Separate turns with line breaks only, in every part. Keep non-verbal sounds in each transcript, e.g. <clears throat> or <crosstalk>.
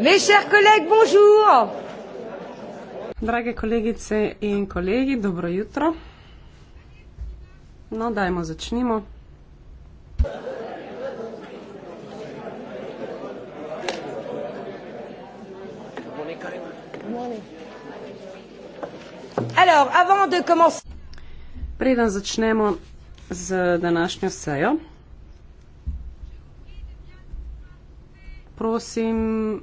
Mes chers collègues, bonjour. Drage kolegice in kolegi, dobro jutro. No, dajmo začnimo. Alors, avant de commencer Preden začnemo z današnjo sejo, prosim,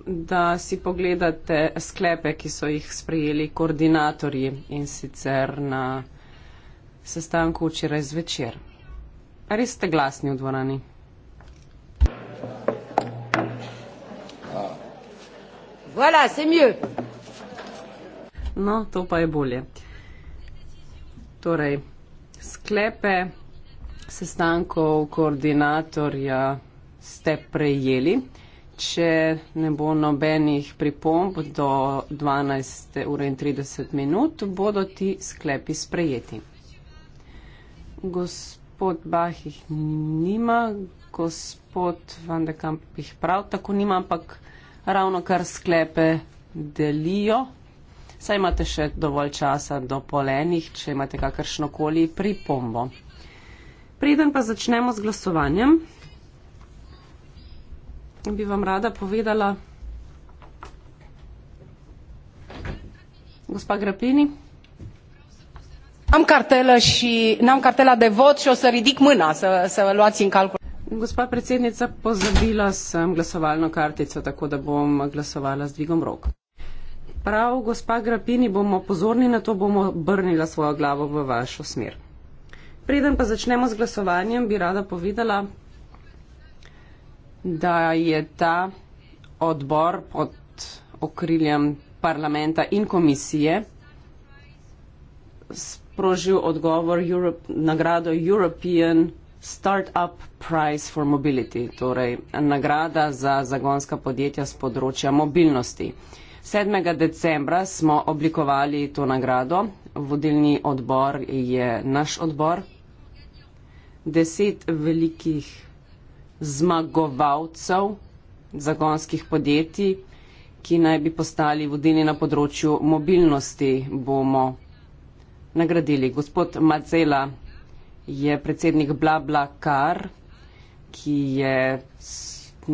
da si pogledate sklepe, ki so jih sprejeli koordinatorji in sicer na sestanku včeraj zvečer. Res ste glasni v dvorani. Voilà, c'est mieux. No, to pa je bolje. Torej, sklepe sestankov koordinatorja ste prejeli. Če ne bo nobenih pripomb do 12. ure in 30 minut, bodo ti sklepi sprejeti. Gospod Bah jih nima, gospod Van de Kamp jih prav tako nima, ampak ravno kar sklepe delijo saj imate še dovolj časa do polenih, če imate kakršno koli pripombo. Preden pa začnemo z glasovanjem, bi vam rada povedala, gospa Grapini. Am kartela și n-am cartela de vot și o să ridic mâna să, să luați în calcul. Gospa predsednica, pozabila sem glasovalno kartico, tako da bom glasovala z dvigom rok. Prav, gospa Grapini, bomo pozorni na to, bomo obrnila svojo glavo v vašo smer. Preden pa začnemo z glasovanjem, bi rada povedala, da je ta odbor pod okriljem parlamenta in komisije sprožil odgovor Europe, nagrado European Startup Prize for Mobility, torej nagrada za zagonska podjetja z področja mobilnosti. 7. decembra smo oblikovali to nagrado. Vodilni odbor je naš odbor. Deset velikih zmagovalcev zagonskih podjetij, ki naj bi postali vodilni na področju mobilnosti, bomo nagradili. Gospod Macela je predsednik BlaBlaCar, ki je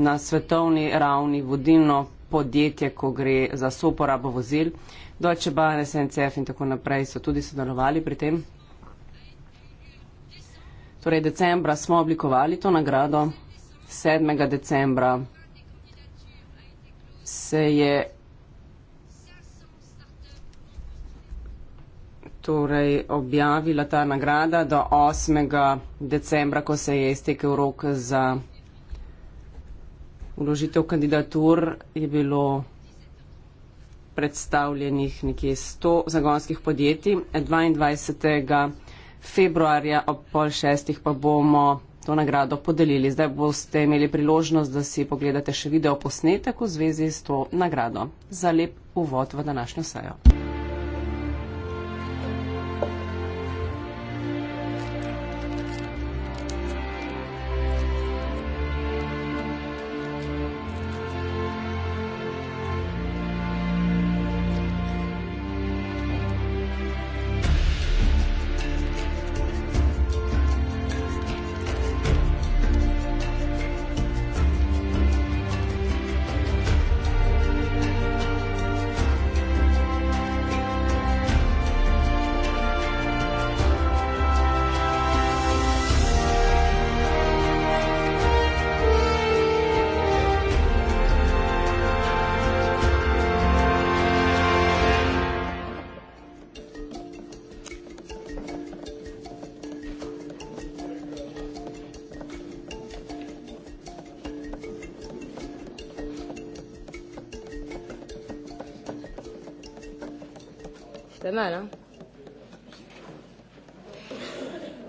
na svetovni ravni vodilno podjetje, ko gre za soporabo vozil. Deutsche Bahn, SNCF in tako naprej so tudi sodelovali pri tem. Torej, decembra smo oblikovali to nagrado. 7. decembra se je torej objavila ta nagrada do 8. decembra, ko se je iztekel rok za vložitev kandidatur je bilo predstavljenih nekje 100 zagonskih podjetij. 22. februarja ob pol šestih pa bomo to nagrado podelili. Zdaj boste imeli priložnost, da si pogledate še video posnetek v zvezi s to nagrado. Za lep uvod v današnjo sejo.
mal. Hein.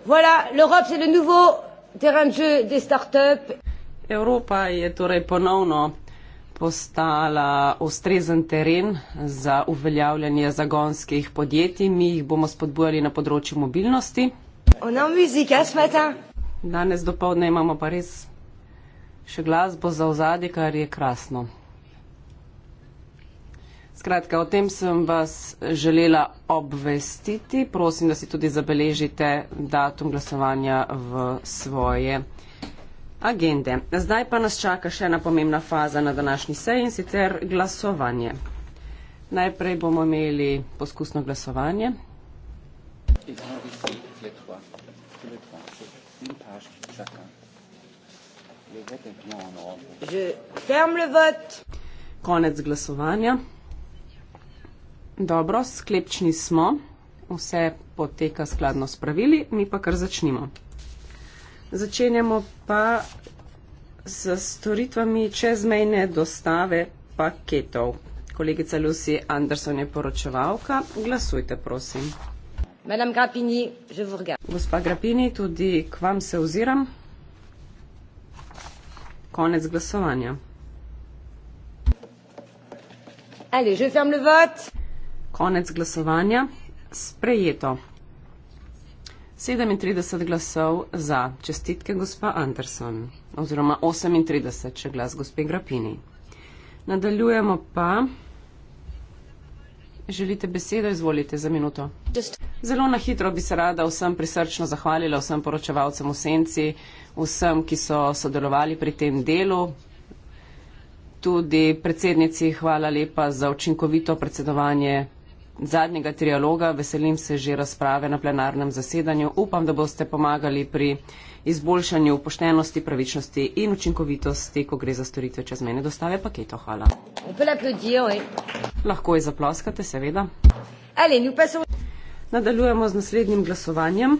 Voilà, l'Europe, c'est le nouveau terrain de jeu des
startups. Evropa je torej ponovno postala ustrezen teren za uveljavljanje zagonskih podjetij. Mi jih bomo spodbujali na področju mobilnosti. Danes dopoledne imamo pa res še glasbo za ozadje, kar je krasno. Skratka, o tem sem vas želela obvestiti. Prosim, da si tudi zabeležite datum glasovanja v svoje agende. Zdaj pa nas čaka še ena pomembna faza na današnji seji in sicer glasovanje. Najprej bomo imeli poskusno glasovanje. Konec glasovanja. Dobro, sklepčni smo, vse poteka skladno s pravili, mi pa kar začnimo. Začenjamo pa s storitvami čezmejne dostave paketov. Kolegica Lucy Anderson je poročevalka. Glasujte, prosim. Grapini, Gospa Grapini, tudi k vam se oziram. Konec glasovanja. Allez, je ferme le vote konec glasovanja sprejeto. 37 glasov za. Čestitke, gospa Anderson. Oziroma 38, če glas gospe Grapini. Nadaljujemo pa. Želite besedo, izvolite za minuto. Zelo na hitro bi se rada vsem prisrčno zahvalila, vsem poročevalcem v Senci, vsem, ki so sodelovali pri tem delu. Tudi predsednici hvala lepa za učinkovito predsedovanje zadnjega trialoga. Veselim se že razprave na plenarnem zasedanju. Upam, da boste pomagali pri izboljšanju poštenosti, pravičnosti in učinkovitosti, ko gre za storitve čezmene dostave paketov. Hvala. Lahko je zaploskate, seveda. Nadaljujemo z naslednjim glasovanjem.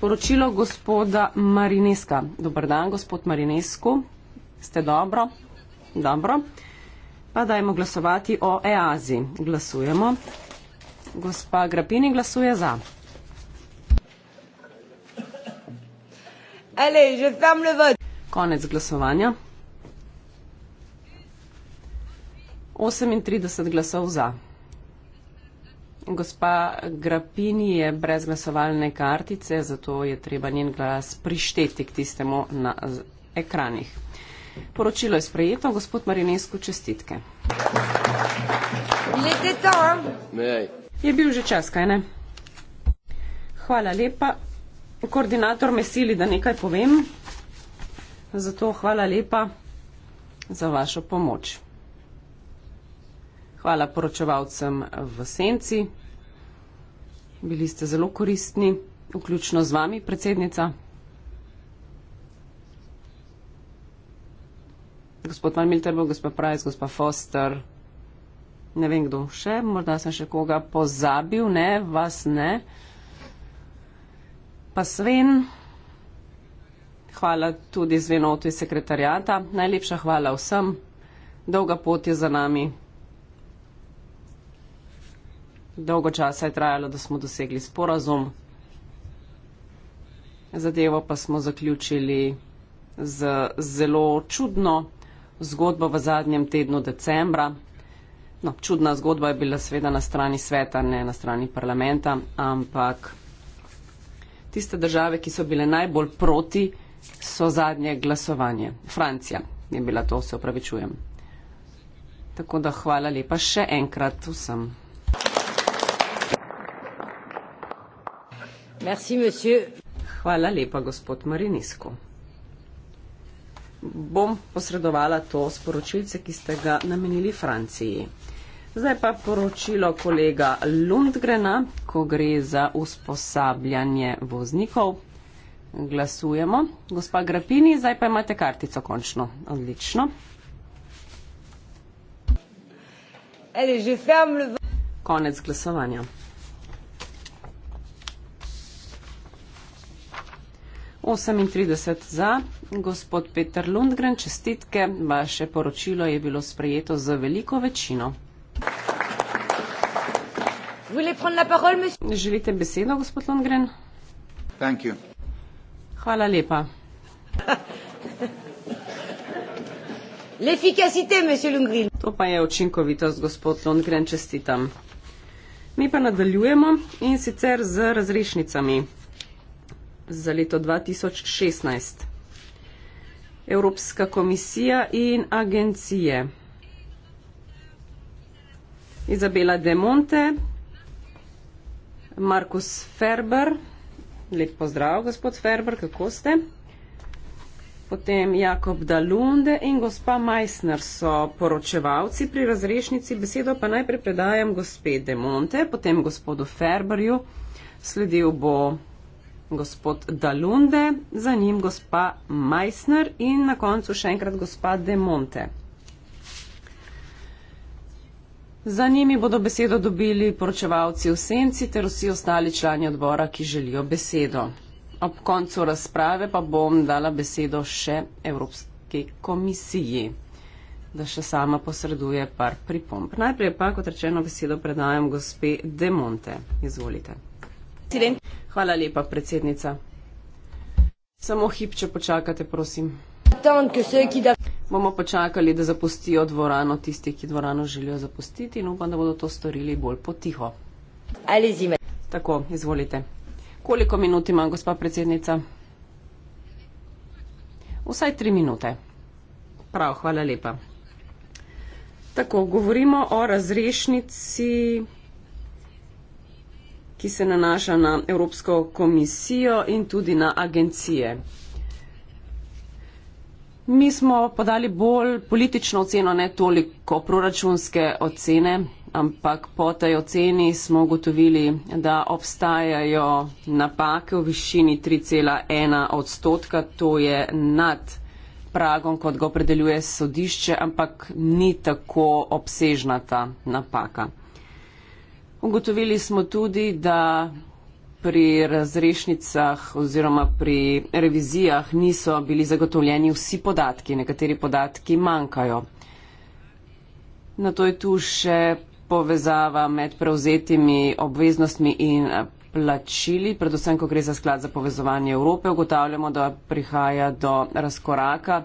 Poročilo gospoda Marineska. Dobar dan, gospod Marinesku. Ste dobro? Dobro. Pa dajmo glasovati o EAZI. Glasujemo. Gospa Grapini glasuje za. Ali, že sam le vod. Konec glasovanja. 38 glasov za. Gospa Grapini je brez glasovalne kartice, zato je treba njen glas prišteti k tistemu na ekranih. Poročilo je sprejeto. Gospod Marinesko, čestitke. Lepo je to. Je bil že čas, kaj ne? Hvala lepa. Koordinator me sili, da nekaj povem. Zato hvala lepa za vašo pomoč. Hvala poročevalcem v Senci. Bili ste zelo koristni, vključno z vami, predsednica. Gospod Van Milterbo, gospod Price, gospod Foster ne vem kdo še, morda sem še koga pozabil, ne, vas ne. Pa Sven, hvala tudi Zvenotu iz sekretarjata, najlepša hvala vsem, dolga pot je za nami. Dolgo časa je trajalo, da smo dosegli sporazum. Zadevo pa smo zaključili z zelo čudno zgodbo v zadnjem tednu decembra. No, čudna zgodba je bila seveda na strani sveta, ne na strani parlamenta, ampak tiste države, ki so bile najbolj proti, so zadnje glasovanje. Francija je bila to, se opravičujem. Tako da hvala lepa še enkrat vsem. Merci, hvala lepa, gospod Marinisko. Bom posredovala to sporočilce, ki ste ga namenili Franciji. Zdaj pa poročilo kolega Lundgrena, ko gre za usposabljanje voznikov. Glasujemo. Gospa Grapini, zdaj pa imate kartico končno. Odlično. Konec glasovanja. Osemintrideset za. Gospod Peter Lundgren, čestitke. Vaše poročilo je bilo sprejeto z veliko večino. Želite besedo, gospod Longren? Hvala lepa. To pa je učinkovitost, gospod Longren, čestitam. Mi pa nadaljujemo in sicer z razrešnicami za leto 2016. Evropska komisija in agencije. Izabela De Monte, Markus Ferber, lep pozdrav, gospod Ferber, kako ste? Potem Jakob Dalunde in gospa Meissner so poročevalci pri razrešnici. Besedo pa najprej predajam gospe De Monte, potem gospodu Ferberju. Sledil bo gospod Dalunde, za njim gospa Meissner in na koncu še enkrat gospa De Monte. Za njimi bodo besedo dobili poročevalci v senci ter vsi ostali člani odbora, ki želijo besedo. Ob koncu razprave pa bom dala besedo še Evropske komisiji, da še sama posreduje par pripomb. Najprej pa, kot rečeno, besedo predajam gospe Demonte. Izvolite. Hvala lepa, predsednica. Samo hip, če počakate, prosim bomo počakali, da zapustijo dvorano tisti, ki dvorano želijo zapustiti in upam, da bodo to storili bolj potiho. Ali zime. Tako, izvolite. Koliko minut ima, gospa predsednica? Vsaj tri minute. Prav, hvala lepa. Tako, govorimo o razrešnici, ki se nanaša na Evropsko komisijo in tudi na agencije mi smo podali bolj politično oceno, ne toliko proračunske ocene, ampak po tej oceni smo ugotovili, da obstajajo napake v višini 3,1 odstotka, to je nad pragom, kot ga opredeljuje sodišče, ampak ni tako obsežna ta napaka. Ugotovili smo tudi, da pri razrešnicah oziroma pri revizijah niso bili zagotovljeni vsi podatki, nekateri podatki manjkajo. Na to je tu še povezava med prevzetimi obveznostmi in plačili, predvsem, ko gre za sklad za povezovanje Evrope, ugotavljamo, da prihaja do razkoraka.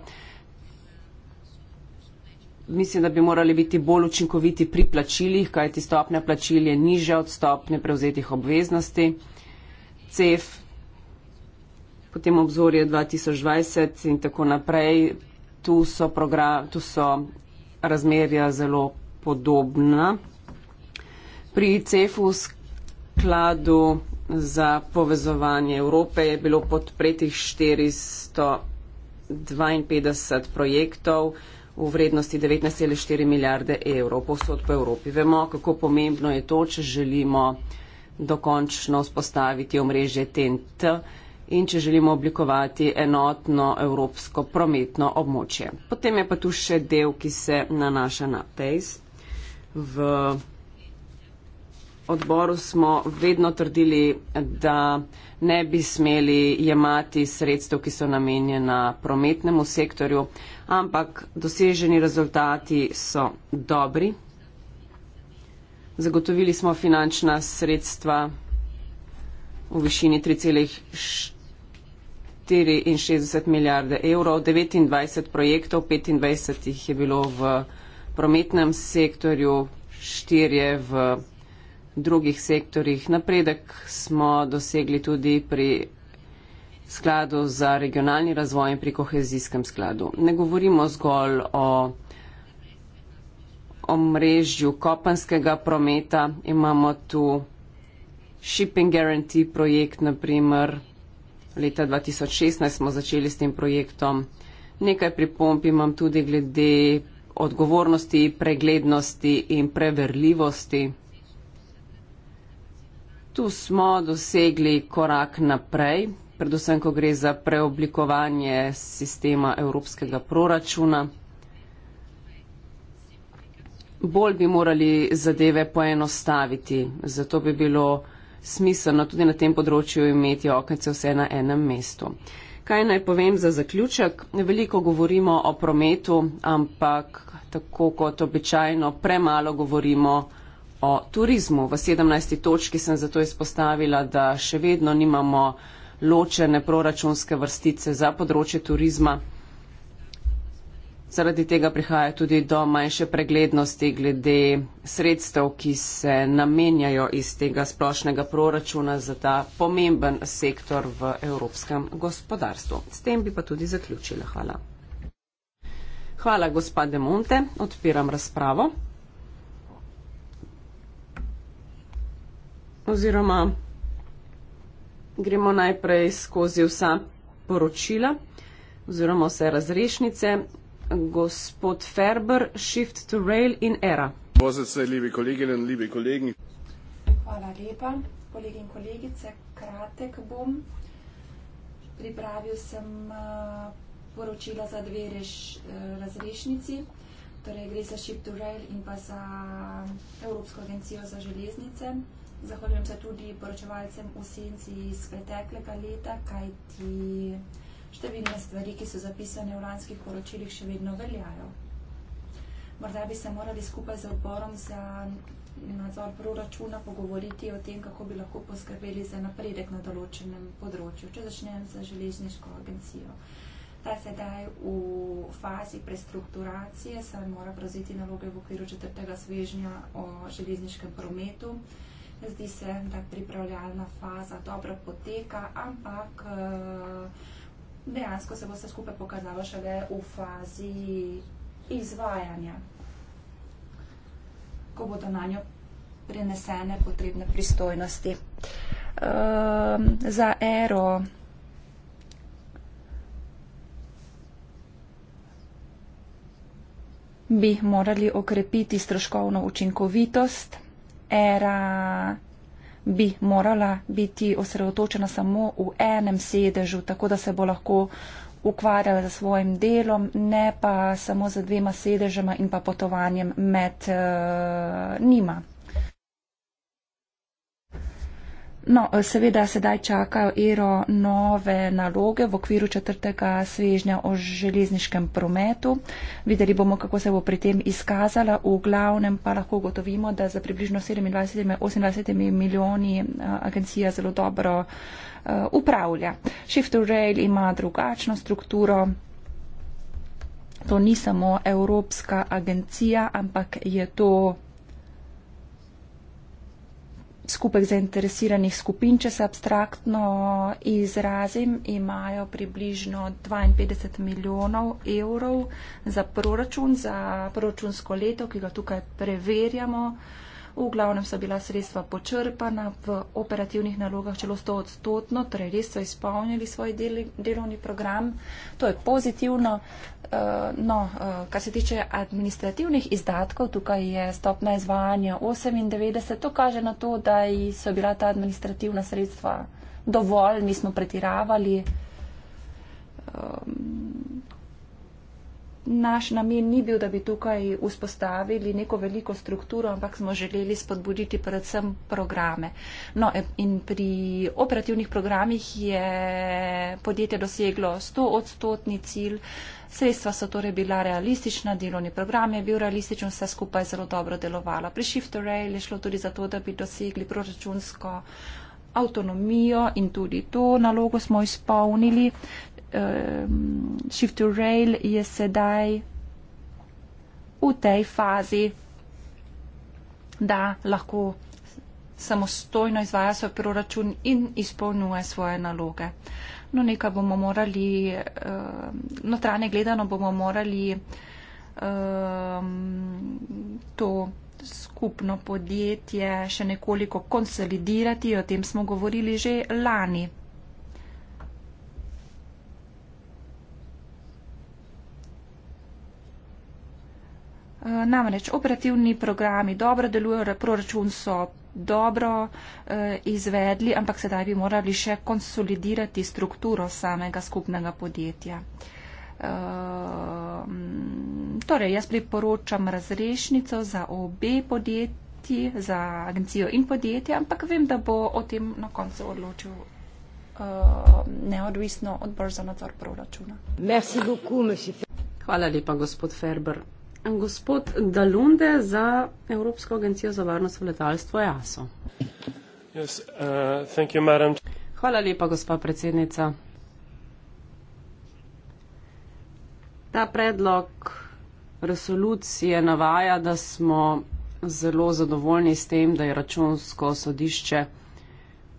Mislim, da bi morali biti bolj učinkoviti pri plačilih, kajti stopnja plačil je nižja od stopnje prevzetih obveznosti. CEF, potem obzorje 2020 in tako naprej. Tu so, program, tu so razmerja zelo podobna. Pri CEF-u skladu za povezovanje Evrope je bilo podpretih 452 projektov v vrednosti 19,4 milijarde evrov posod po Evropi. Vemo, kako pomembno je to, če želimo uh, dokončno vzpostaviti omrežje TNT in če želimo oblikovati enotno evropsko prometno območje. Potem je pa tu še del, ki se nanaša na PACE. V odboru smo vedno trdili, da ne bi smeli jemati sredstev, ki so namenjena prometnemu sektorju, ampak doseženi rezultati so dobri Zagotovili smo finančna sredstva v višini 3,64 milijarde evrov. 29 projektov, 25 jih je bilo v prometnem sektorju, 4 v drugih sektorjih. Napredek smo dosegli tudi pri skladu za regionalni razvoj in pri kohezijskem skladu. Ne govorimo zgolj o omrežju kopanskega prometa, imamo tu Shipping Guarantee projekt, naprimer leta 2016 smo začeli s tem projektom. Nekaj pripomp imam tudi glede odgovornosti, preglednosti in preverljivosti. Tu smo dosegli korak naprej, predvsem ko gre za preoblikovanje sistema evropskega proračuna bolj bi morali zadeve poenostaviti. Zato bi bilo smiselno tudi na tem področju imeti okence vse na enem mestu. Kaj naj povem za zaključek? Veliko govorimo o prometu, ampak tako kot običajno premalo govorimo o turizmu. V 17. točki sem zato izpostavila, da še vedno nimamo ločene proračunske vrstice za področje turizma. Zaradi tega prihaja tudi do manjše preglednosti glede sredstev, ki se namenjajo iz tega splošnega proračuna za ta pomemben sektor v evropskem gospodarstvu. S tem bi pa tudi zaključila. Hvala. Hvala, gospa De Monte. Odpiram razpravo. Oziroma gremo najprej skozi vsa poročila oziroma vse razrešnice gospod Ferber, Shift to Rail in ERA. Pozdravljeni,
ljubi kolegine in ljubi kolegi.
Hvala lepa, kolegi in kolegice. Kratek bom. Pripravil sem eh, poročila za dve reš, eh, razrešnici, torej gre za Shift to Rail in pa za Evropsko agencijo za železnice. Zahvaljujem se tudi poročevalcem v senci iz preteklega leta, kajti Številne stvari, ki so zapisane v lanskih poročilih, še vedno veljajo. Morda bi se morali skupaj z odborom za nadzor proračuna pogovoriti o tem, kako bi lahko poskrbeli za napredek na določenem področju. Če začnem za železniško agencijo. Ta je sedaj v fazi prestrukturacije, saj mora prevzeti naloge v okviru četrtega svežnja o železniškem prometu. Zdi se, da pripravljalna faza dobro poteka, ampak eh, dejansko se bo vse skupaj pokazalo šele v fazi izvajanja, ko bodo na njo prenesene potrebne pristojnosti. Um, za ero. bi morali okrepiti stroškovno učinkovitost. Era bi morala biti osredotočena samo v enem sedežu, tako da se bo lahko ukvarjala za svojim delom, ne pa samo za dvema sedežema in pa potovanjem med uh, njima. No, seveda sedaj čakajo ERO nove naloge v okviru četrtega svežnja o železniškem prometu. Videli bomo, kako se bo pri tem izkazala. V glavnem pa lahko gotovimo, da za približno 27-28 milijoni eh, agencija zelo dobro eh, upravlja. Shift to Rail ima drugačno strukturo. To ni samo Evropska agencija, ampak je to skupek zainteresiranih skupin, če se abstraktno izrazim, imajo približno 52 milijonov evrov za proračun, za proračunsko leto, ki ga tukaj preverjamo. V glavnem so bila sredstva počrpana v operativnih nalogah celo 100 odstotno, torej res so izpolnili svoj del, delovni program. To je pozitivno. Eh, no, eh, kar se tiče administrativnih izdatkov, tukaj je stopna izvajanja 98, to kaže na to, da so bila ta administrativna sredstva dovolj, nismo pretiravali. Ehm, naš namen ni bil, da bi tukaj vzpostavili neko veliko strukturo, ampak smo želeli spodbuditi predvsem programe. No, in pri operativnih programih je podjetje doseglo 100 odstotni cilj, sredstva so torej bila realistična, delovni program je bil realističen, vse skupaj zelo dobro delovalo. Pri ShiftRay je šlo tudi za to, da bi dosegli proračunsko. Avtonomijo in tudi to nalogo smo izpolnili uh, Shift to Rail je sedaj v tej fazi, da lahko samostojno izvaja svoj proračun in izpolnjuje svoje naloge. No, nekaj bomo morali, uh, notranje gledano bomo morali uh, to skupno podjetje še nekoliko konsolidirati, o tem smo govorili že lani. Eh, namreč operativni programi dobro delujejo, proračun so dobro eh, izvedli, ampak sedaj bi morali še konsolidirati strukturo samega skupnega podjetja. Eh, torej, jaz priporočam razrešnico za obe podjetji, za agencijo in podjetje, ampak vem, da bo o tem na koncu odločil neodvisno odbor za nadzor proračuna.
Hvala lepa, gospod Ferber
gospod Dalunde za Evropsko
agencijo za varnost v letalstvu EASO.
Yes, uh, you,
Hvala lepa, gospa predsednica. Ta predlog resolucije navaja, da smo zelo zadovoljni s tem, da je računsko sodišče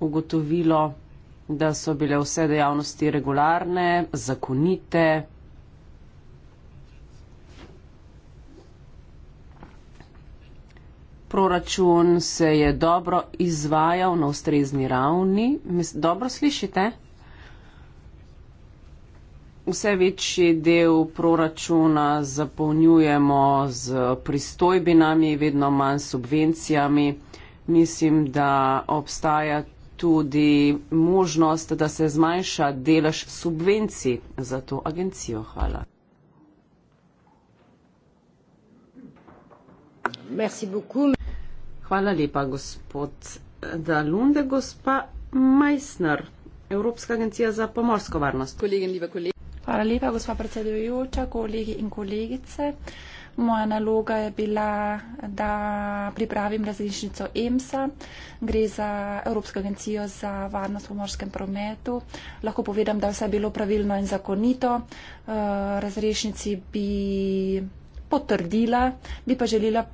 ugotovilo, da so bile vse dejavnosti regularne, zakonite, proračun se je dobro izvajal na ustrezni ravni. Dobro slišite? Vse večji del proračuna zapolnjujemo z pristojbinami, vedno manj subvencijami. Mislim, da obstaja tudi možnost, da se zmanjša delež subvencij za to agencijo. Hvala. Hvala lepa, gospod Dalunde. Gospa Meissner,
Evropska agencija za pomorsko varnost. Hvala lepa, gospa predsedujoča, kolegi in kolegice. Moja naloga je bila, da pripravim različnico EMSA. Gre za Evropsko agencijo za varnost v pomorskem prometu. Lahko povedam, da vse je vse bilo pravilno in zakonito. Eh, razrešnici bi potrdila, bi pa želela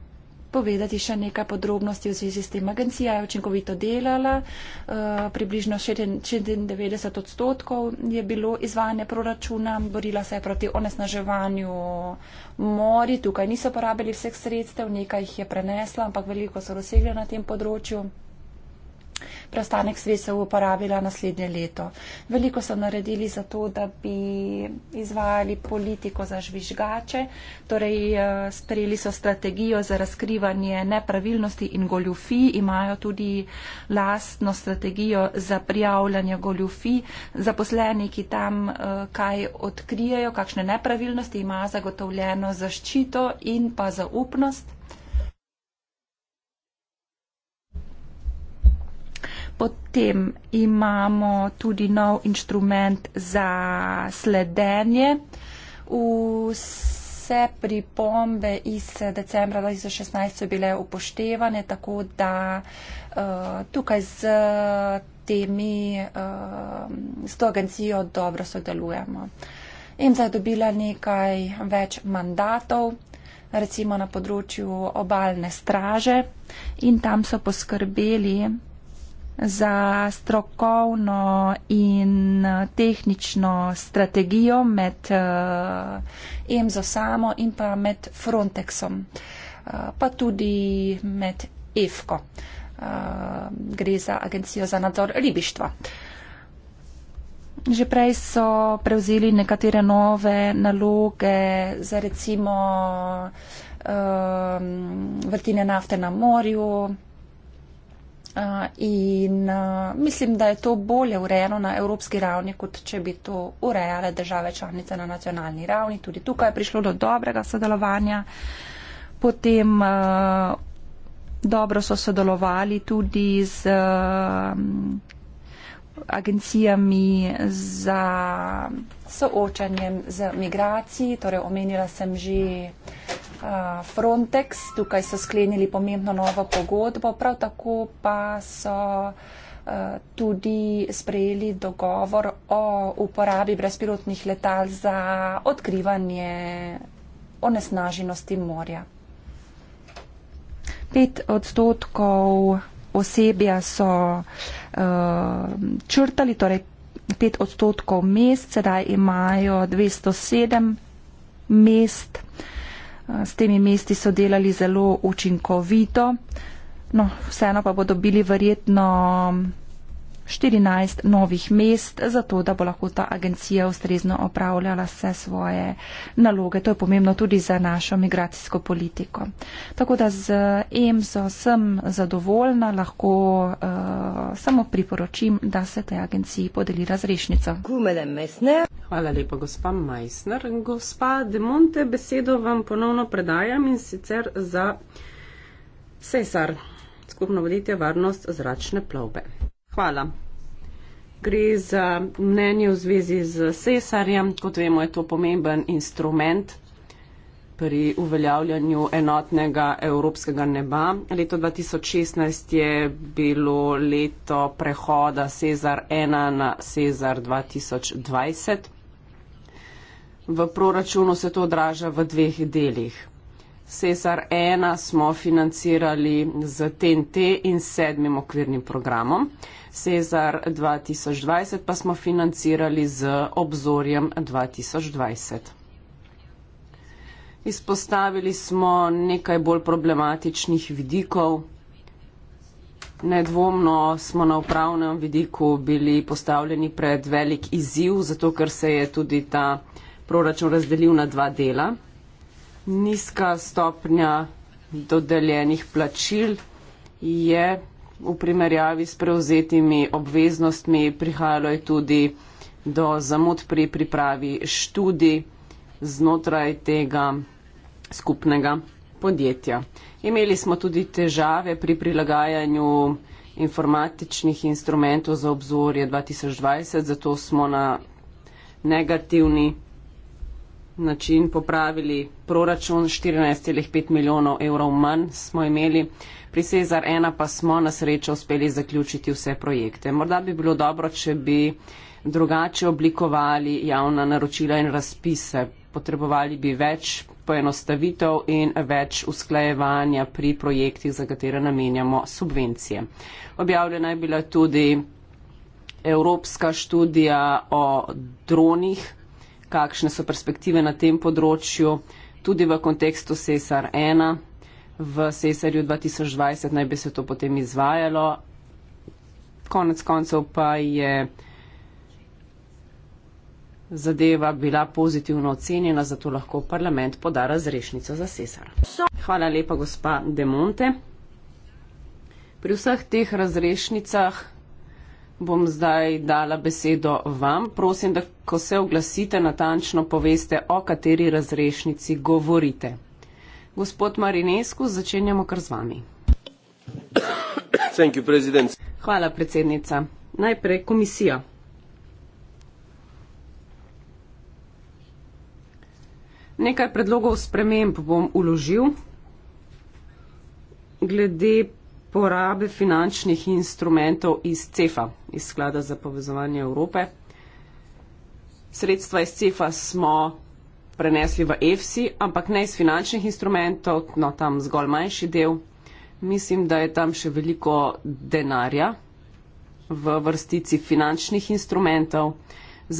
povedati še nekaj podrobnosti v zvezi s tem. Agencija je učinkovito delala, eh, približno 96 odstotkov je bilo izvajanje proračuna, borila se je proti onesnaževanju mori, tukaj niso porabili vseh sredstev, nekaj jih je prenesla, ampak veliko so dosegli na tem področju preostanek sredstev uporabila naslednje leto. Veliko so naredili za to, da bi izvajali politiko za žvižgače, torej eh, sprejeli so strategijo za razkrivanje nepravilnosti in goljufij, imajo tudi lastno strategijo za prijavljanje goljufij. Zaposleni, ki tam eh, kaj odkrijejo, kakšne nepravilnosti, imajo zagotovljeno zaščito in pa zaupnost. Potem imamo tudi nov inštrument za sledenje. Vse pripombe iz decembra 2016 so bile upoštevane, tako da uh, tukaj z temi, uh, s to agencijo dobro sodelujemo. In zdaj dobila nekaj več mandatov, recimo na področju obalne straže in tam so poskrbeli, za strokovno in eh, tehnično strategijo med uh, EMZO samo in pa med Frontexom, uh, pa tudi med EFKO. Uh, gre za Agencijo za nadzor ribištva. Že prej so prevzeli nekatere nove naloge za recimo uh, vrtine nafte na morju in mislim, da je to bolje urejeno na evropski ravni, kot če bi to urejale države članice na nacionalni ravni. Tudi tukaj je prišlo do dobrega sodelovanja. Potem dobro so sodelovali tudi z agencijami za soočanje z migracijami, torej omenila sem že Eh, Frontex, tukaj so sklenili pomembno novo pogodbo, prav tako pa so eh, tudi sprejeli dogovor o uporabi brezpilotnih letal za odkrivanje onesnaženosti morja. Pet odstotkov osebja so uh, črtali, torej pet odstotkov mest, sedaj imajo 207 mest s temi mesti so delali zelo učinkovito. No, vseeno pa bodo bili verjetno 14 novih mest, zato da bo lahko ta agencija ustrezno opravljala vse svoje naloge. To je pomembno tudi za našo migracijsko politiko. Tako da z EMSO sem zadovoljna, lahko uh, samo priporočim, da se tej agenciji podeli razrešnico.
Hvala lepa, gospa Meissner. Gospa Demonte, besedo vam ponovno predajam in sicer za Cesar, skupno vodite varnost zračne plovbe. Hvala. Gre za mnenje v zvezi z cesarjem. Kot vemo, je to pomemben instrument pri uveljavljanju enotnega evropskega neba. Leto 2016 je bilo leto prehoda Cezar 1 na Cezar 2020. V proračunu se to odraža v dveh delih. Cezar 1 smo financirali z TNT in sedmim okvirnim programom. Cezar 2020 pa smo financirali z obzorjem 2020. Izpostavili smo nekaj bolj problematičnih vidikov. Nedvomno smo na upravnem vidiku bili postavljeni pred velik izziv, zato ker se je tudi ta proračun razdelil na dva dela. Nizka stopnja dodeljenih plačil je v primerjavi s prevzetimi obveznostmi prihajalo je tudi do zamud pri pripravi študi znotraj tega skupnega podjetja. Imeli smo tudi težave pri prilagajanju informatičnih instrumentov za obzorje 2020, zato smo na negativni način popravili proračun, 14,5 milijonov evrov manj smo imeli, pri Cezar 1 pa smo na srečo uspeli zaključiti vse projekte. Morda bi bilo dobro, če bi drugače oblikovali javna naročila in razpise. Potrebovali bi več poenostavitev in več usklajevanja pri projektih, za katere namenjamo subvencije. Objavljena je bila tudi Evropska študija o dronih, kakšne so perspektive na tem področju, tudi v kontekstu SESAR 1. V SESARju 2020 naj bi se to potem izvajalo. Konec koncev pa je zadeva bila pozitivno ocenjena, zato lahko parlament poda razrešnico za SESAR. Hvala lepa, gospa Demonte. Pri vseh teh razrešnicah bom zdaj dala besedo vam. Prosim, da ko se oglasite, natančno poveste, o kateri razrešnici govorite. Gospod Marinesku, začenjamo kar z vami.
You,
Hvala, predsednica. Najprej komisija. Nekaj predlogov sprememb bom uložil. Glede porabe finančnih instrumentov iz CEFA, iz Sklada za povezovanje Evrope. Sredstva iz CEFA smo prenesli v EFSI, ampak ne iz finančnih instrumentov, no tam zgolj manjši del. Mislim, da je tam še veliko denarja v vrstici finančnih instrumentov.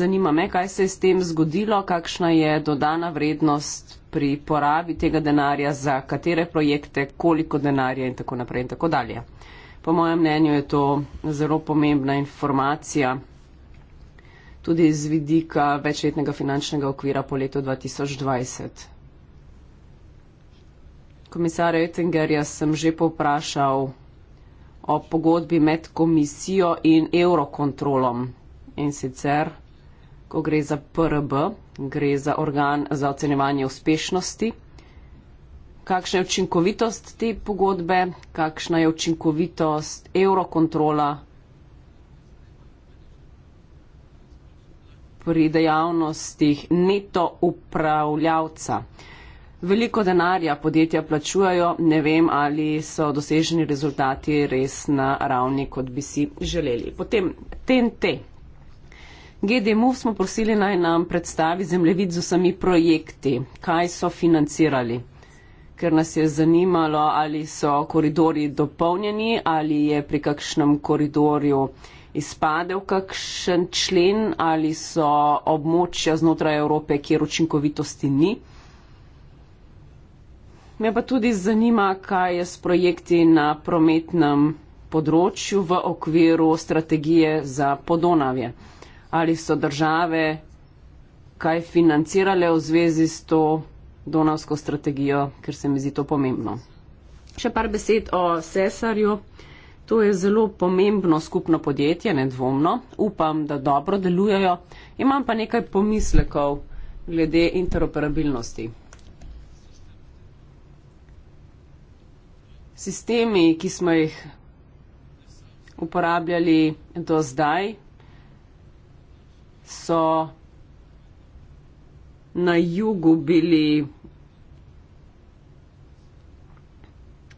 Zanima me, kaj se je s tem zgodilo, kakšna je dodana vrednost pri porabi tega denarja, za katere projekte, koliko denarja in tako naprej in tako dalje. Po mojem mnenju je to zelo pomembna informacija tudi z vidika večletnega finančnega okvira po letu 2020. Komisar Oettinger, jaz sem že povprašal o pogodbi med komisijo in eurokontrolom in sicer, ko gre za PRB, gre za organ za ocenjevanje uspešnosti. Kakšna je učinkovitost te pogodbe, kakšna je učinkovitost eurokontrola pri dejavnostih neto upravljavca. Veliko denarja podjetja plačujajo, ne vem, ali so doseženi rezultati res na ravni, kot bi si želeli. Potem TNT. GDMU smo prosili naj nam predstavi zemljevid z vsemi projekti, kaj so financirali, ker nas je zanimalo, ali so koridori dopolnjeni, ali je pri kakšnem koridorju izpadel kakšen člen, ali so območja znotraj Evrope, kjer učinkovitosti ni. Me pa tudi zanima, kaj je s projekti na prometnem področju v okviru strategije za Podonavje ali so države kaj financirale v zvezi s to donavsko strategijo, ker se mi zdi to pomembno. Še par besed o Cesarju. To je zelo pomembno skupno podjetje, nedvomno. Upam, da dobro delujejo. Imam pa nekaj pomislekov glede interoperabilnosti. Sistemi, ki smo jih uporabljali do zdaj, so na jugu bili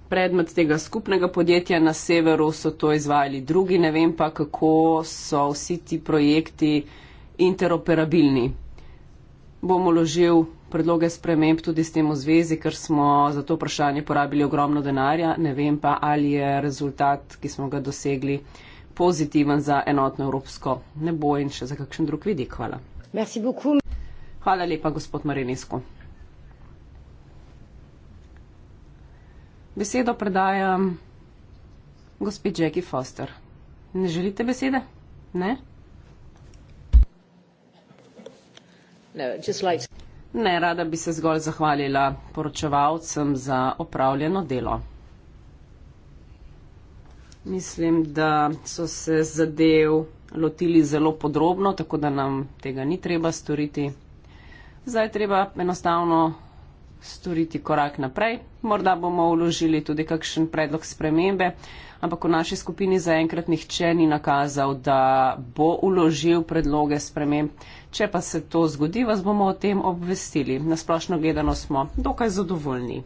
predmet tega skupnega podjetja, na severu so to izvajali drugi, ne vem pa, kako so vsi ti projekti interoperabilni. Bom uložil predloge sprememb tudi s tem v zvezi, ker smo za to vprašanje porabili ogromno denarja, ne vem pa, ali je rezultat, ki smo ga dosegli, pozitiven za enotno evropsko nebo in še za kakšen drug vidik. Hvala. Hvala lepa, gospod Marinesko. Besedo predajam gospod Jackie Foster. Ne želite besede? Ne? No, ne, rada bi se zgolj zahvalila poročevalcem za opravljeno delo. Mislim, da so se zadev lotili zelo podrobno, tako da nam tega ni treba storiti. Zdaj treba enostavno storiti korak naprej. Morda bomo uložili tudi kakšen predlog spremembe, ampak v naši skupini zaenkrat nihče ni nakazal, da bo uložil predloge sprememb. Če pa se to zgodi, vas bomo o tem obvestili. Nasplošno gledano smo dokaj zadovoljni.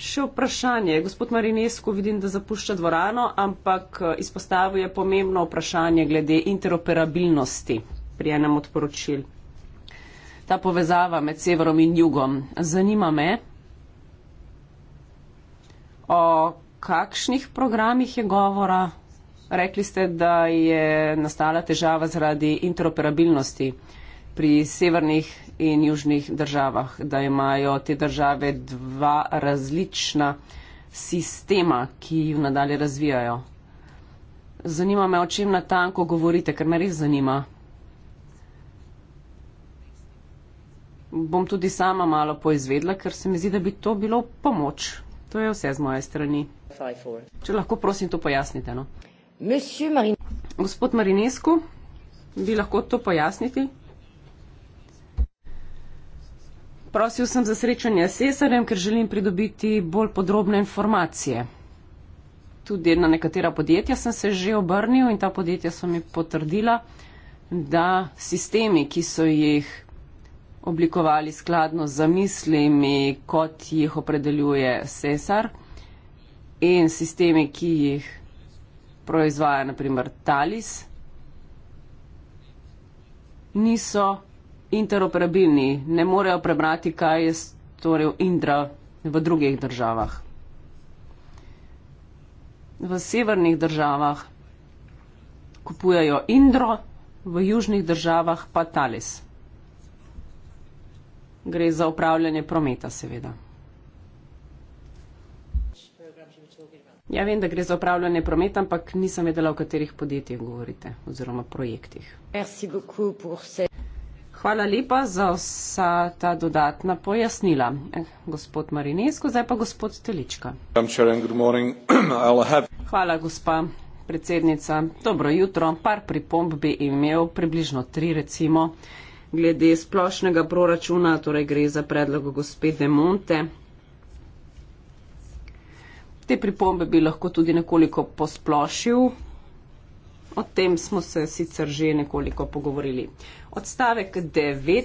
Še vprašanje. Gospod Marinesko, vidim, da zapušča dvorano, ampak eh, izpostavil je pomembno vprašanje glede interoperabilnosti pri enem od poročil. Ta povezava med severom in jugom. Zanima me, o kakšnih programih je govora. Rekli ste, da je nastala težava zaradi interoperabilnosti pri severnih in južnih državah, da imajo te države dva različna sistema, ki jih nadalje razvijajo. Zanima me, o čem natanko govorite, ker me res zanima. Bom tudi sama malo poizvedla, ker se mi zdi, da bi to bilo pomoč. To je vse z moje strani. Če lahko prosim to pojasnite. No? Gospod Marinesku, bi lahko to pojasnili? Prosil sem za srečanje s Cesarjem, ker želim pridobiti bolj podrobne informacije. Tudi na nekatera podjetja sem se že obrnil in ta podjetja so mi potrdila, da sistemi, ki so jih oblikovali skladno z mislimi, kot jih opredeljuje Cesar, in sistemi, ki jih proizvaja naprimer Talis, niso interoperabilni, ne morejo prebrati, kaj je storil Indra v drugih državah. V severnih državah kupujajo Indro, v južnih državah pa Talis. Gre za upravljanje prometa, seveda. Ja, vem, da gre za upravljanje prometa, ampak nisem vedela, o katerih podjetjih govorite oziroma projektih. Merci beaucoup pour cette. Hvala lepa za vsa ta dodatna pojasnila. Gospod Marinesko, zdaj pa gospod Telička.
<clears throat>
Hvala, gospa predsednica. Dobro jutro. Par pripomb bi imel, približno tri recimo, glede splošnega proračuna, torej gre za predlog gospede Monte. Te pripombe bi lahko tudi nekoliko posplošil. O tem smo se sicer že nekoliko pogovorili odstavek 9.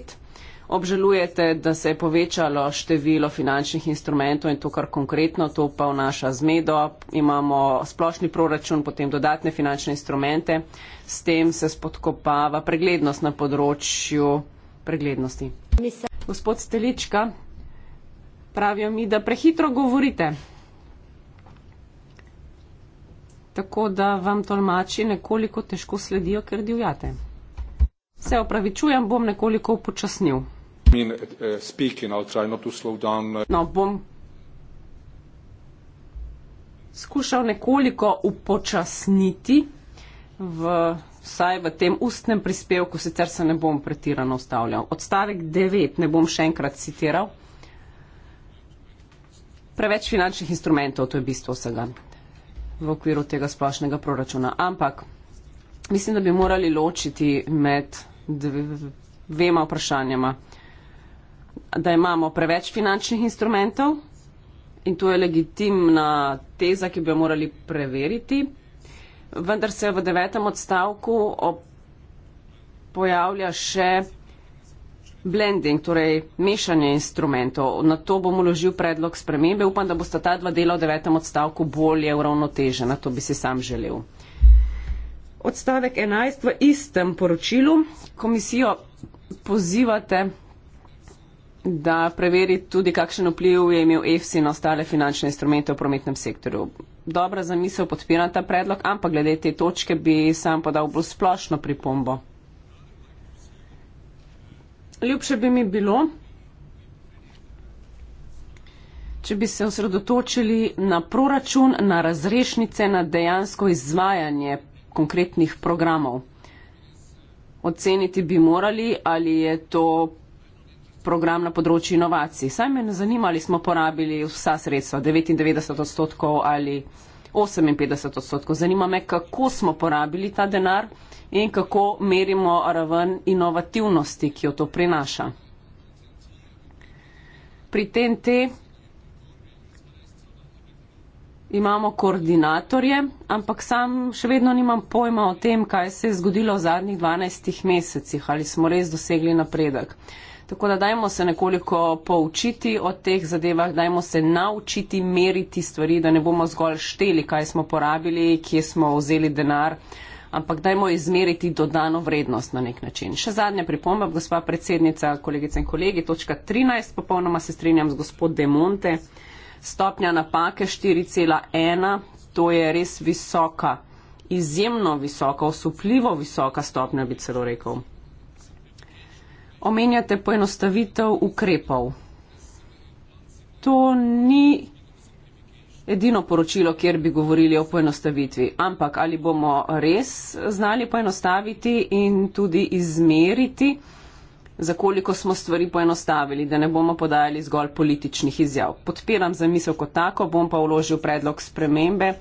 Obžalujete, da se je povečalo število finančnih instrumentov in to, kar konkretno to pa vnaša zmedo. Imamo splošni proračun, potem dodatne finančne instrumente. S tem se spodkopava preglednost na področju preglednosti. Misel. Gospod Stelička, pravijo mi, da prehitro govorite. Tako da vam tolmači nekoliko težko sledijo, ker divjate.
Se opravičujem,
bom nekoliko upočasnil.
Mean, uh, speaking, I'll try not to slow down. Uh, no, bom skušal
nekoliko upočasniti v, vsaj v tem ustnem prispevku, sicer se ne bom pretirano ustavljal. Odstavek 9 ne bom še enkrat citiral. Preveč finančnih instrumentov, to je bistvo vsega v okviru tega splošnega proračuna. Ampak mislim, da bi morali ločiti med dvema vprašanjama. Da imamo preveč finančnih instrumentov in to je legitimna teza, ki bi jo morali preveriti, vendar se v devetem odstavku pojavlja še blending, torej mešanje instrumentov. Na to bom uložil predlog spremembe. Upam, da bosta ta dva dela v devetem odstavku bolje uravnotežena. To bi si sam želel odstavek 11 v istem poročilu komisijo pozivate, da preveri tudi, kakšen vpliv je imel EFSI na ostale finančne instrumente v prometnem sektorju. Dobra zamisel podpira ta predlog, ampak glede te točke bi sam podal bolj splošno pripombo. Ljubše bi mi bilo, če bi se osredotočili na proračun, na razrešnice, na dejansko izvajanje konkretnih programov. Oceniti bi morali, ali je to program na področju inovacij. Saj me ne zanima, ali smo porabili vsa sredstva, 99 odstotkov ali 58 odstotkov. Zanima me, kako smo porabili ta denar in kako merimo raven inovativnosti, ki jo to prinaša. Pri TNT imamo koordinatorje, ampak sam še vedno nimam pojma o tem, kaj se je zgodilo v zadnjih 12 mesecih, ali smo res dosegli napredek. Tako da dajmo se nekoliko poučiti o teh zadevah, dajmo se naučiti meriti stvari, da ne bomo zgolj šteli, kaj smo porabili, kje smo vzeli denar, ampak dajmo izmeriti dodano vrednost na nek način. Še zadnja pripomba, gospa predsednica, kolegice in kolegi, točka 13, popolnoma se strinjam z gospod Demonte. Stopnja napake 4,1, to je res visoka, izjemno visoka, osupljivo visoka stopnja, bi celo rekel. Omenjate poenostavitev ukrepov. To ni edino poročilo, kjer bi govorili o poenostavitvi, ampak ali bomo res znali poenostaviti in tudi izmeriti za koliko smo stvari poenostavili, da ne bomo podajali zgolj političnih izjav. Podpiram zamisel kot tako, bom pa uložil predlog spremembe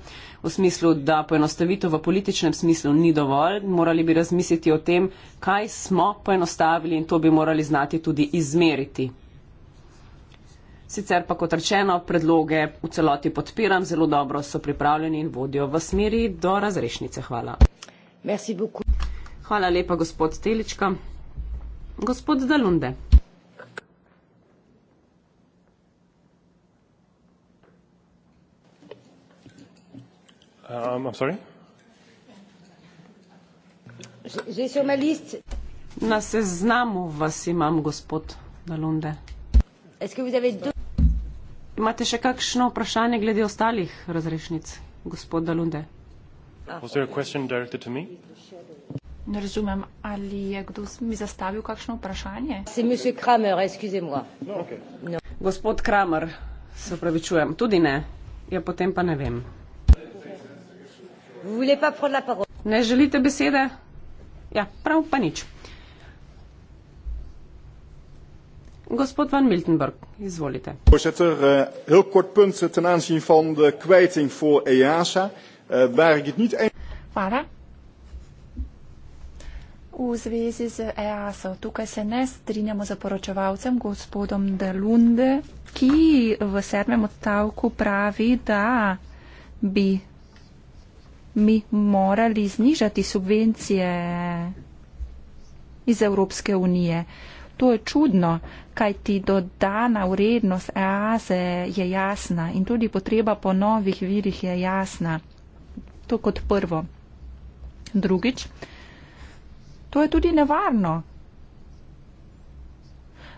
v smislu, da poenostavitev v političnem smislu ni dovolj. Morali bi razmisliti o tem, kaj smo poenostavili in to bi morali znati tudi izmeriti. Sicer pa kot rečeno, predloge v celoti podpiram, zelo dobro so pripravljeni in vodijo v smeri do razrešnice. Hvala. Hvala lepa, gospod Telička. Gospod Zalunde.
Um,
že, že na,
na seznamu vas imam, gospod Dalunde. Imate še kakšno vprašanje glede ostalih razrešnic, gospod Dalunde?
Was there a question directed to me?
Ne razumem, ali je kdo mi zastavil kakšno vprašanje? Se mi še kramer, izkuzi mu.
No, no. Gospod Kramer, se pravi, čujem, tudi ne, ja potem pa ne vem. Ne želite besede? Ja, prav pa nič. Gospod Van Miltenberg,
izvolite. Voorzitter, eh, heel kort punt ten aanzien van de kwijting voor EASA.
Eh, waar ik het niet eens. Hvala v zvezi z EASO. Tukaj se ne strinjamo z poročevalcem, gospodom Dalunde, ki v sedmem odstavku pravi, da bi mi morali znižati subvencije iz Evropske unije. To je čudno, kaj ti dodana vrednost EASE je jasna in tudi potreba po novih virih je jasna. To kot prvo. Drugič, To je tudi nevarno.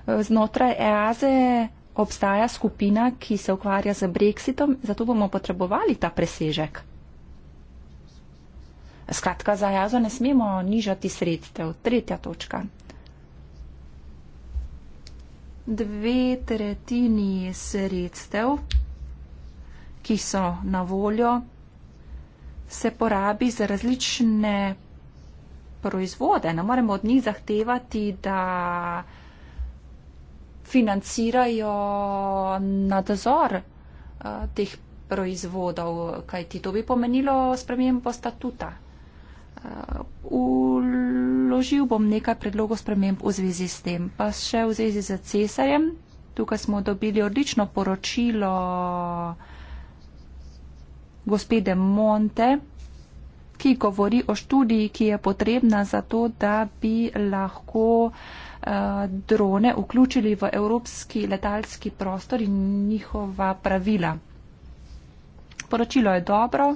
Znotraj EAZE obstaja skupina, ki se ukvarja z brexitom, zato bomo potrebovali ta presežek. Skratka, za EAZO ne smemo nižati sredstev. Tretja točka. Dve tretjini sredstev, ki so na voljo, se porabi za različne proizvode, ne moremo od njih zahtevati, da financirajo nadzor eh, teh proizvodov, kaj ti to bi pomenilo spremembo statuta. Eh, uložil bom nekaj predlogov sprememb v zvezi s tem, pa še v zvezi z cesarjem. Tukaj smo dobili odlično poročilo gospede Monte ki govori o študiji, ki je potrebna za to, da bi lahko eh, drone vključili v evropski letalski prostor in njihova pravila. Poročilo je dobro.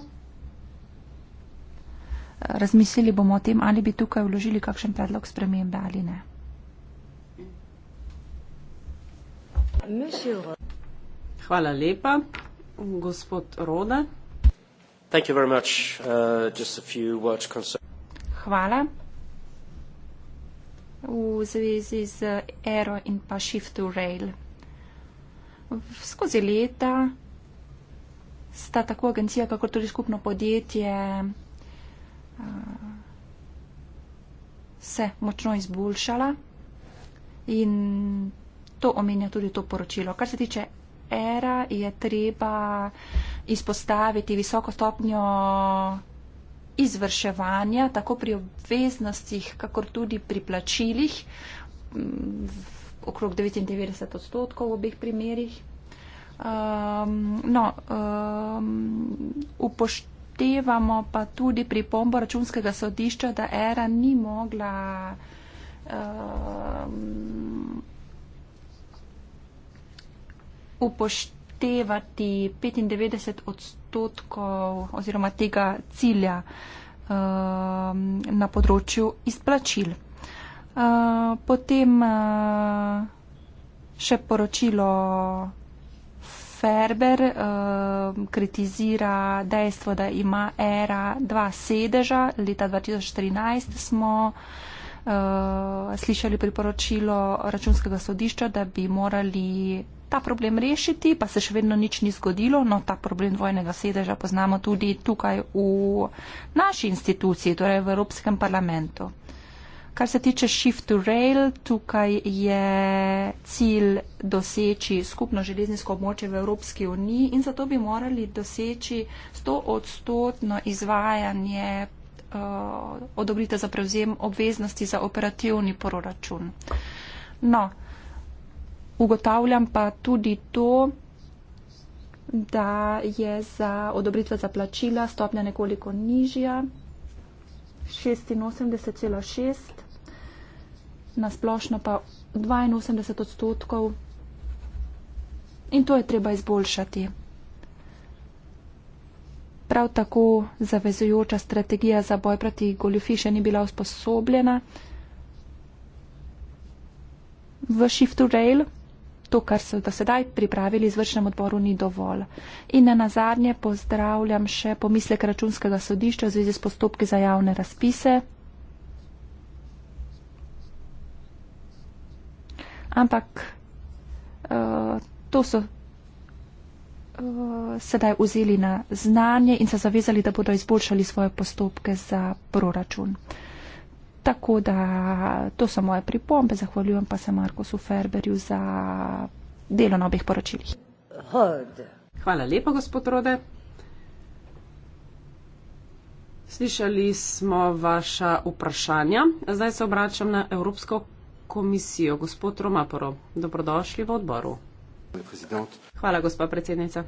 Razmislili bomo o tem, ali bi tukaj vložili kakšen predlog spremembe ali ne.
Hvala lepa, gospod Roda.
Uh,
Hvala. V zvezi z Aero in pa Shift to Rail. Skozi leta sta tako agencija, kako tudi skupno podjetje uh, se močno izboljšala in to omenja tudi to poročilo. Kar se tiče era, je treba uh, izpostaviti visoko stopnjo izvrševanja, tako pri obveznostih, kakor tudi pri plačilih, mm, okrog 99 odstotkov v obeh primerjih. Um, no, um, upoštevamo pa tudi pripombo računskega sodišča, da era ni mogla um, upoštevati upoštevati 95 odstotkov oziroma tega cilja um, na področju izplačil. Uh, potem uh, še poročilo Ferber uh, kritizira dejstvo, da ima era dva sedeža. Leta 2014 smo uh, slišali priporočilo računskega sodišča, da bi morali ta problem rešiti, pa se še vedno nič ni zgodilo. No, ta problem dvojnega sedeža poznamo tudi tukaj v naši instituciji, torej v Evropskem parlamentu. Kar se tiče shift to rail, tukaj je cilj doseči skupno železninsko območje v Evropski uniji in zato bi morali doseči 100 odstotno izvajanje uh, eh, odobrite za prevzem obveznosti za operativni proračun. No, Ugotavljam pa tudi to, da je za odobritve za plačila stopnja nekoliko nižja, 86,6, na splošno pa 82 odstotkov in to je treba izboljšati. Prav tako zavezujoča strategija za boj proti goljufi še ni bila usposobljena v Shift to Rail to, kar so do sedaj pripravili izvršnem odboru, ni dovolj. In na nazadnje pozdravljam še pomislek računskega sodišča v zvezi s postopki za javne razpise. Ampak uh, to so uh, sedaj vzeli na znanje in se zavezali, da bodo izboljšali svoje postopke za proračun. Uh, Tako da to so moje pripombe, zahvaljujem pa se Markusu Ferberju za delo na obih poročilih.
Hvala
lepa, gospod Rode. Slišali smo vaša vprašanja. Zdaj se obračam na Evropsko komisijo. Gospod Romaporo, dobrodošli v odboru. Hvala, gospod predsednica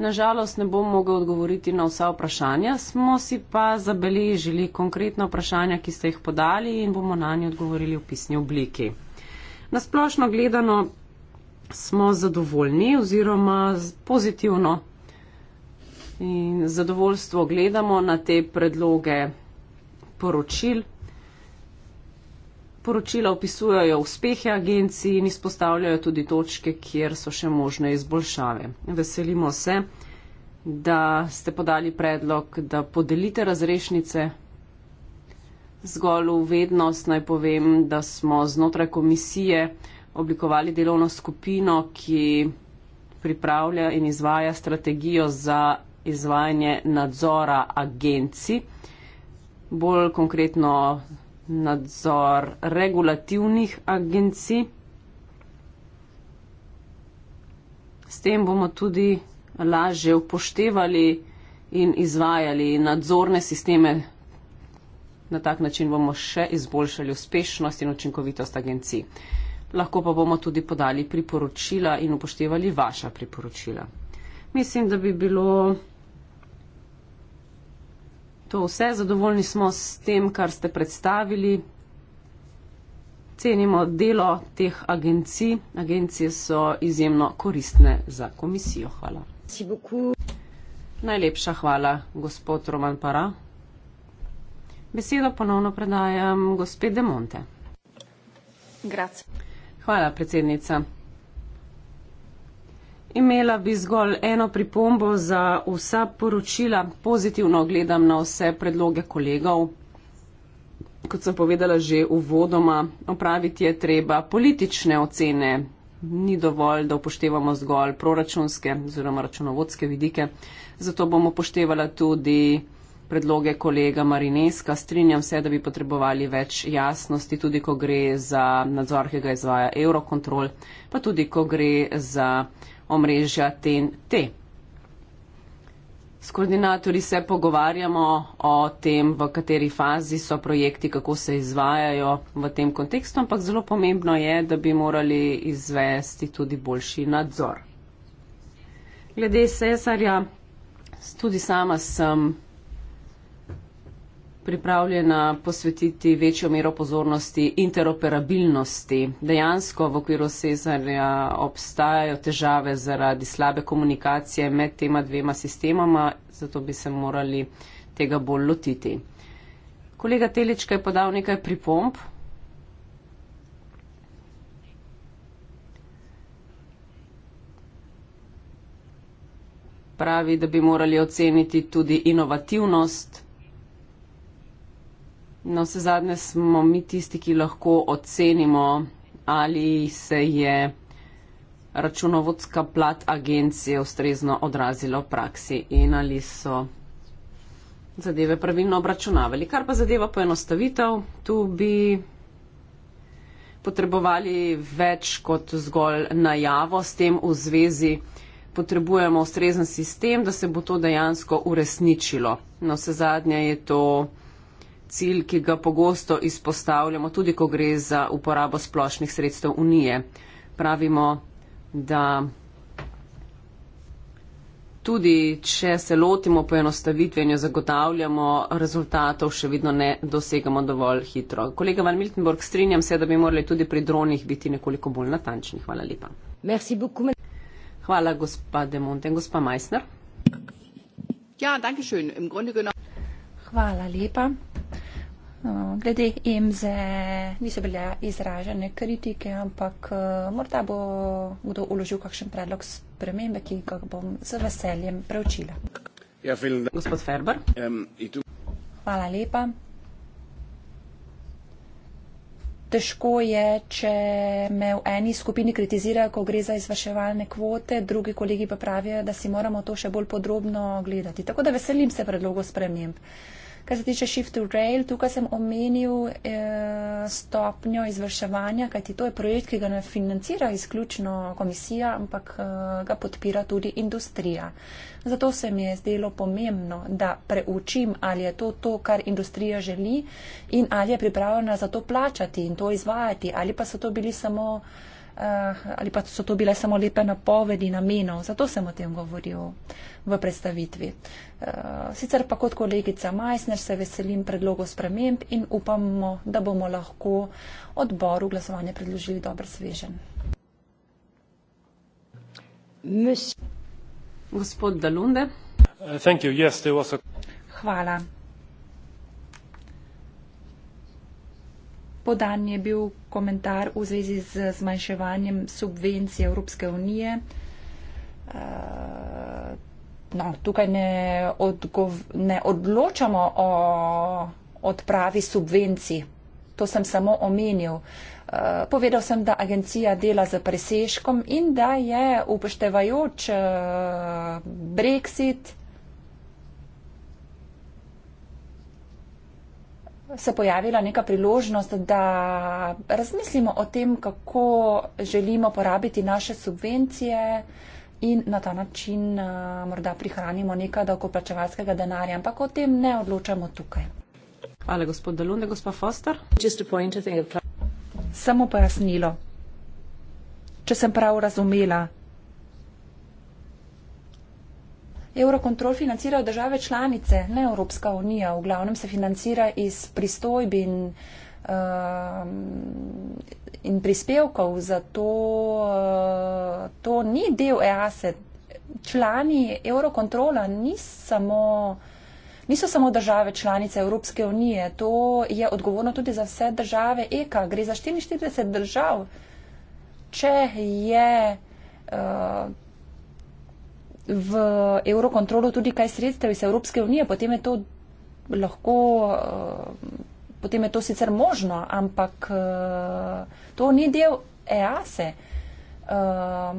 nažalost ne bom mogel odgovoriti na vsa vprašanja, smo si pa zabeležili konkretna vprašanja, ki ste jih podali in bomo na nje odgovorili v pisni obliki. Nasplošno gledano smo zadovoljni oziroma pozitivno in zadovoljstvo gledamo na te predloge poročil poročila opisujejo uspehe agencij in izpostavljajo tudi točke, kjer so še možne izboljšave. Veselimo se, da ste podali predlog, da podelite razrešnice. Zgolj v vednost naj povem, da smo znotraj komisije oblikovali delovno skupino, ki pripravlja in izvaja strategijo za izvajanje nadzora agencij. Bolj konkretno nadzor regulativnih agencij. S tem bomo tudi lažje upoštevali in izvajali nadzorne sisteme. Na tak način bomo še izboljšali uspešnost in učinkovitost agencij. Lahko pa bomo tudi podali priporočila in upoštevali vaša priporočila. Mislim, da bi bilo to vse, zadovoljni smo s tem, kar ste predstavili. Cenimo delo teh agencij. Agencije so izjemno koristne za komisijo. Hvala. Najlepša hvala, gospod Roman Para. Besedo ponovno predajam gospe Demonte. Grac. Hvala, predsednica. Imela bi zgolj eno pripombo za vsa poročila. Pozitivno gledam na vse predloge kolegov. Kot sem povedala že uvodoma, opraviti je treba politične ocene. Ni dovolj, da upoštevamo zgolj proračunske oziroma računovodske vidike. Zato bom upoštevala tudi predloge kolega Marineska. Strinjam se, da bi potrebovali več jasnosti, tudi ko gre za nadzor, ki ga izvaja Eurocontrol, pa tudi ko gre za omrežja TNT. S koordinatorji se pogovarjamo o tem, v kateri fazi so projekti, kako se izvajajo v tem kontekstu, ampak zelo pomembno je, da bi morali izvesti tudi boljši nadzor. Glede Cesarja, tudi sama sem pripravljena posvetiti večjo mero pozornosti interoperabilnosti. Dejansko v okviru Cezarja obstajajo težave zaradi slabe komunikacije med tema dvema sistemoma, zato bi se morali tega bolj lotiti. Kolega Telička je podal nekaj pripomp. Pravi, da bi morali oceniti tudi inovativnost Na no, vse zadnje smo mi tisti, ki lahko ocenimo, ali se je računovodska plat agencije ustrezno odrazila v praksi in ali so zadeve pravilno obračunavali. Kar pa zadeva poenostavitev, tu bi potrebovali več kot zgolj najavo s tem v zvezi. Potrebujemo ustrezen sistem, da se bo to dejansko uresničilo. Na no, vse zadnje je to cilj, ki ga pogosto izpostavljamo, tudi ko gre za uporabo splošnih sredstev Unije. Pravimo, da tudi če se lotimo poenostavitve in jo zagotavljamo, rezultatov še vedno ne dosegamo dovolj hitro. Kolega Van Miltenborg, strinjam se, da bi morali tudi pri dronih biti nekoliko bolj natančni. Hvala lepa. Merci beaucoup, men... Hvala, gospa De Monte in gospa Meissner.
Ja, Hvala lepa. Eh, glede emze niso bile izražene kritike, ampak eh, morda bo kdo uložil kakšen predlog spremembe, ki ga bom z veseljem preučila.
Ja, Gospod Ferber. Um,
Hvala lepa. Težko je, če me v eni skupini kritizirajo, ko gre za izvrševalne kvote, drugi kolegi pa pravijo, da si moramo to še bolj podrobno gledati. Tako da veselim se predlogo sprememb. Uh, Kar se tiče Shift to Rail, tukaj sem omenil eh, stopnjo izvrševanja, kajti to je projekt, ki ga ne financira izključno komisija, ampak eh, ga podpira tudi industrija. Zato se mi je zdelo pomembno, da preučim, ali je to to, kar industrija želi in ali je pripravljena za to plačati in to izvajati, ali pa so to bili samo. Eh, ali pa so to bile samo lepe napovedi namenov. Zato sem o tem govoril v predstavitvi. Eh, sicer pa kot kolegica Majsner se veselim predlogov sprememb in upamo, da bomo lahko odboru glasovanje predložili dober svežen. Gospod Dalunde.
Uh,
Hvala. Podan je bil komentar v zvezi z zmanjševanjem subvencije Evropske unije. Eh, no, tukaj ne, odgov, ne odločamo o odpravi subvencij. To sem samo omenil. Eh, povedal sem, da agencija dela za presežkom in da je upoštevajoč eh, Brexit se pojavila neka priložnost, da razmislimo o tem, kako želimo porabiti naše subvencije in na ta način eh, morda prihranimo nekaj davkoplačevalskega denarja, ampak o tem ne odločamo tukaj. Hvala, gospod Delunde, gospod Foster. Samo pojasnilo. Če sem prav razumela, Eurokontrol financirajo države članice, ne Evropska unija. V glavnem se financira iz pristojb in, um, in prispevkov, zato uh, to ni del EASE. E. Člani Eurokontrola ni samo, niso samo države članice Evropske unije, to je odgovorno tudi za vse države EK. Gre za 44 držav, če je. Uh, v Eurokontrolu tudi kaj sredstev iz Evropske unije, potem je to lahko, eh, potem je to sicer možno, ampak eh, to ni del EASE. E. Ehm,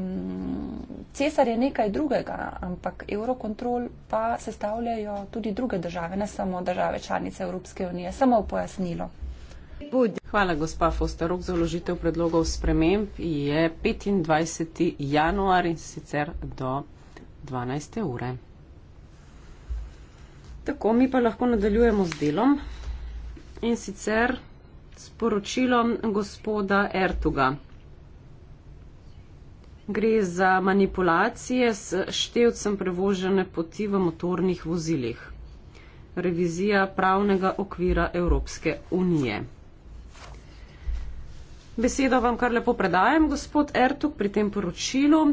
cesar je nekaj drugega, ampak Eurokontrol pa sestavljajo tudi druge države, ne samo države članice Evropske unije. Samo v pojasnilo.
Hvala, gospa Fosterok. Založitev predlogov sprememb je 25. januar in sicer do 12. ure. Tako mi pa lahko nadaljujemo z delom in sicer s poročilom gospoda Ertuga. Gre za manipulacije s števcem prevožene poti v motornih vozilih. Revizija pravnega okvira Evropske unije. Besedo vam kar lepo predajem, gospod Ertug, pri tem poročilu.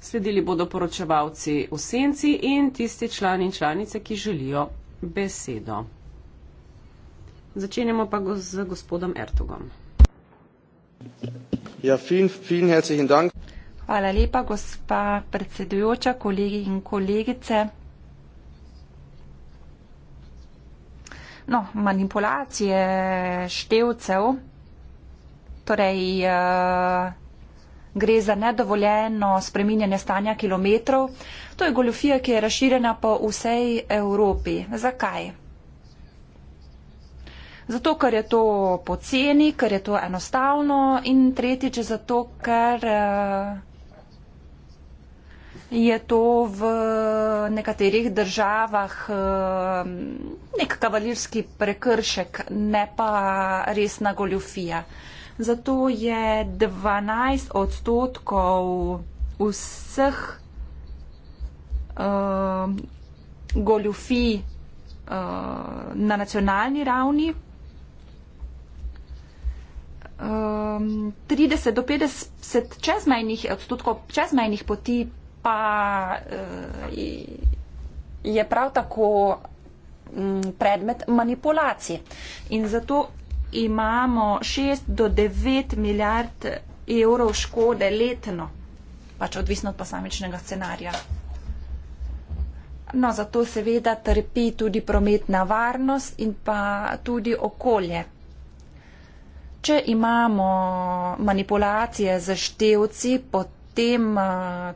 Sledili bodo poročevalci v senci in tisti člani in članice, ki želijo besedo.
Začenjamo pa go z gospodom Ertogom.
Ja, fin, fin, herzlichen dank.
Hvala lepa, gospa predsedujoča, kolegi in kolegice. No, manipulacije števcev, torej uh, gre za nedovoljeno spreminjanje stanja kilometrov. To je goljofija, ki je razširjena po vsej Evropi. Zakaj? Zato, ker je to poceni, ker je to enostavno in tretjič zato, ker eh, je to v nekaterih državah eh, nek kavalirski prekršek, ne pa resna goljofija zato je 12 odstotkov vseh uh, um, goljufij uh, um, na nacionalni ravni. Um, 30 do 50 čezmejnih odstotkov čezmejnih poti pa uh, je prav tako um, predmet manipulacije. In zato imamo 6 do 9 milijard evrov škode letno, pač odvisno od posamičnega scenarija. No, zato seveda trpi tudi prometna varnost in pa tudi okolje. Če imamo manipulacije z števci, potem eh,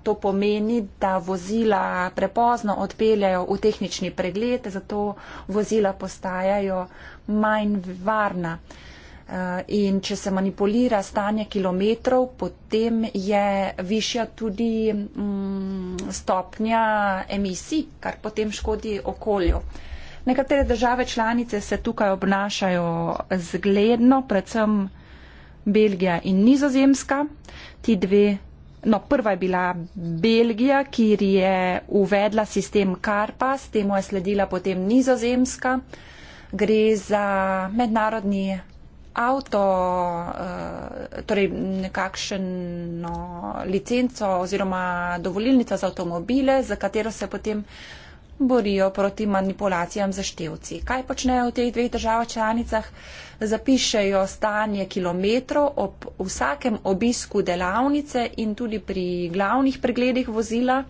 to pomeni, da vozila prepozno odpeljajo v tehnični pregled, zato vozila postajajo manj varna. Eh, in če se manipulira stanje kilometrov, potem je višja tudi mm, stopnja emisij, kar potem škodi okolju. Nekatere države članice se tukaj obnašajo zgledno, predvsem Belgija in Nizozemska. Ti dve, no prva je bila Belgija, kjer je uvedla sistem Karpas, temu je sledila potem Nizozemska. Uh, gre za mednarodni avto, eh, torej nekakšno licenco oziroma dovolilnico za avtomobile, za katero se potem borijo proti manipulacijam za števci. Kaj počnejo v teh dveh državah članicah? Zapišejo stanje kilometrov ob vsakem obisku delavnice in tudi pri glavnih pregledih vozila.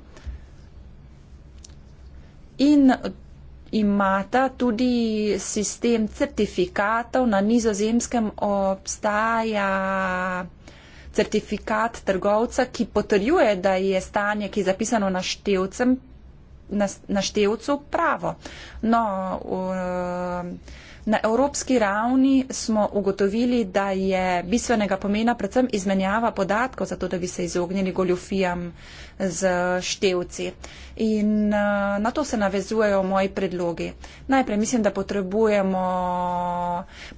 In imata tudi sistem certifikatov. Na nizozemskem obstaja certifikat trgovca, ki potrjuje, da je stanje, ki je zapisano na števcem, na, na števcu pravo. No, uh, Na evropski ravni smo ugotovili, da je bistvenega pomena predvsem izmenjava podatkov, zato da bi se izognili goljofijam z števci. In eh, na to se navezujejo moji predlogi. Najprej mislim, da potrebujemo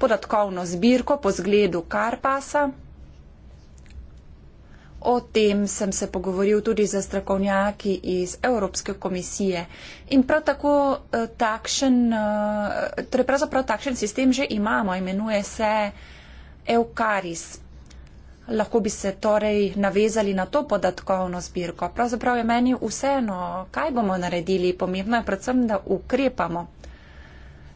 podatkovno zbirko po zgledu Karpasa. O tem sem se pogovoril tudi z strokovnjaki iz Evropske komisije. In prav tako eh, takšen, eh, torej pravzaprav takšen sistem že imamo, imenuje se Eukaris. Lahko bi se torej navezali na to podatkovno zbirko. Pravzaprav je meni vseeno, kaj bomo naredili. Pomembno je predvsem, da ukrepamo.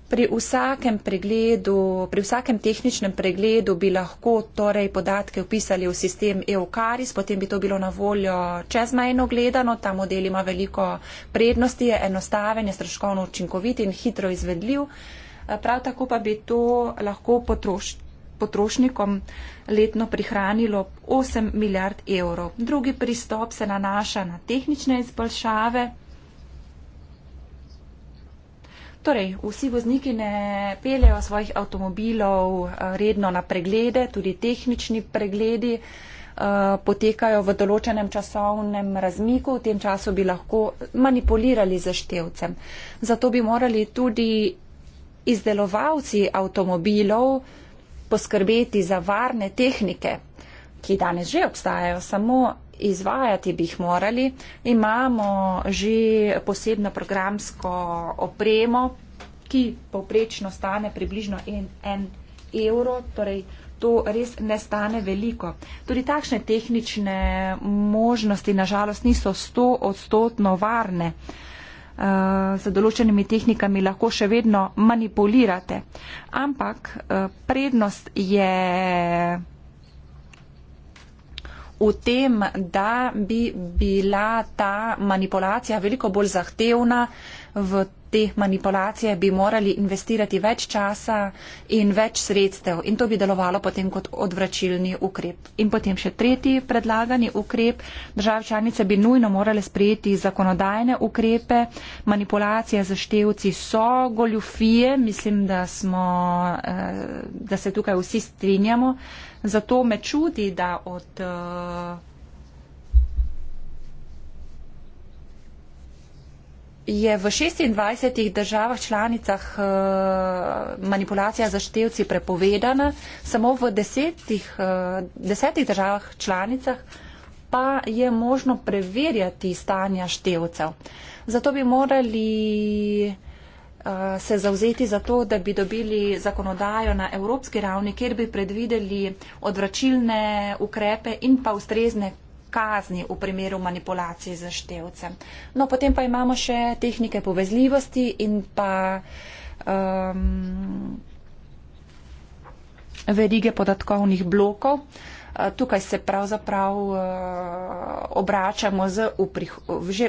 Pri vsakem pregledu, pri vsakem tehničnem pregledu bi lahko torej podatke upisali v sistem EOCARIS, potem bi to bilo na voljo čezmejno gledano. Ta model ima veliko prednosti, je enostaven, je stroškovno učinkovit in hitro izvedljiv. Eh, prav tako pa bi to lahko potroš, potrošnikom letno prihranilo 8 milijard evrov. Drugi pristop se nanaša na tehnične izboljšave. Torej, vsi vozniki ne peljejo svojih avtomobilov eh, redno na preglede, tudi tehnični pregledi eh, potekajo v določenem časovnem razmiku, v tem času bi lahko manipulirali z števcem. Zato bi morali tudi izdelovalci avtomobilov poskrbeti za varne tehnike ki danes že obstajajo, samo izvajati bi jih morali. Imamo že posebno programsko opremo, ki povprečno stane približno en, en evro, torej to res ne stane veliko. Tudi takšne tehnične možnosti nažalost niso sto odstotno varne. Uh, z določenimi tehnikami lahko še vedno manipulirate. Ampak uh, prednost je v tem, da bi bila ta manipulacija veliko bolj zahtevna. V te manipulacije bi morali investirati več časa in več sredstev in to bi delovalo potem kot odvračilni ukrep. In potem še tretji predlagani ukrep. Države članice bi nujno morale sprejeti zakonodajne ukrepe. Manipulacije za števci so goljufije. Mislim, da, smo, eh, da se tukaj vsi strinjamo. Zato me čudi, da od eh, Je v 26 državah članicah eh, manipulacija za števci prepovedana, samo v desetih, eh, desetih državah članicah pa je možno preverjati stanja števcev. Zato bi morali Eh, se zauzeti za to, da bi dobili zakonodajo na evropski ravni, kjer bi predvideli odvračilne ukrepe in pa ustrezne kazni v primeru manipulacij z števcem. No, potem pa imamo še tehnike povezljivosti in pa um, verige podatkovnih blokov. Tukaj se pravzaprav eh, obračamo že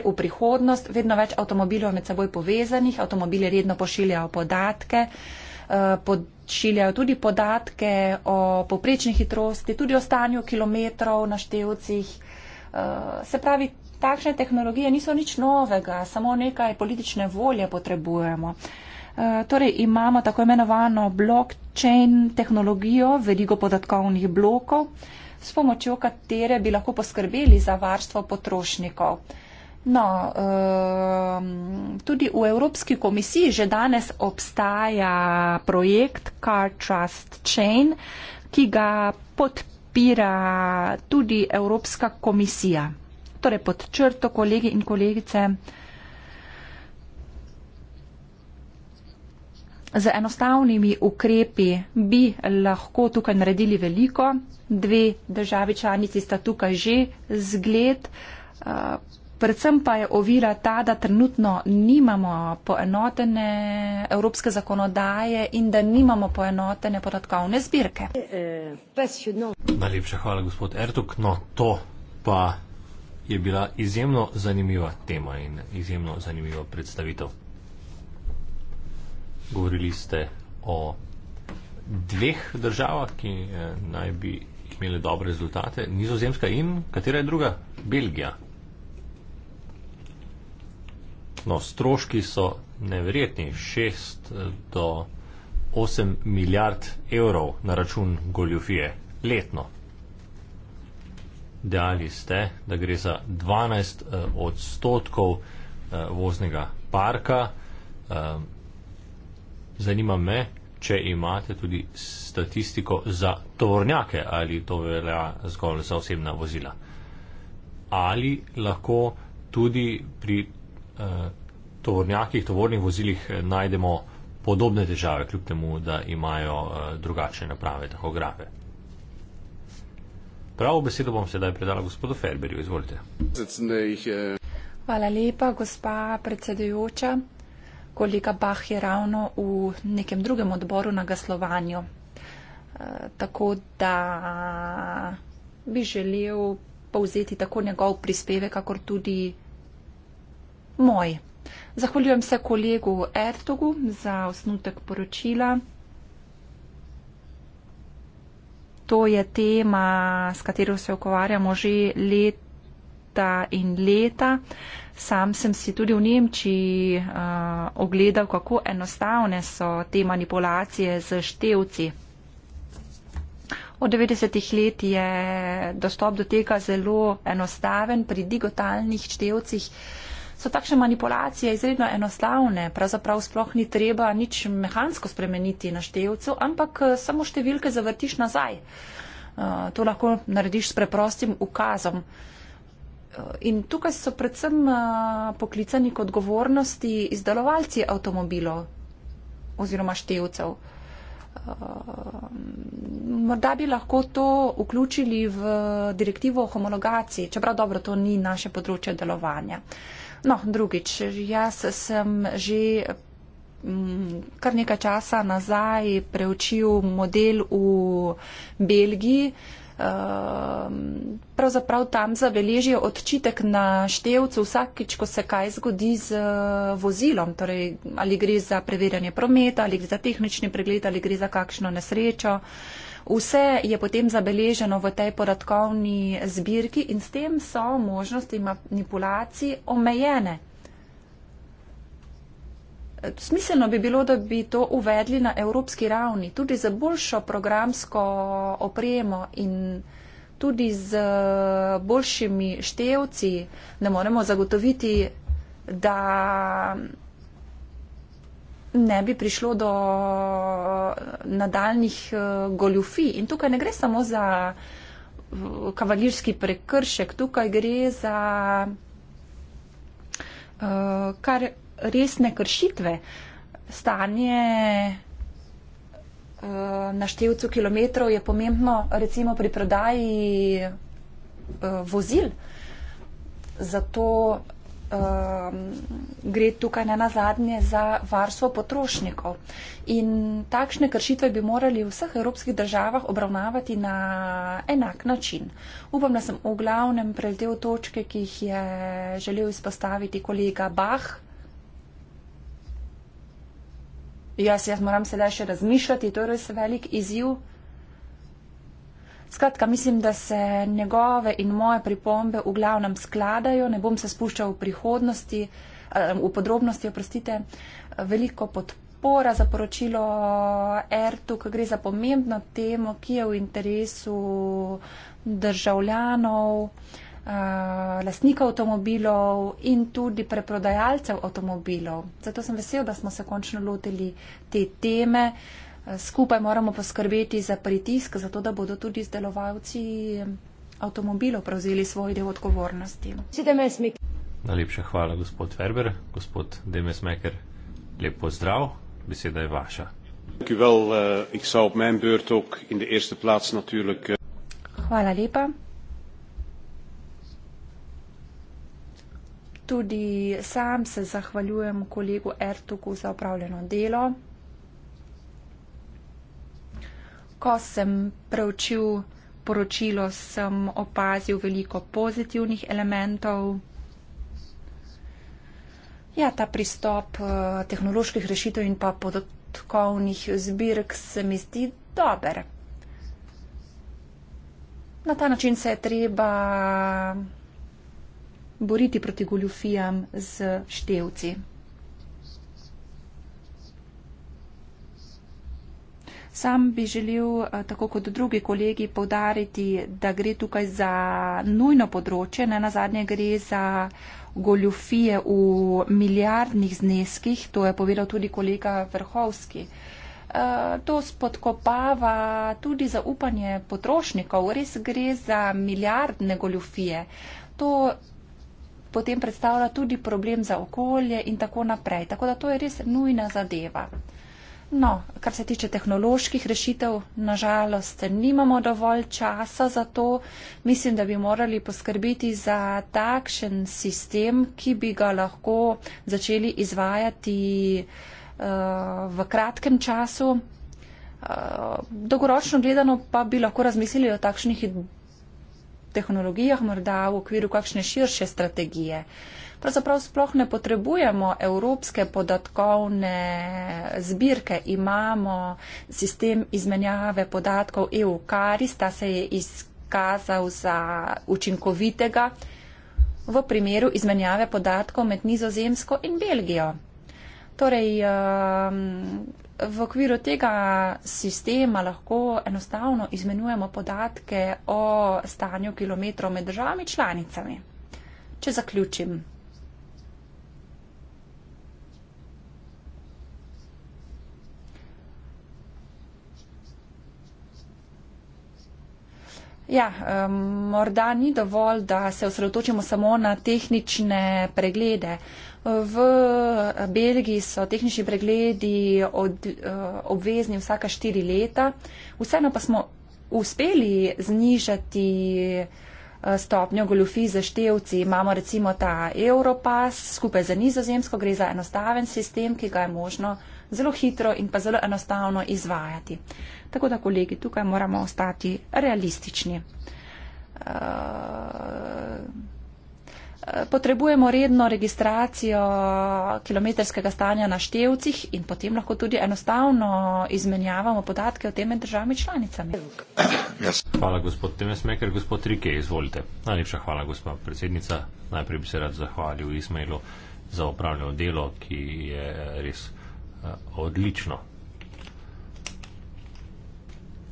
v prihodnost. Vedno več avtomobilov je med seboj povezanih, avtomobili redno pošiljajo podatke, eh, pošiljajo tudi podatke o poprečni hitrosti, tudi o stanju kilometrov na števcih. Eh, se pravi, takšne tehnologije niso nič novega, samo nekaj politične volje potrebujemo. Eh, torej imamo tako imenovano blockchain tehnologijo, verigo podatkovnih blokov, s pomočjo katere bi lahko poskrbeli za varstvo potrošnikov. No, ehm, tudi v Evropski komisiji že danes obstaja projekt Car Trust Chain, ki ga podpira tudi Evropska komisija. Torej pod črto, kolegi in kolegice, uh, z enostavnimi ukrepi bi lahko tukaj naredili veliko. Dve državi članici sta tukaj že zgled. Eh, predvsem pa je ovira ta, da trenutno nimamo poenotene evropske zakonodaje in da nimamo poenotene podatkovne zbirke. Eh,
eh,
Najlepša hvala, gospod Ertuk. No, to pa je bila izjemno zanimiva tema in izjemno zanimiva predstavitev govorili ste o dveh državah, ki eh, naj bi imele dobre rezultate, Nizozemska in katera je druga? Belgija. No, stroški so neverjetni, 6 eh, do 8 milijard evrov na račun goljufije letno. Dejali ste, da gre za 12 eh, odstotkov voznega parka. Zanima me, če imate tudi statistiko za tovornjake, ali to velja zgolj za osebna vozila. Ali lahko tudi pri eh, tovornjakih, tovornih vozilih eh, najdemo podobne težave, kljub temu, da imajo eh, drugačne naprave, tahografe. Pravo besedo bom sedaj predala gospodu Ferberju. Izvolite.
Hvala lepa, gospa predsedujoča kolega Bah je ravno v nekem drugem odboru na gaslovanju. Eh, tako da bi želel povzeti tako njegov prispevek, kakor tudi moj. Zahvaljujem se kolegu Ertogu za osnutek poročila. To je tema, s katero se ukvarjamo že leta in leta. Uh, Sam sem si tudi v Nemčiji uh, ogledal, kako enostavne so te manipulacije z števci. Od 90-ih let je dostop do tega zelo enostaven. Pri digitalnih števcih so takšne manipulacije izredno enostavne. Pravzaprav sploh ni treba nič mehansko spremeniti na števcu, ampak uh, samo številke zavrtiš nazaj. Uh, to lahko narediš s preprostim ukazom. Uh, Eh, in tukaj so predvsem eh, poklicani k odgovornosti izdelovalci avtomobilov oziroma števcev. Eh, morda bi lahko to vključili v direktivo o homologaciji, čeprav dobro to ni naše področje delovanja. No, drugič, jaz sem že mm, kar nekaj časa nazaj preučil model v Belgiji, Ehm, pravzaprav tam zabeležijo odčitek na števcu vsakič, ko se kaj zgodi z eh, vozilom, torej ali gre za preverjanje prometa, ali gre za tehnični pregled, ali gre za kakšno nesrečo. Vse je potem zabeleženo v tej podatkovni zbirki in s tem so možnosti manipulacij omejene. Smiselno bi bilo, da bi to uvedli na evropski ravni, tudi za boljšo programsko opremo in tudi z eh, boljšimi števci, da moramo zagotoviti, da ne bi prišlo do eh, nadaljnih eh, goljufij. In tukaj ne gre samo za kavalirski prekršek, tukaj gre za uh, kar resne kršitve. Stanje eh, na števcu kilometrov je pomembno recimo pri prodaji eh, vozil. Zato um, gre tukaj ne na zadnje za varstvo potrošnikov. In takšne kršitve bi morali v vseh evropskih državah obravnavati na enak način. Upam, da sem v glavnem preldel točke, ki jih je želel izpostaviti kolega Bach. Jaz, jaz moram sedaj še razmišljati, to torej je res velik izziv. Skratka, mislim, da se njegove in moje pripombe v glavnem skladajo, ne bom se spuščal v prihodnosti, eh, v podrobnosti, oprostite, veliko podpora za poročilo ERTU, ki gre za pomembno temo, ki je v interesu državljanov. Eh, lastnika avtomobilov in tudi preprodajalcev avtomobilov. Zato sem vesel, da smo se končno lotili te teme. Eh, skupaj moramo poskrbeti za pritisk, zato da bodo tudi izdelovalci eh, avtomobilov prevzeli svoj del odgovornosti.
Najlepša hvala, gospod Verber. Gospod Demes Meker, lep pozdrav, beseda je vaša.
Hvala lepa. Tudi sam se zahvaljujem kolegu Ertugu za opravljeno delo. Ko sem preučil poročilo, sem opazil veliko pozitivnih elementov. Ja, ta pristop eh, tehnoloških rešitev in pa podatkovnih zbirk se mi zdi dober. Na ta način se je treba boriti proti goljufijam z števci. Sam bi želel, eh, tako kot drugi kolegi, povdariti, da gre tukaj za nujno področje, ne na zadnje gre za goljufije v milijardnih zneskih, to je povedal tudi kolega Vrhovski. Eh, to spodkopava tudi zaupanje potrošnikov, res gre za milijardne goljufije. To potem predstavlja tudi problem za okolje in tako naprej. Tako da to je res nujna zadeva. No, kar se tiče tehnoloških rešitev, nažalost, nimamo dovolj časa za to. Mislim, da bi morali poskrbiti za takšen sistem, ki bi ga lahko začeli izvajati uh, v kratkem času. Uh, dolgoročno gledano pa bi lahko razmislili o takšnih tehnologijah, morda v okviru kakšne širše strategije. Pravzaprav sploh ne potrebujemo evropske podatkovne zbirke, imamo sistem izmenjave podatkov EU, kar ista se je izkazal za učinkovitega v primeru izmenjave podatkov med nizozemsko in Belgijo. Torej, um, v okviru tega sistema lahko enostavno izmenjujemo podatke o stanju kilometrov med državami članicami. Če zaključim. Ja, um, morda ni dovolj, da se osredotočimo samo na tehnične preglede. Uh, V Belgiji so tehnični pregledi od, eh, obvezni vsaka štiri leta. Vseeno pa smo uspeli znižati eh, stopnjo goljufi za števci. Imamo recimo ta Europass skupaj za nizozemsko, gre za enostaven sistem, ki ga je možno zelo hitro in pa zelo enostavno izvajati. Tako da, kolegi, tukaj moramo ostati realistični. Uh, potrebujemo redno registracijo kilometrskega stanja na števcih in potem lahko tudi enostavno izmenjavamo podatke o tem med državami članicami.
Yes. Hvala, gospod Temesmeker. Gospod Rike, izvolite. Najlepša hvala, gospa predsednica. Najprej bi se rad zahvalil Ismailu za opravljeno delo, ki je res eh, odlično.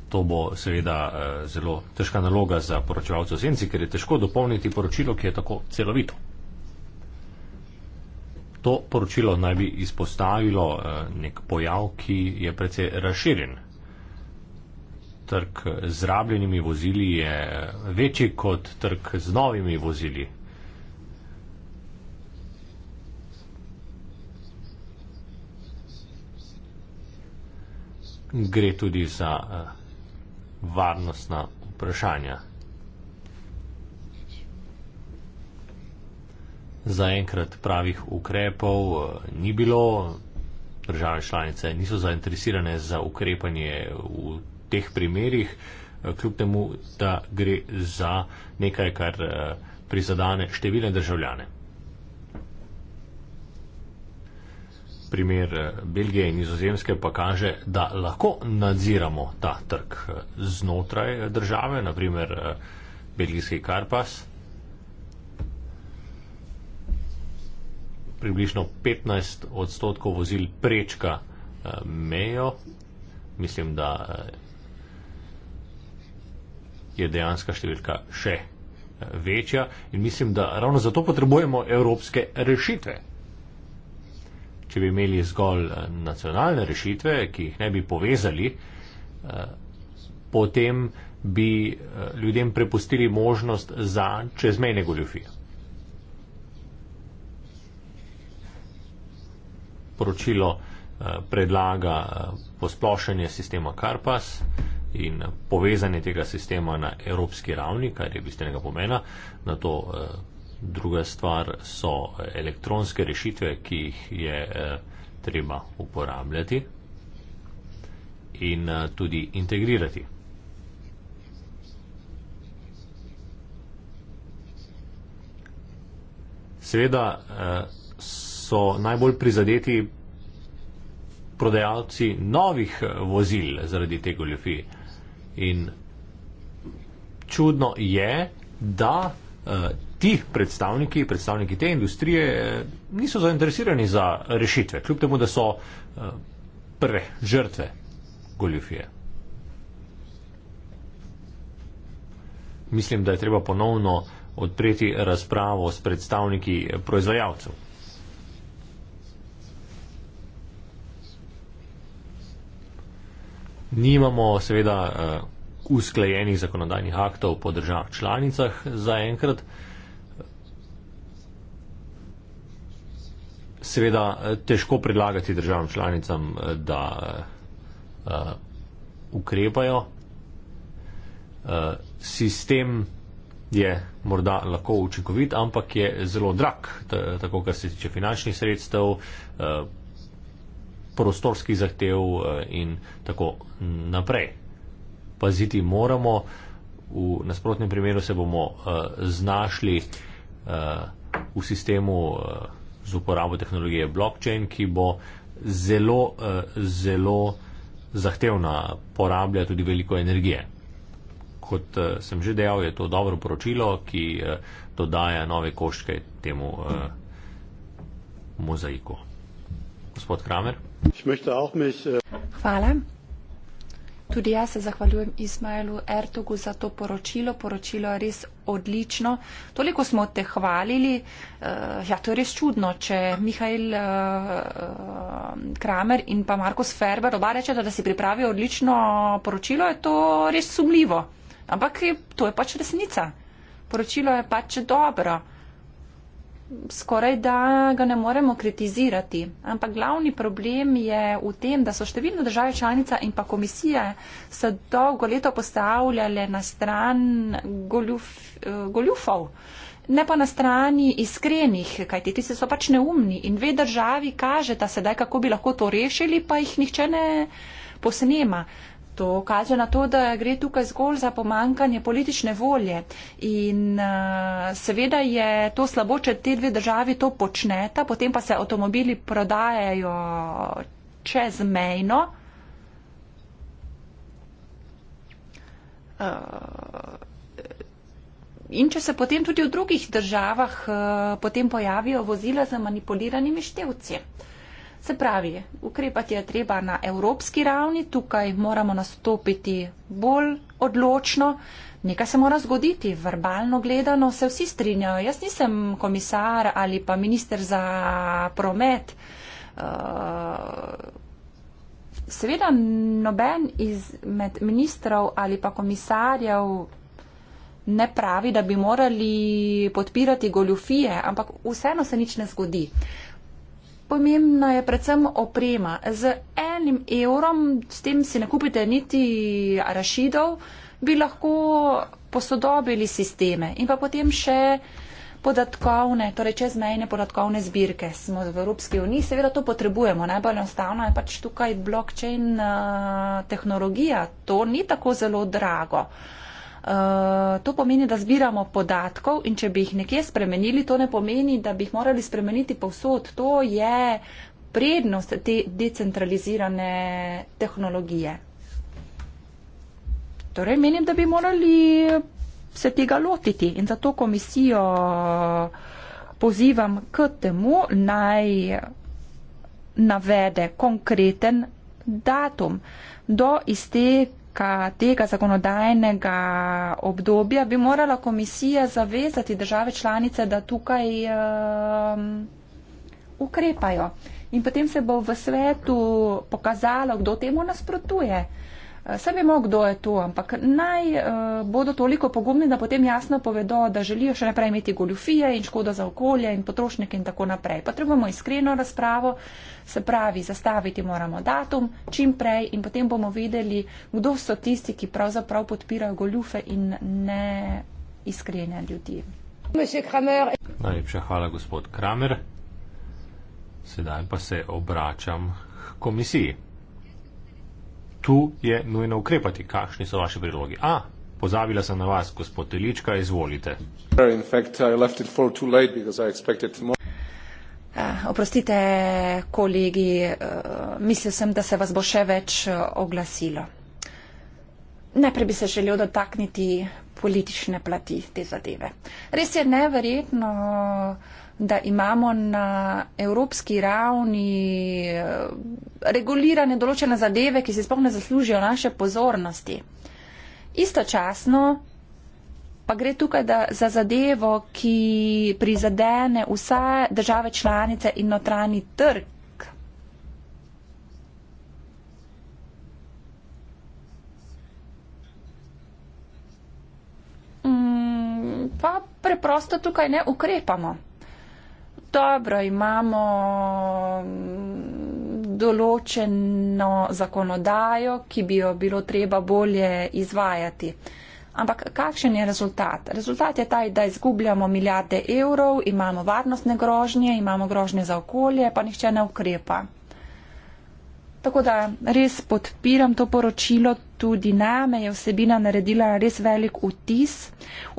To bo seveda eh, zelo težka naloga za poročevalce v senci, ker je težko dopolniti poročilo, ki je tako celovito. To poročilo naj bi izpostavilo eh, nek pojav, ki je precej razširjen. Trg z rabljenimi vozili je eh, večji kot trg z novimi vozili. Gre tudi za eh, varnostna vprašanja. Zaenkrat pravih ukrepov eh, ni bilo, države članice niso zainteresirane za ukrepanje v teh primerih, eh, kljub temu, da gre za nekaj, kar eh, prizadane številne državljane. primer eh, Belgije in Nizozemske pa kaže, da lahko nadziramo ta trg eh, znotraj eh, države, naprimer belgijski karpas. Približno 15 odstotkov vozil prečka mejo. Mislim, da je dejanska številka še večja in mislim, da ravno zato potrebujemo evropske rešitve če bi imeli zgolj eh, nacionalne rešitve, ki jih ne bi povezali, eh, potem bi eh, ljudem prepustili možnost za čezmejne goljofije. Poročilo predlaga posplošenje sistema Karpas in povezanje tega sistema na evropski ravni, kar je bistvenega pomena, na to druga stvar so elektronske rešitve, ki jih je eh, treba uporabljati in eh, tudi integrirati. Seveda eh, so najbolj prizadeti prodajalci novih vozil zaradi te goljofije. In čudno je, da ti predstavniki, predstavniki te industrije eh, niso zainteresirani za rešitve, kljub temu, da so eh, prve žrtve goljufije. Mislim, da je treba ponovno odpreti razpravo s predstavniki proizvajalcev. Nimamo seveda eh, usklajenih zakonodajnih aktov po državah članicah zaenkrat. seveda eh, težko predlagati državam članicam, eh, da uh, ukrepajo. Uh, sistem je morda lahko učinkovit, ampak je zelo drag, tako kar se tiče finančnih sredstev, prostorskih zahtev in tako naprej. Paziti moramo, v nasprotnem primeru se bomo znašli v sistemu z uporabo tehnologije blockchain, ki bo zelo, eh, zelo zahtevna, porablja tudi veliko energije. Kot eh, sem že dejal, je to dobro poročilo, ki eh, dodaja nove koščke temu mozaiku. Gospod Kramer. Äh
Hvala. Tudi jaz se zahvaljujem Ismailu Ertogu za to poročilo. Poročilo je res odlično. Toliko smo te hvalili. Eh, ja, to je res čudno, če Mihajl eh, eh, Kramer in pa Markus Ferber oba rečeta, da si pripravijo odlično poročilo, je to res sumljivo. Ampak to je pač resnica. Poročilo je pač dobro skoraj da ga ne moremo kritizirati. Ampak glavni problem je v tem, da so številne države članica in pa komisije se dolgo leto postavljale na stran goljuf, eh, goljufov, ne pa na strani iskrenih, kajti ti so pač neumni in dve državi kaže, da sedaj kako bi lahko to rešili, pa jih nihče ne posnema. To kaže na to, da gre tukaj zgolj za pomankanje politične volje. In uh, seveda je to slabo, če te dve državi to počneta, potem pa se avtomobili prodajajo čezmejno. Uh, In če se potem tudi v drugih državah eh, potem pojavijo vozila z manipuliranimi števci. Uh, Se pravi, ukrepati je treba na evropski ravni, tukaj moramo nastopiti bolj odločno. Nekaj se mora zgoditi, verbalno gledano se vsi strinjajo. Jaz nisem komisar ali pa minister za promet. Eh, seveda noben izmed ministrov ali pa komisarjev ne pravi, da bi morali podpirati goljufije, ampak vseeno se nič ne zgodi pomembna je predvsem oprema. Z enim evrom, s tem si ne kupite niti rašidov, bi lahko posodobili sisteme in pa potem še podatkovne, torej čezmejne podatkovne zbirke. Smo v Evropski uniji, seveda to potrebujemo. Najbolj enostavno je pač tukaj blockchain uh, tehnologija. To ni tako zelo drago. Uh, Eh, to pomeni, da zbiramo podatkov in če bi jih nekje spremenili, to ne pomeni, da bi jih morali spremeniti povsod. To je prednost te decentralizirane tehnologije. Torej, menim, da bi morali se tega lotiti in zato komisijo pozivam k temu naj navede konkreten datum do izteka poteka tega zakonodajnega obdobja, bi morala komisija zavezati države članice, da tukaj um, ukrepajo. In potem se bo v svetu pokazalo, kdo temu nasprotuje. Uh, Saj vemo, kdo je to, ampak naj uh, bodo toliko pogumni, da potem jasno povedo, da želijo še naprej imeti goljufije in škodo za okolje in potrošnike in tako naprej. Potrebujemo iskreno razpravo, se pravi, zastaviti moramo datum čim prej in potem bomo vedeli, kdo so tisti, ki pravzaprav podpirajo goljufe in ne iskrene ljudi.
Najlepša hvala, gospod Kramer. Sedaj pa se obračam k komisiji tu je nujno ukrepati. Kakšni so vaše predlogi? A, pozabila sem na vas, gospod Telička, izvolite.
Uh, oprostite, kolegi, uh, mislil sem, da se vas bo še več uh, oglasilo. Najprej bi se želel dotakniti politične plati te zadeve. Res je neverjetno, uh, da imamo na evropski ravni eh, regulirane določene zadeve, ki se sploh ne zaslužijo naše pozornosti. Istočasno pa gre tukaj da, za zadevo, ki prizadene vse države članice in notranji trg. Mm, pa preprosto tukaj ne ukrepamo dobro, imamo mm, določeno zakonodajo, ki bi jo bilo treba bolje izvajati. Ampak kakšen je rezultat? Rezultat je taj, da izgubljamo milijarde evrov, imamo varnostne grožnje, imamo grožnje za okolje, pa nihče ne ukrepa. Tako da res podpiram to poročilo, tudi name je vsebina naredila res velik vtis.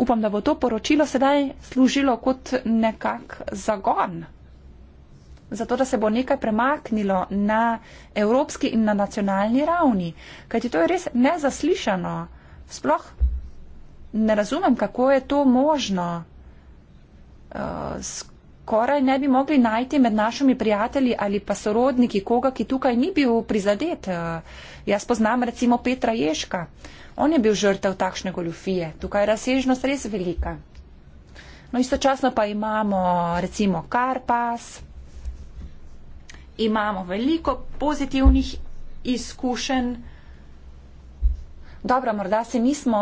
Upam, da bo to poročilo sedaj služilo kot nekak zagon. Zato, da se bo nekaj premaknilo na evropski in na nacionalni ravni. Kajti to je res nezaslišano. Sploh ne razumem, kako je to možno. Uh, skoraj ne bi mogli najti med našimi prijatelji ali pa sorodniki koga, ki tukaj ni bil prizadet. Eh, jaz poznam recimo Petra Ješka. On je bil žrtev takšne goljufije. Tukaj je razsežnost res velika. No, istočasno pa imamo recimo Karpas. Imamo veliko pozitivnih izkušenj. Dobro, morda se nismo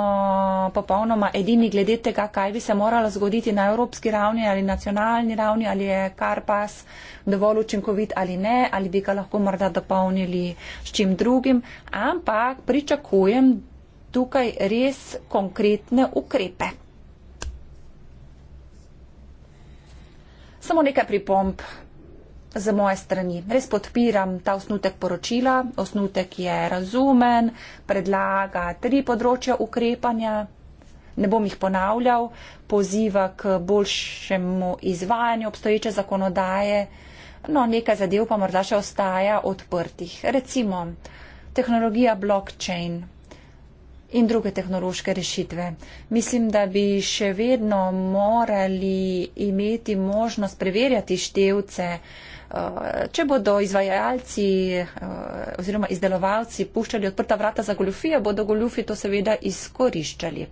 popolnoma edini glede tega, kaj bi se moralo zgoditi na evropski ravni ali nacionalni ravni, ali je karpas dovolj učinkovit ali ne, ali bi ga lahko morda dopolnili s čim drugim, ampak pričakujem tukaj res konkretne ukrepe. Samo nekaj pripomp za moje strani. Res podpiram ta osnutek poročila. Osnutek je razumen, predlaga tri področja ukrepanja. Ne bom jih ponavljal, poziva k boljšemu izvajanju obstoječe zakonodaje. No, nekaj zadev pa morda še ostaja odprtih. Recimo tehnologija blockchain. In druge tehnološke rešitve. Mislim, da bi še vedno morali imeti možnost preverjati števce, uh, Eh, če bodo izvajalci eh, oziroma izdelovalci puščali odprta vrata za goljufije, bodo goljufi to seveda izkoriščali.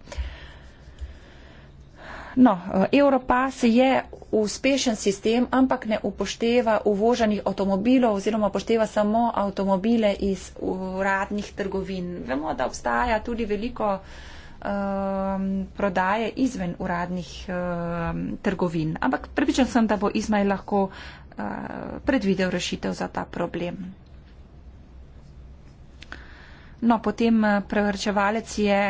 No, eh, Europass je uspešen sistem, ampak ne upošteva uvožanih avtomobilov oziroma upošteva samo avtomobile iz uradnih trgovin. Vemo, da obstaja tudi veliko um, prodaje izven uradnih um, trgovin, ampak pripričan sem, da bo Izmaj lahko uh, Eh, predvidel rešitev za ta problem. No, potem eh, prevrčevalec je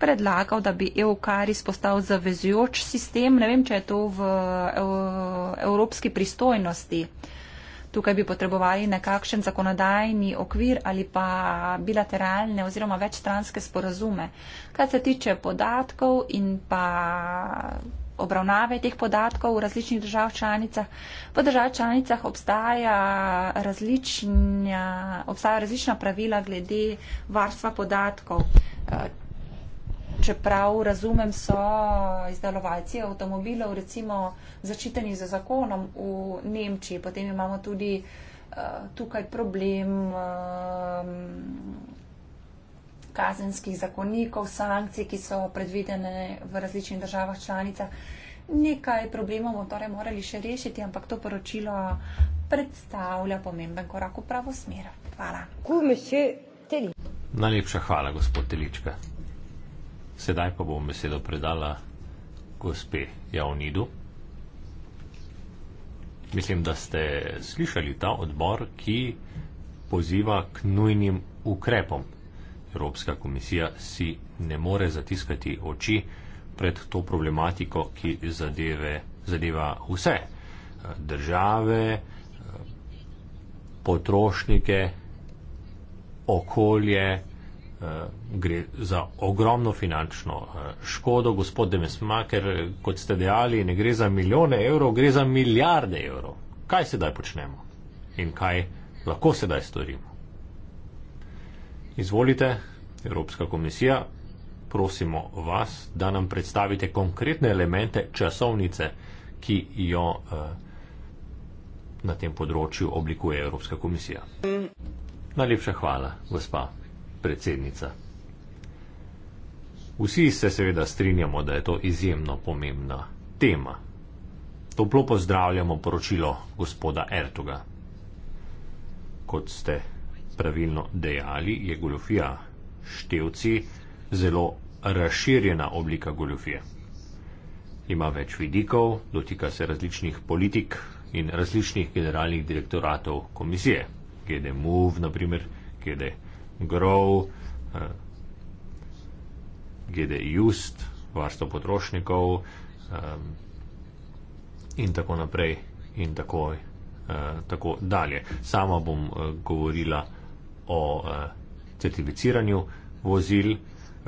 predlagal, da bi EUKARIS postal zavezujoč sistem. Ne vem, če je to eh, v evropski pristojnosti. Tukaj bi potrebovali nekakšen zakonodajni okvir ali pa bilateralne oziroma večstranske sporazume. Kar se tiče podatkov in pa obravnave teh podatkov v različnih držav članicah. V držav članicah obstaja različna, obstaja različna pravila glede varstva podatkov. Eh, čeprav razumem, so izdelovalci avtomobilov recimo začiteni za zakonom v Nemčiji, potem imamo tudi uh, tukaj problem. Uh, kazenskih zakonikov, sankcij, ki so predvidene v različnih državah članicah. Nekaj problemov bomo torej morali še rešiti, ampak to poročilo predstavlja pomemben korak v pravo smer. Hvala.
Najlepša hvala, gospod Telička. Sedaj pa bom besedo predala gospe Javnidu. Mislim, da ste slišali ta odbor, ki poziva k nujnim ukrepom. Evropska komisija si ne more zatiskati oči pred to problematiko, ki zadeve, zadeva vse države, potrošnike, okolje, gre za ogromno finančno škodo. Gospod Demesmaker, kot ste dejali, ne gre za milijone evrov, gre za milijarde evrov. Kaj sedaj počnemo in kaj lahko sedaj storimo? Izvolite, Evropska komisija, prosimo vas, da nam predstavite konkretne elemente časovnice, ki jo eh, na tem področju oblikuje Evropska komisija. Najlepša hvala, gospa predsednica. Vsi se seveda strinjamo, da je to izjemno pomembna tema. Toplo pozdravljamo poročilo gospoda Ertuga. Kot ste pravilno dejali, je goljofija števci zelo razširjena oblika goljofije. Ima več vidikov, dotika se različnih politik in različnih generalnih direktoratov komisije. GD MOV, naprimer, GD GROW, eh, GD JUST, varstvo potrošnikov eh, in tako naprej in tako, eh, tako dalje. Sama bom govorila o e, certificiranju vozil, e,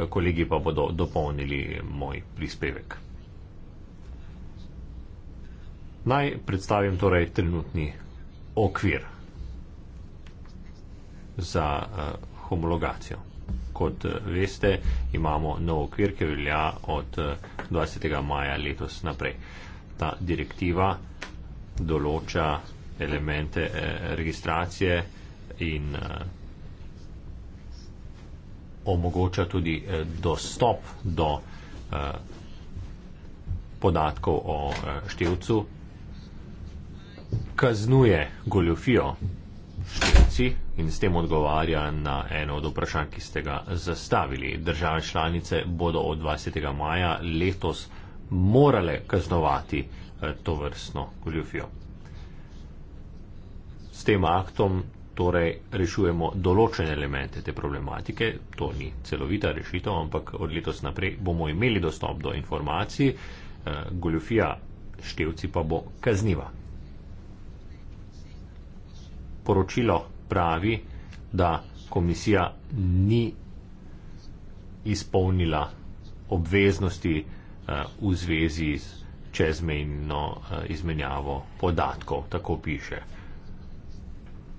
kolegi pa bodo dopolnili moj prispevek. Naj predstavim torej trenutni okvir za e, homologacijo. Kot veste, imamo nov okvir, ki velja od 20. maja letos naprej. Ta direktiva določa elemente registracije in vsega, omogoča tudi eh, dostop do eh, podatkov o eh, števcu, kaznuje goljofijo števci in s tem odgovarja na eno od vprašanj, ki ste ga zastavili. Države članice bodo od 20. maja letos morale kaznovati to vrstno goljofijo. S tem aktom torej rešujemo določene elemente te problematike, to ni celovita rešitev, ampak od letos naprej bomo imeli dostop do informacij, eh, goljofija števci pa bo kazniva. Poročilo pravi, da komisija ni izpolnila obveznosti eh, v zvezi z čezmejno eh, izmenjavo podatkov, tako piše.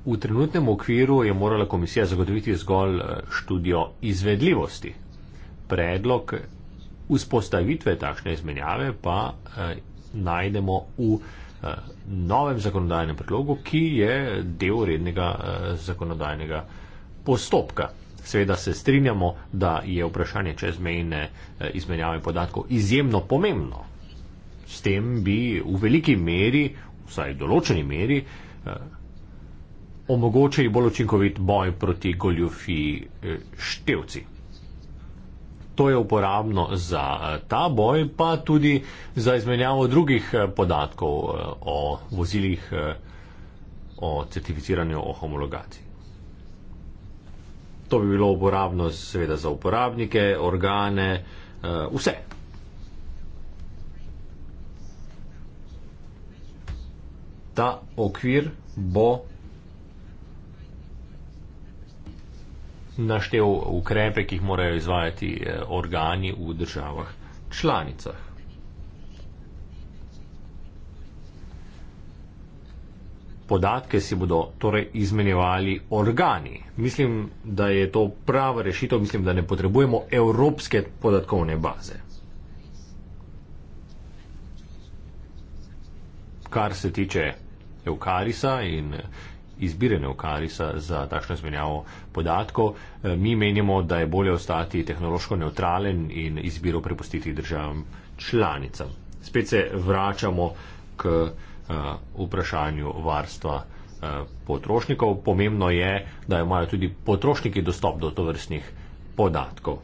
V trenutnem okviru je morala komisija zagotoviti zgolj eh, študijo izvedljivosti. Predlog vzpostavitve takšne izmenjave pa eh, najdemo v eh, novem zakonodajnem predlogu, ki je del rednega eh, zakonodajnega postopka. Seveda se strinjamo, da je vprašanje čezmejne eh, izmenjave podatkov izjemno pomembno. S tem bi v veliki meri, vsaj v določeni meri, eh, omogočili bolj učinkovit boj proti goljufi eh, števci. To je uporabno za eh, ta boj, pa tudi za izmenjavo drugih eh, podatkov o vozilih, o certificiranju, o homologaciji. To bi bilo uporabno seveda za uporabnike, organe, vse. Ta okvir bo naštel ukrepe, ki jih morajo izvajati eh, organi v državah članicah. Podatke si bodo torej izmenjevali organi. Mislim, da je to prava rešitev, mislim, da ne potrebujemo evropske podatkovne baze. Kar se tiče Eukarisa in izbire neokarisa za takšno izmenjavo podatkov. E, mi menimo, da je bolje ostati tehnološko neutralen in izbiro prepustiti državam članicam. Spet se vračamo k e, vprašanju varstva e, potrošnikov. Pomembno je, da imajo tudi potrošniki dostop do tovrstnih podatkov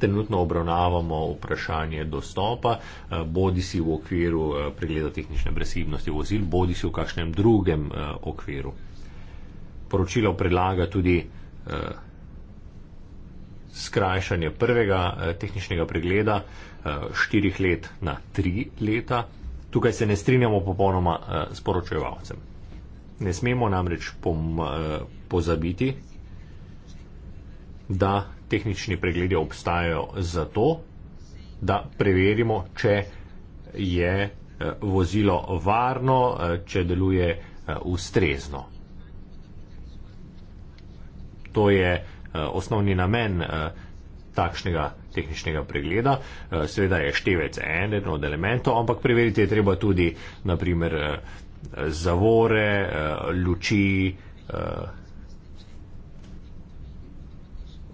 trenutno obravnavamo vprašanje dostopa, eh, bodi si v okviru eh, pregleda tehnične brezhibnosti vozil, bodi si v kakšnem drugem eh, okviru. Poročilo predlaga tudi skrajšanje prvega tehničnega pregleda štirih let na tri leta. Tukaj se ne strinjamo popolnoma s poročevalcem. Ne smemo namreč pozabiti, da tehnični pregledi obstajajo zato, da preverimo, če je eh, vozilo varno, eh, če deluje eh, ustrezno. To je osnovni namen takšnega tehničnega pregleda. Seveda je števec eden od elementov, ampak preveriti je treba tudi, naprimer, zavore, luči,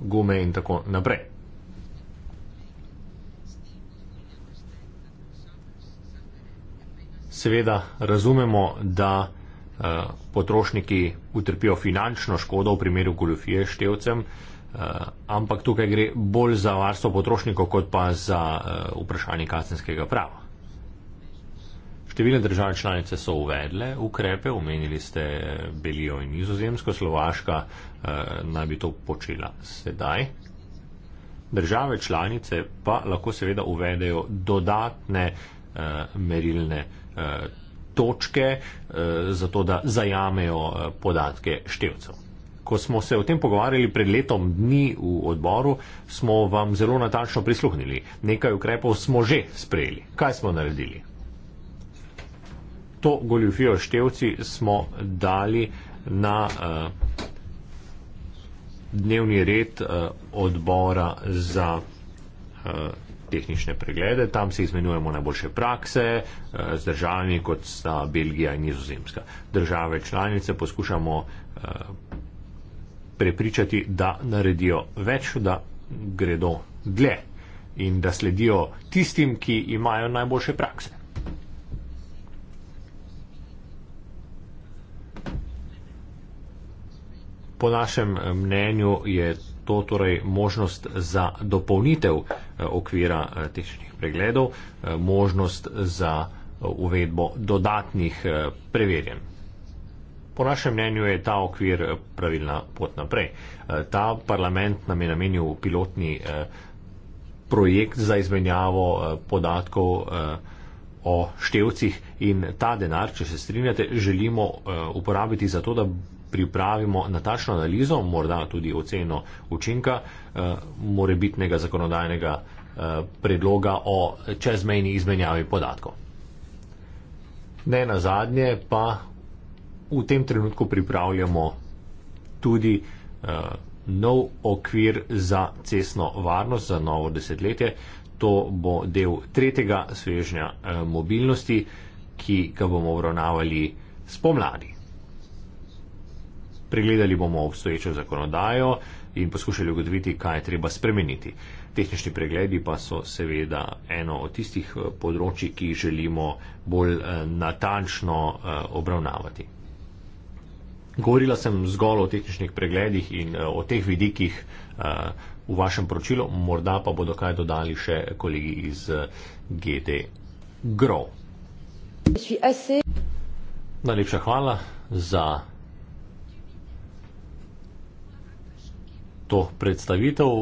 gume in tako naprej. Seveda razumemo, da uh, potrošniki utrpijo finančno škodo v primeru goljofije števcem, uh, ampak tukaj gre bolj za varstvo potrošnikov, kot pa za uh, vprašanje kazenskega prava. Številne države članice so uvedle ukrepe, omenili ste Belijo in Nizozemsko, Slovaška uh, Eh, naj bi to počela sedaj. Države članice pa lahko seveda uvedejo dodatne eh, merilne eh, točke, eh, zato da zajamejo eh, podatke števcev. Ko smo se o tem pogovarjali pred letom dni v odboru, smo vam zelo natančno prisluhnili. Nekaj ukrepov smo že sprejeli. Kaj smo naredili? To goljufijo števci smo dali na. Eh, dnevni red uh, odbora za uh, tehnične preglede. Tam se izmenjujemo najboljše prakse uh, z državami, kot sta Belgija in Nizozemska. Države članice poskušamo uh, prepričati, da naredijo več, da gredo dlje in da sledijo tistim, ki imajo najboljše prakse. Po našem eh, mnenju je to torej možnost za dopolnitev eh, okvira eh, tehničnih pregledov, možnost za uvedbo dodatnih preverjen. Po našem mnenju je ta okvir pravilna pot naprej. Ta parlament nam je namenil pilotni projekt za izmenjavo podatkov o števcih in ta denar, če se strinjate, želimo uporabiti za to, da pripravimo natačno analizo, morda tudi oceno učinka eh, morebitnega zakonodajnega eh, predloga o čezmejni izmenjavi podatkov. Ne na zadnje pa v tem trenutku pripravljamo tudi eh, nov okvir za cesno varnost za novo desetletje. To bo del tretjega svežnja mobilnosti, ki ga bomo obravnavali spomladi. Pregledali bomo obstoječo zakonodajo in poskušali ugotoviti, kaj je treba spremeniti. Tehnični pregledi pa so seveda eno od tistih eh, področji, ki jih želimo bolj eh, natančno eh, obravnavati. Govorila sem zgolj o tehničnih pregledih in o teh vidikih v vašem poročilu, morda pa bodo kaj dodali še kolegi iz GD Grow. Najlepša hvala za. to predstavitev.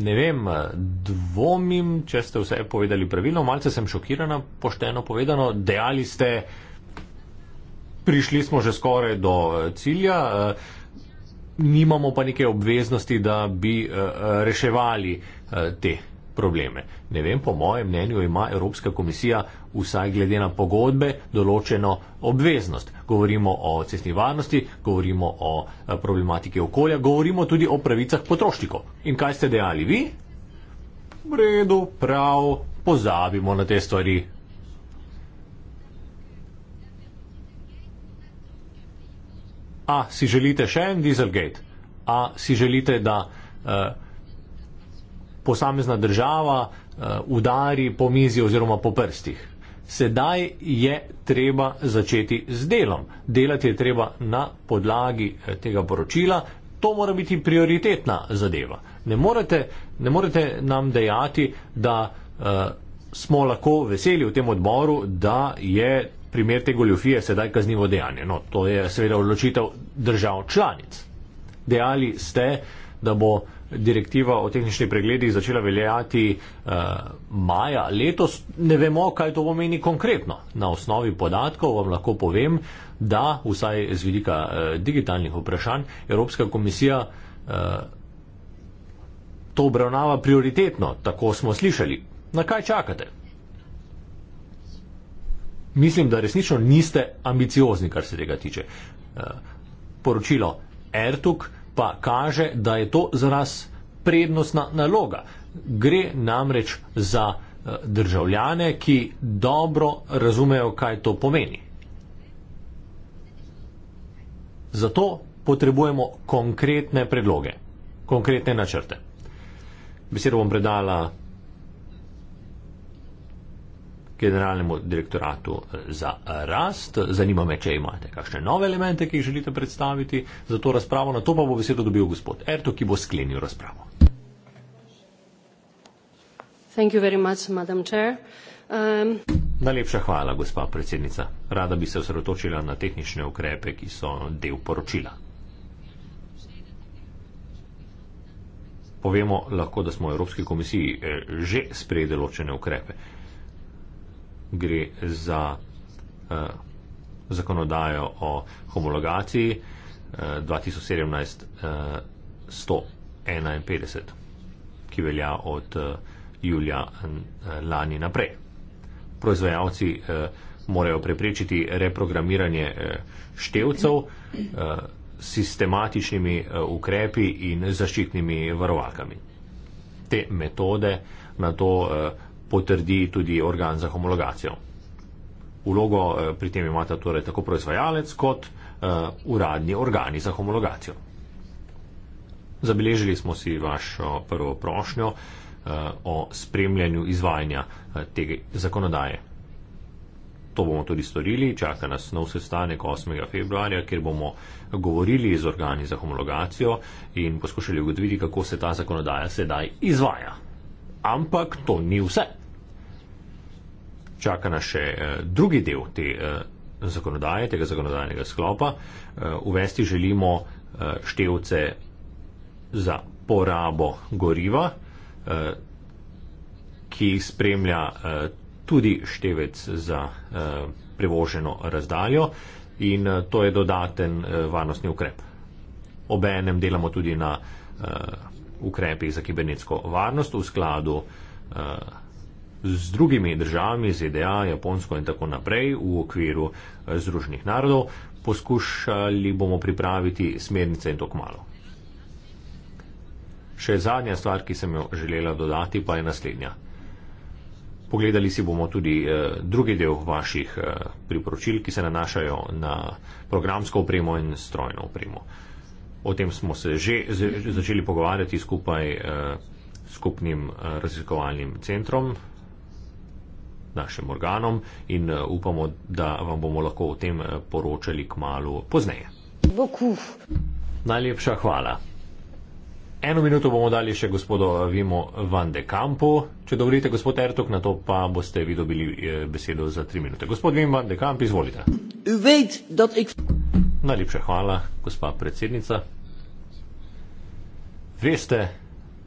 Ne vem, dvomim, če ste vse povedali pravilno, malce sem šokirana, pošteno povedano, dejali ste, prišli smo že skoraj do eh, cilja, eh, nimamo pa neke obveznosti, da bi eh, reševali te probleme. Ne vem, po mojem mnenju ima Evropska komisija vsaj glede na pogodbe določeno obveznost. Govorimo o cestni varnosti, govorimo o eh, problematiki okolja, govorimo tudi o pravicah potrošnikov. In kaj ste dejali vi? V redu, prav, pozabimo na te stvari. A si želite še en Dieselgate? A si želite, da uh, posamezna država eh, udari po mizi oziroma po prstih. Sedaj je treba začeti z delom. Delati je treba na podlagi eh, tega poročila. To mora biti prioritetna zadeva. Ne morete, ne morete nam dejati, da uh, smo lahko veseli v tem odboru, da je primer te goljofije sedaj kaznivo dejanje. No, to je seveda odločitev držav članic. Dejali ste, da bo uh, direktiva o tehnični pregledi začela veljati uh, maja letos, ne vemo, kaj to pomeni konkretno. Na osnovi podatkov vam lahko povem, da vsaj z vidika uh, digitalnih vprašanj Evropska komisija uh, to obravnava prioritetno, tako smo slišali. Na kaj čakate? Mislim, da resnično niste ambiciozni, kar se tega tiče. Uh, poročilo Ertuk. Uh, pa kaže, da je to zaraz prednostna naloga. Gre namreč za eh, državljane, ki dobro razumejo, kaj to pomeni. Zato potrebujemo konkretne predloge, konkretne načrte. Besedo bom predala generalnemu direktoratu eh, za eh, rast. Zanima me, če imate kakšne nove elemente, ki jih želite predstaviti za to razpravo. Na to pa bo besedo dobil gospod Erto, ki bo sklenil razpravo. Um, Najlepša hvala, gospa predsednica. Rada bi se osredotočila na tehnične ukrepe, ki so del poročila. Povemo lahko, da smo v Evropski komisiji eh, že sprejeli določene ukrepe gre za eh, zakonodajo o homologaciji eh, 2017-151, eh, ki velja od eh, julija eh, lani naprej. Proizvajalci eh, morajo preprečiti reprogramiranje eh, števcev eh, sistematičnimi eh, ukrepi in zaščitnimi varovakami. Te metode na to eh, potrdi tudi organ za homologacijo. Ulogo eh, pri tem imata torej tako proizvajalec kot eh, uradni organi za homologacijo. Zabeležili smo si vašo prvo prošnjo eh, o spremljanju izvajanja tega zakonodaje. To bomo tudi storili, čaka nas nov sestanek 8. februarja, kjer bomo govorili z organi za homologacijo in poskušali ugotoviti, kako se ta zakonodaja sedaj izvaja. Ampak to ni vse čaka nas še eh, drugi del te eh, zakonodaje, tega zakonodajnega sklopa. Eh, uvesti želimo števce za porabo goriva, ki spremlja tudi števec za prevoženo razdaljo in to je dodaten varnostni ukrep. Obenem delamo tudi na ukrepih za kibernetsko varnost v skladu z drugimi državami, ZDA, Japonsko in tako naprej v okviru eh, Združenih narodov. Poskušali bomo pripraviti smernice in to kmalo. Še zadnja stvar, ki sem jo želela dodati, pa je naslednja. Pogledali si bomo tudi eh, drugi del vaših eh, priporočil, ki se nanašajo na programsko opremo in strojno opremo. O tem smo se že začeli pogovarjati skupaj s skupnim raziskovalnim centrom našim organom in eh, upamo, da vam bomo lahko o tem eh, poročali k malu pozneje. Bokuf. Najlepša hvala. Eno minuto bomo dali še gospodu Vimo van de Kampu, če dovolite, gospod Ertok, na to pa boste vi dobili eh, besedo za tri minute. Gospod Vim van de Kamp, izvolite.
Vejt, ik...
Najlepša hvala, gospa predsednica. Veste,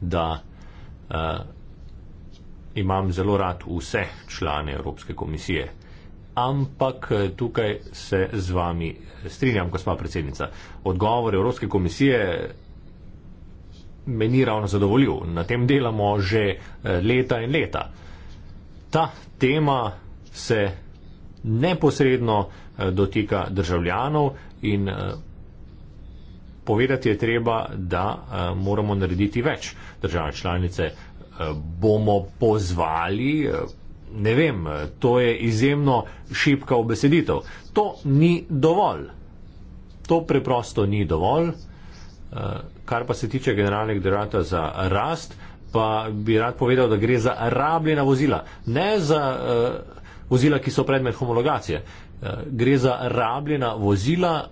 da uh, imam zelo rad vse člane Evropske komisije. Ampak eh, tukaj se z vami strinjam, gospa predsednica. Odgovor Evropske komisije me ni ravno zadovoljil. Na tem delamo že eh, leta in leta. Ta tema se neposredno eh, dotika državljanov in povedati je treba, da moramo narediti več. Države članice bomo pozvali, ne vem, to je izjemno šipka obeseditev. To ni dovolj. To preprosto ni dovolj. Eh, kar pa se tiče generalnega direktorata za rast, pa bi rad povedal, da gre za rabljena vozila, ne za uh, vozila, ki so predmet homologacije. Uh, gre za rabljena vozila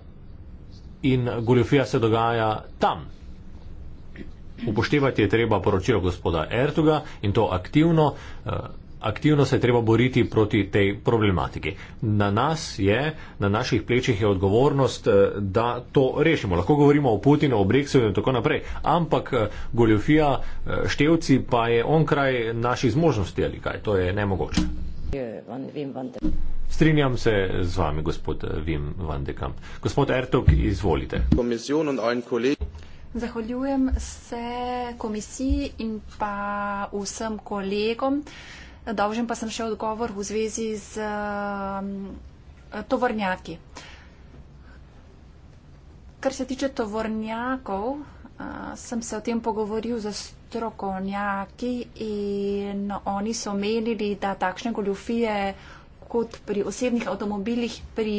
in goljofija se dogaja tam upoštevati je treba poročilo gospoda Ertuga in to aktivno, eh, aktivno se je treba boriti proti tej problematiki. Na nas je, na naših plečih je odgovornost, eh, da to rešimo. Lahko govorimo o Putinu, o Brexitu in tako naprej, ampak eh, goljofija števci pa je on kraj naših zmožnosti ali kaj, to je nemogoče. Strinjam se z vami, gospod Vim Vandekamp. Gospod Ertog, izvolite. Komisijo in en kolega.
Zahvaljujem se komisiji in pa vsem kolegom. Dolžen pa sem še odgovor v zvezi z um, tovornjaki. Kar se tiče tovornjakov, uh, sem se o tem pogovoril za strokovnjaki in oni so menili, da takšne goljufije kot pri osebnih avtomobilih pri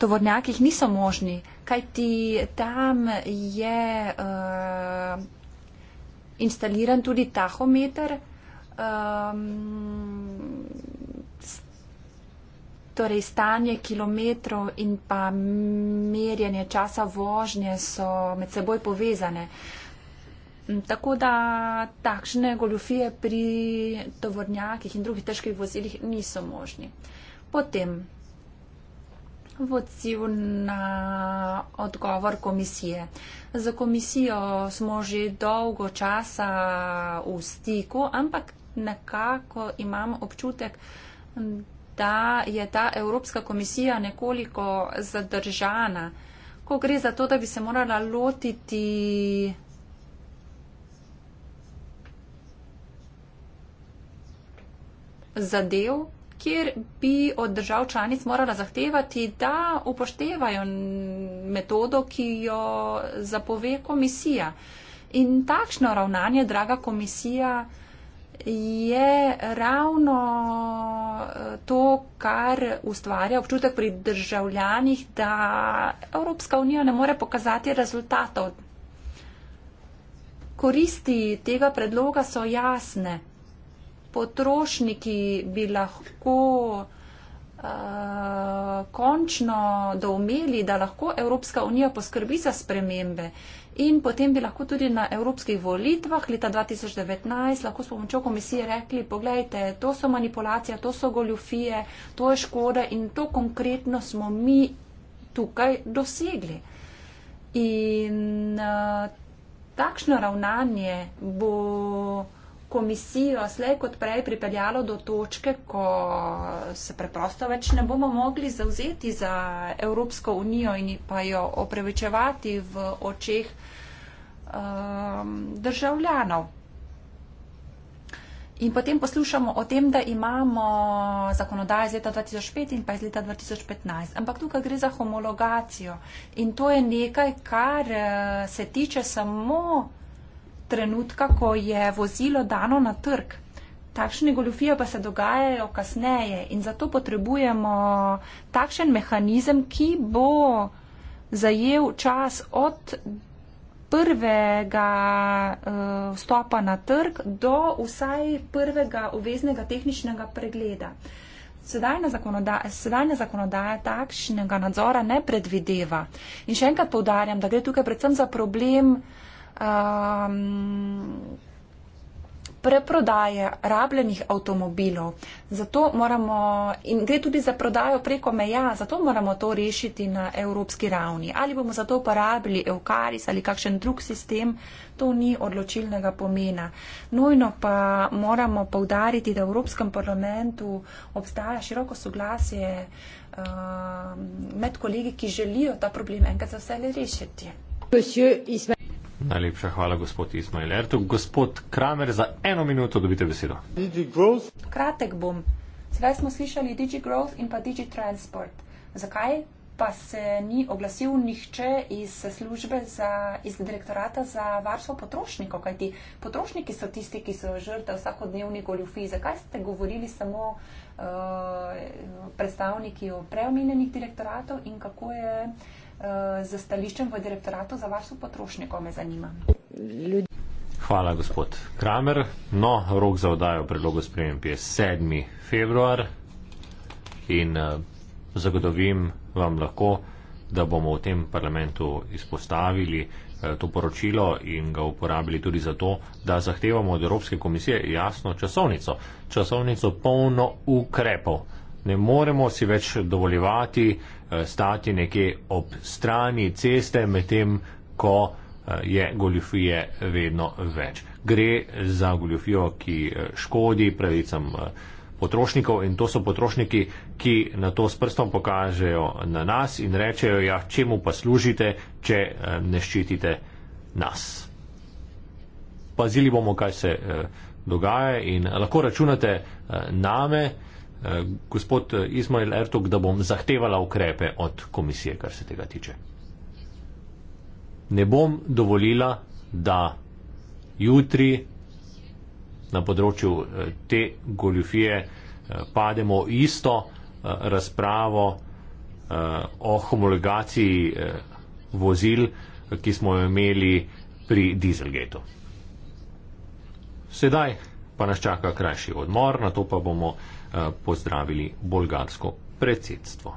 tovornjakih niso možni kajti tam je uh, instaliran tudi tahometer. Um, torej, stanje kilometrov in pa merjanje časa vožnje so med seboj povezane. Mm, tako da takšne goljufije pri tovornjakih in drugih težkih vozilih niso možni. Potem v odziv na odgovor komisije. Za komisijo smo že dolgo časa v stiku, ampak nekako imam občutek, da je ta Evropska komisija nekoliko zadržana, ko gre za to, da bi se morala lotiti. Zadev, kjer bi od držav članic morala zahtevati, da upoštevajo metodo, ki jo zapove komisija. In takšno ravnanje, draga komisija, je ravno e, to, kar ustvarja občutek pri državljanih, da Evropska unija ne more pokazati rezultatov. Koristi tega predloga so jasne potrošniki bi lahko uh, končno doumeli, da lahko Evropska unija poskrbi za spremembe in potem bi lahko tudi na evropskih volitvah leta 2019 lahko s pomočjo komisije rekli, pogledajte, to so manipulacije, to so goljufije, to je škoda in to konkretno smo mi tukaj dosegli. In uh, takšno ravnanje bo komisijo slej kot prej pripeljalo do točke, ko se preprosto več ne bomo mogli zauzeti za Evropsko unijo in pa jo oprevečevati v očeh um, državljanov. In potem poslušamo o tem, da imamo zakonodaje iz leta 2005 in pa iz leta 2015. Ampak tukaj gre za homologacijo. In to je nekaj, kar eh, se tiče samo trenutka, ko je vozilo dano na trg. Takšne goljofije pa se dogajajo kasneje in zato potrebujemo takšen mehanizem, ki bo zajel čas od prvega uh, vstopa na trg do vsaj prvega obveznega tehničnega pregleda. Sedajna zakonodaja, sedajna zakonodaja takšnega nadzora ne predvideva. In še enkrat povdarjam, da gre tukaj predvsem za problem uh, um, preprodaje rabljenih avtomobilov. Zato moramo, in gre tudi za prodajo preko meja, zato moramo to rešiti na evropski ravni. Ali bomo za to uporabili Eukaris ali kakšen drug sistem, to ni odločilnega pomena. Nujno pa moramo povdariti, da v Evropskem parlamentu obstaja široko soglasje uh, med kolegi, ki želijo ta problem enkrat za vse rešiti. Monsieur,
Najlepša hvala, gospod Ismail Ertug. Gospod Kramer, za eno minuto dobite besedo.
DigiGrowth. Kratek bom. Sedaj smo slišali DigiGrowth in pa DigiTransport. Zakaj pa se ni oglasil nihče iz službe za, iz direktorata za varstvo potrošnikov? Kajti potrošniki so tisti, ki so žrtve vsakodnevnih goljufij. Zakaj ste govorili samo uh, predstavniki o preomenjenih direktoratov in kako je. Uh, z eh, stališčem v direktoratu za vašo potrošnjo, me zanima.
Ljudi. Hvala, gospod Kramer. No, rok za odajo predlogu sprememb je 7. februar in uh, zagotovim vam lahko, da bomo v tem parlamentu izpostavili eh, to poročilo in ga uporabili tudi zato, da zahtevamo od Evropske komisije jasno časovnico. Časovnico polno ukrepov. Ne moremo si več dovoljevati uh, Eh, stati nekje ob strani ceste, medtem ko eh, je goljofije vedno več. Gre za goljofijo, ki eh, škodi pravicam potrošnikov in to so potrošniki, ki na to s prstom pokažejo na nas in rečejo, ja, čemu pa služite, če ne ščitite nas. Pazili bomo, kaj se dogaja in lahko računate name. Eh, gospod eh, Ismail Ertug, da bom zahtevala ukrepe od komisije, kar se tega tiče. Ne bom dovolila, da jutri na področju eh, te goljufije pademo isto razpravo o homologaciji vozil, ki smo jo imeli pri Dieselgateu. Sedaj pa nas čaka krajši odmor, na to pa bomo Eh, pozdravili bolgarsko predsedstvo.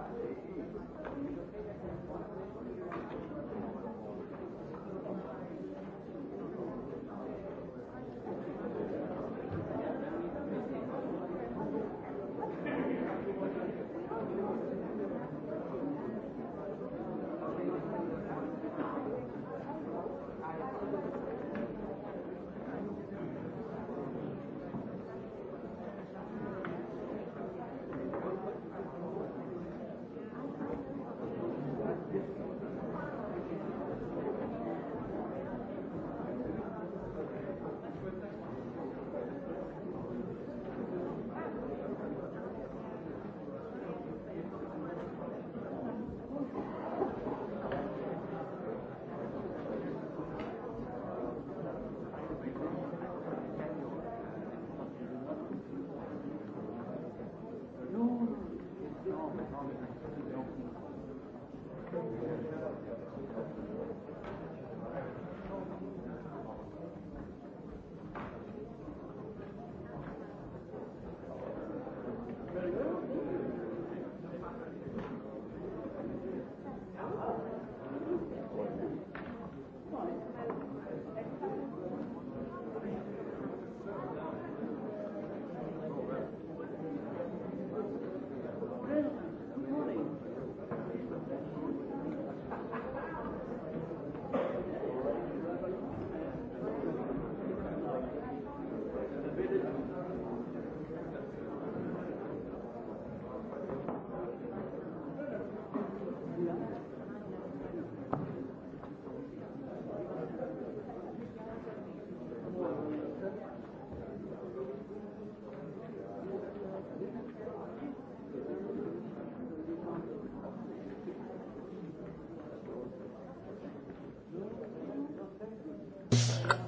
kaj je.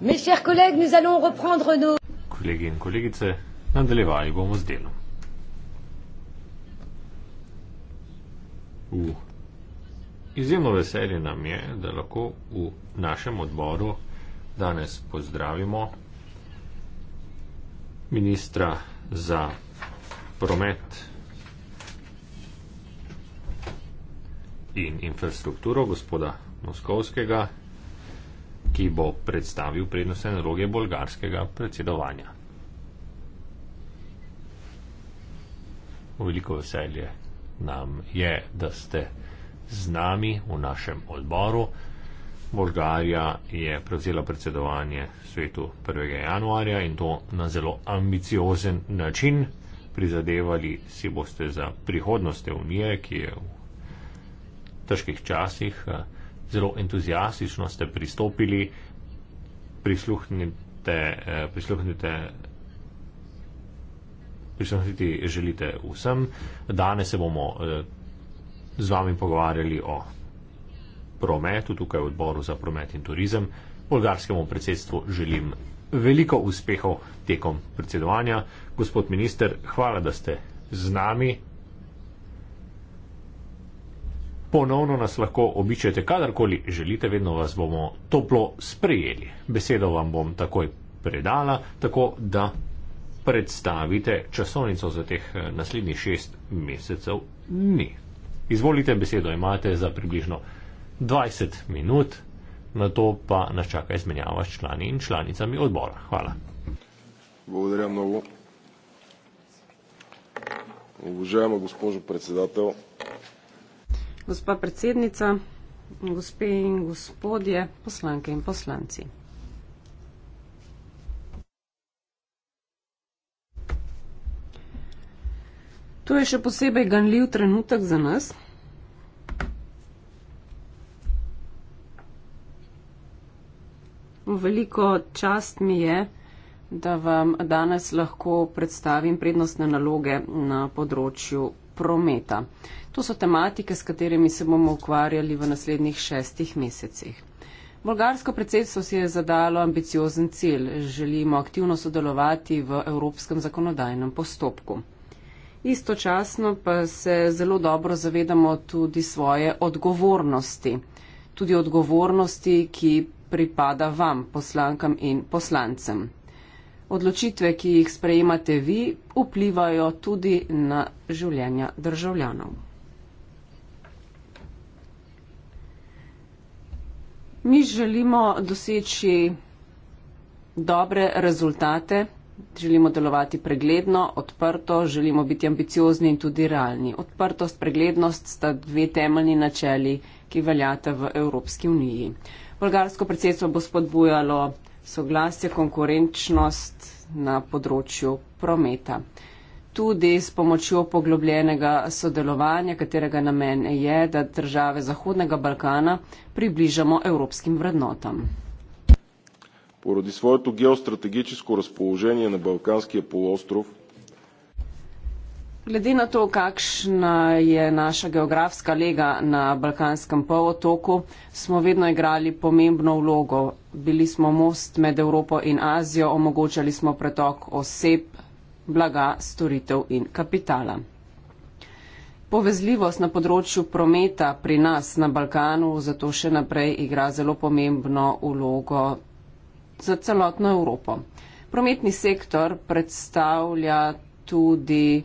Mes chers collègues,
nous allons reprendre nos.
Kolegi in kolegice, nadaljevali bomo z delom. Uh. Izjemno veseli nam je, da lahko v našem odboru danes pozdravimo ministra za promet in infrastrukturo, gospoda Moskovskega ki bo predstavil prednostne naloge bolgarskega predsedovanja. Veliko veselje nam je, da ste z nami v našem odboru. Bolgarija je prevzela predsedovanje svetu 1. januarja in to na zelo ambiciozen način. Prizadevali si boste za prihodnost Unije, ki je v težkih časih. Uh, zelo entuzijastično ste pristopili, prisluhnite, eh, prisluhnite, prisluhniti želite vsem. Danes se bomo eh, z vami pogovarjali o prometu, tukaj v odboru za promet in turizem. Bolgarskemu predsedstvu želim veliko uspehov tekom predsedovanja. Gospod minister, hvala, da ste z nami. Ponovno nas lahko obiščete, kadarkoli želite, vedno vas bomo toplo sprejeli. Besedo vam bom takoj predala, tako da predstavite časovnico za teh eh, naslednjih šest mesecev. Ni. Izvolite, besedo imate za približno 20 minut, na to pa nas čaka izmenjava s člani in članicami odbora. Hvala.
Благодаря много. Уважаема госпожо председател,
Gospa predsednica, gospe in gospodje, poslanke in poslanci. To je še posebej ganljiv trenutek za nas. Veliko čast mi je, da vam danes lahko predstavim prednostne naloge na področju prometa. To so tematike, s katerimi se bomo ukvarjali v naslednjih šestih mesecih. Bolgarsko predsedstvo si je zadalo ambiciozen cilj. Želimo aktivno sodelovati v evropskem zakonodajnem postopku. Istočasno pa se zelo dobro zavedamo tudi svoje odgovornosti. Tudi odgovornosti, ki pripada vam, poslankam in poslancem. Odločitve, ki jih sprejemate vi, vplivajo tudi na življenja državljanov. Mi želimo doseči dobre rezultate, želimo delovati pregledno, odprto, želimo biti ambiciozni in tudi realni. Odprtost, preglednost sta dve temeljni načeli, ki veljata v Evropski uniji. Bolgarsko predsedstvo bo spodbujalo soglasje, konkurenčnost na področju prometa tudi s pomočjo poglobljenega sodelovanja, katerega namen je, da države Zahodnega Balkana približamo evropskim vrednotam.
Poradi svojega geostrategičnega razpoloženja na Balkanski polostrov.
Glede na to, kakšna je naša geografska lega na Balkanskem polotoku, smo vedno igrali pomembno vlogo. Bili smo most med Evropo in Azijo, omogočali smo pretok oseb, blaga, storitev in kapitala. Povezljivost na področju prometa pri nas na Balkanu zato še naprej igra zelo pomembno ulogo za celotno Evropo. Prometni sektor predstavlja tudi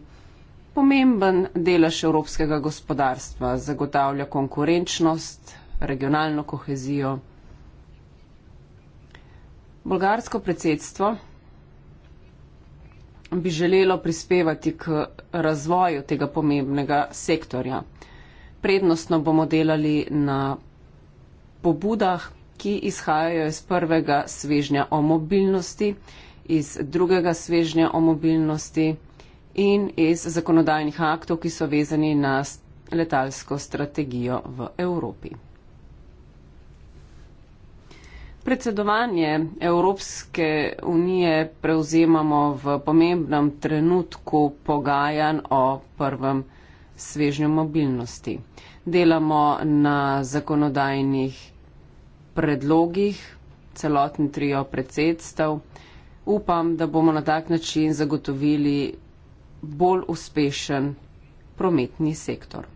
pomemben delež evropskega gospodarstva, zagotavlja konkurenčnost, regionalno kohezijo. Bolgarsko predsedstvo bi želelo prispevati k razvoju tega pomembnega sektorja. Prednostno bomo delali na pobudah, ki izhajajo iz prvega svežnja o mobilnosti, iz drugega svežnja o mobilnosti in iz zakonodajnih aktov, ki so vezani na letalsko strategijo v Evropi. Predsedovanje Evropske unije prevzemamo v pomembnem trenutku pogajanj o prvem svežnju mobilnosti. Delamo na zakonodajnih predlogih celotni trio predsedstev. Upam, da bomo na tak način zagotovili bolj uspešen prometni sektor.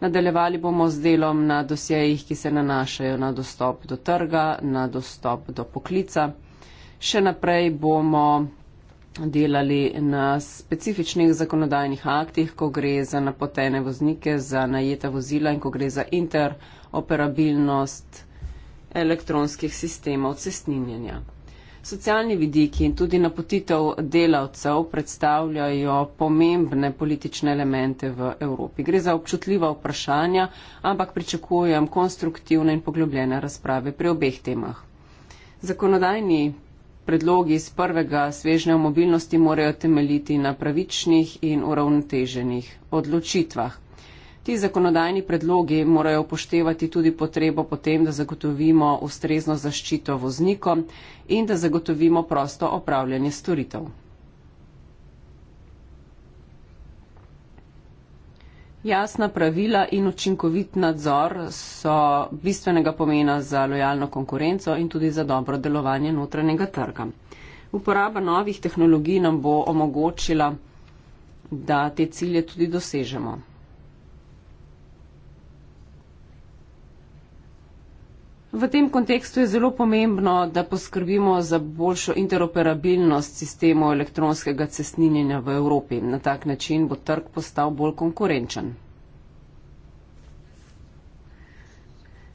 Nadaljevali bomo z delom na dosjejih, ki se nanašajo na dostop do trga, na dostop do poklica. Še naprej bomo delali na specifičnih zakonodajnih aktih, ko gre za napotene voznike, za najeta vozila in ko gre za interoperabilnost elektronskih sistemov cestninjenja. Socialni vidiki in tudi napotitev delavcev predstavljajo pomembne politične elemente v Evropi. Gre za občutljiva vprašanja, ampak pričakujem konstruktivne in poglobljene razprave pri obeh temah. Zakonodajni predlogi iz prvega svežnja o mobilnosti morajo temeljiti na pravičnih in uravnoteženih odločitvah. Ti zakonodajni predlogi morajo upoštevati tudi potrebo potem, da zagotovimo ustrezno zaščito voznikom in da zagotovimo prosto opravljanje storitev. Jasna pravila in učinkovit nadzor so bistvenega pomena za lojalno konkurenco in tudi za dobro delovanje notranjega trga. Uporaba novih tehnologij nam bo omogočila, da te cilje tudi dosežemo. V tem kontekstu je zelo pomembno, da poskrbimo za boljšo interoperabilnost sistemov elektronskega cestninjenja v Evropi. Na tak način bo trg postal bolj konkurenčen.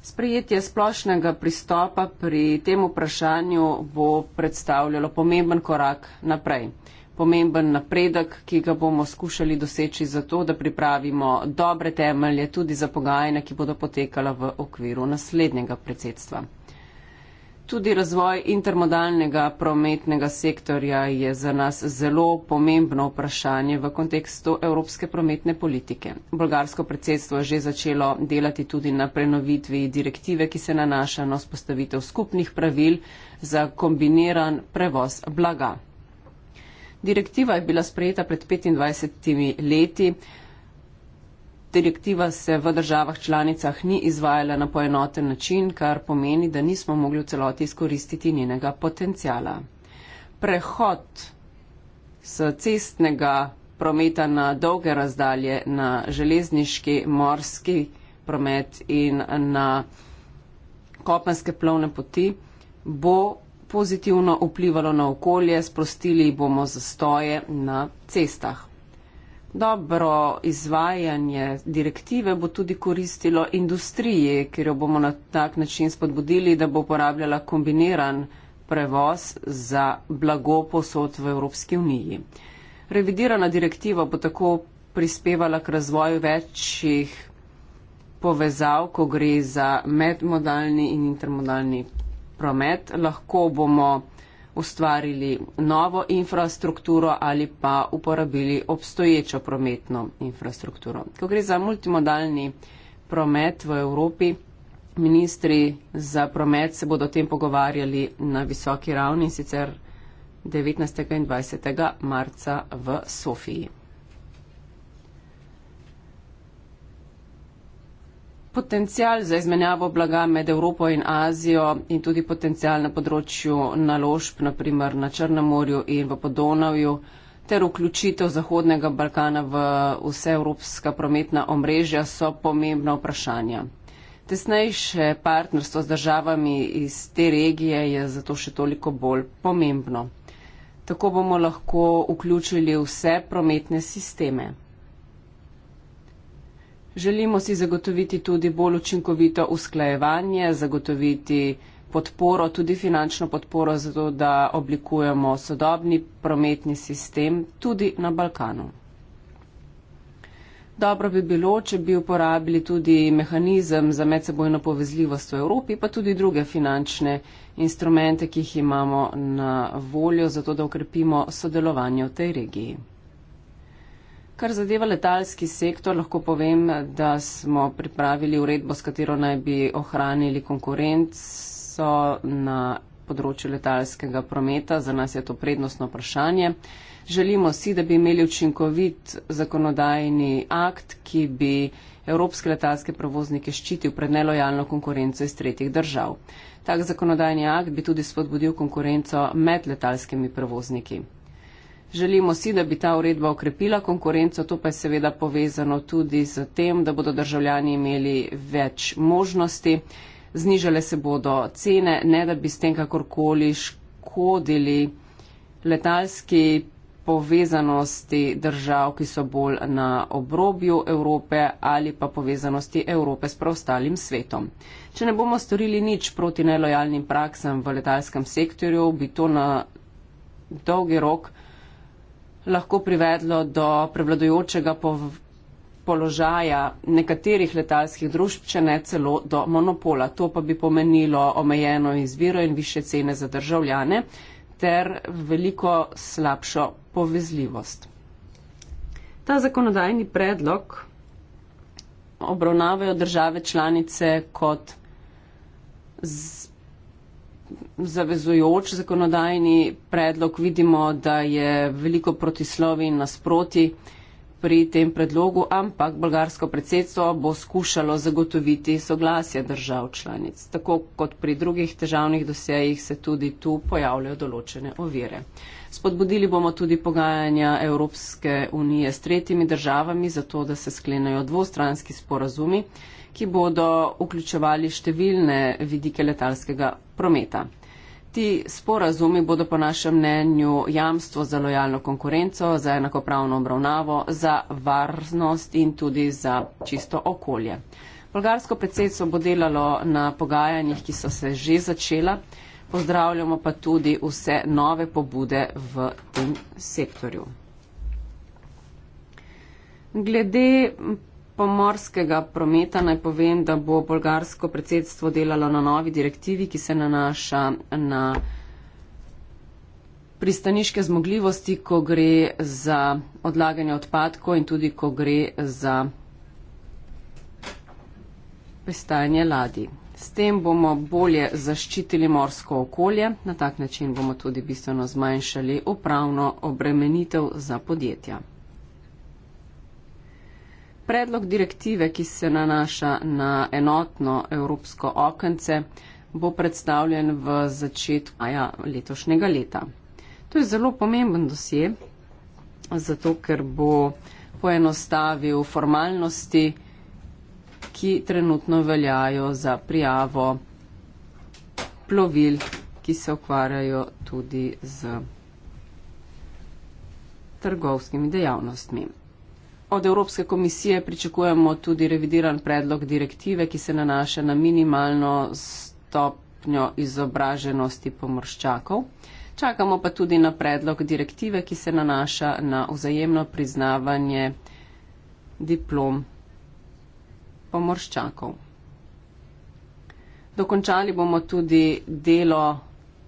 Sprejetje splošnega pristopa pri tem vprašanju bo predstavljalo pomemben korak naprej pomemben napredek, ki ga bomo skušali doseči zato, da pripravimo dobre temelje tudi za pogajanja, ki bodo potekala v okviru naslednjega predsedstva. Tudi razvoj intermodalnega prometnega sektorja je za nas zelo pomembno vprašanje v kontekstu evropske prometne politike. Bolgarsko predsedstvo je že začelo delati tudi na prenovitvi direktive, ki se nanaša na spostavitev skupnih pravil za kombiniran prevoz blaga. Direktiva je bila sprejeta pred 25 leti. Direktiva se v državah članicah ni izvajala na poenoten način, kar pomeni, da nismo mogli v celoti izkoristiti njenega potencijala. Prehod s cestnega prometa na dolge razdalje, na železniški, morski promet in na kopenske plovne poti bo pozitivno vplivalo na okolje, sprostili bomo zastoje na cestah. Dobro izvajanje direktive bo tudi koristilo industriji, ker jo bomo na tak način spodbudili, da bo uporabljala kombiniran prevoz za blago posod v Evropski uniji. Revidirana direktiva bo tako prispevala k razvoju večjih povezav, ko gre za medmodalni in intermodalni promet, lahko bomo ustvarili novo infrastrukturo ali pa uporabili obstoječo prometno infrastrukturo. Ko gre za multimodalni promet v Evropi, ministri za promet se bodo o tem pogovarjali na visoki ravni, sicer 19. in 20. marca v Sofiji. potencial za izmenjavo blaga med Evropo in Azijo in tudi potencial na področju naložb, naprimer na Črnem morju in v Podonavju, ter vključitev Zahodnega Balkana v vse evropska prometna omrežja so pomembna vprašanja. Tesnejše partnerstvo z državami iz te regije je zato še toliko bolj pomembno. Tako bomo lahko vključili vse prometne sisteme. Želimo si zagotoviti tudi bolj učinkovito usklajevanje, zagotoviti podporo, tudi finančno podporo, zato da oblikujemo sodobni prometni sistem tudi na Balkanu. Dobro bi bilo, če bi uporabili tudi mehanizem za medsebojno povezljivost v Evropi, pa tudi druge finančne instrumente, ki jih imamo na voljo, zato da okrepimo sodelovanje v tej regiji. Kar zadeva letalski sektor, lahko povem, da smo pripravili uredbo, s katero naj bi ohranili konkurenco na področju letalskega prometa. Za nas je to prednostno vprašanje. Želimo si, da bi imeli učinkovit zakonodajni akt, ki bi evropske letalske prevoznike ščitil pred nelojalno konkurenco iz tretjih držav. Tak zakonodajni akt bi tudi spodbudil konkurenco med letalskimi prevozniki. Želimo si, da bi ta uredba okrepila konkurenco, to pa je seveda povezano tudi z tem, da bodo državljani imeli več možnosti, znižale se bodo cene, ne da bi s tem kakorkoli škodili letalski povezanosti držav, ki so bolj na obrobju Evrope ali pa povezanosti Evrope s preostalim svetom. Če ne bomo storili nič proti nelojalnim praksam v letalskem sektorju, bi to na dolgi rok lahko privedlo do prevladojočega položaja nekaterih letalskih družb, če ne celo do monopola. To pa bi pomenilo omejeno izbiro in više cene za državljane ter veliko slabšo povezljivost. Ta zakonodajni predlog obravnavajo države članice kot z zavezujoč zakonodajni predlog, vidimo, da je veliko protislovi in nasproti pri tem predlogu, ampak bolgarsko predsedstvo bo skušalo zagotoviti soglasje držav članic. Tako kot pri drugih težavnih dosejih se tudi tu pojavljajo določene ovire. Spodbudili bomo tudi pogajanja Evropske unije s tretjimi državami, zato da se sklenajo dvostranski sporazumi ki bodo vključevali številne vidike letalskega prometa. Ti sporazumi bodo po našem mnenju jamstvo za lojalno konkurenco, za enakopravno obravnavo, za varnost in tudi za čisto okolje. Bolgarsko predsedstvo bo delalo na pogajanjih, ki so se že začela, pozdravljamo pa tudi vse nove pobude v tem sektorju. Glede pomorskega prometa naj povem, da bo bolgarsko predsedstvo delalo na novi direktivi, ki se nanaša na pristaniške zmogljivosti, ko gre za odlaganje odpadkov in tudi, ko gre za pristajanje ladi. S tem bomo bolje zaščitili morsko okolje, na tak način bomo tudi bistveno zmanjšali upravno obremenitev za podjetja. Predlog direktive, ki se nanaša na enotno evropsko okence, bo predstavljen v začetku maja letošnjega leta. To je zelo pomemben dosje, zato ker bo poenostavil formalnosti, ki trenutno veljajo za prijavo plovil, ki se ukvarjajo tudi z trgovskimi dejavnostmi. Od Evropske komisije pričakujemo tudi revidiran predlog direktive, ki se nanaša na minimalno stopnjo izobraženosti pomorščakov. Čakamo pa tudi na predlog direktive, ki se nanaša na vzajemno priznavanje diplom pomorščakov. Dokončali bomo tudi delo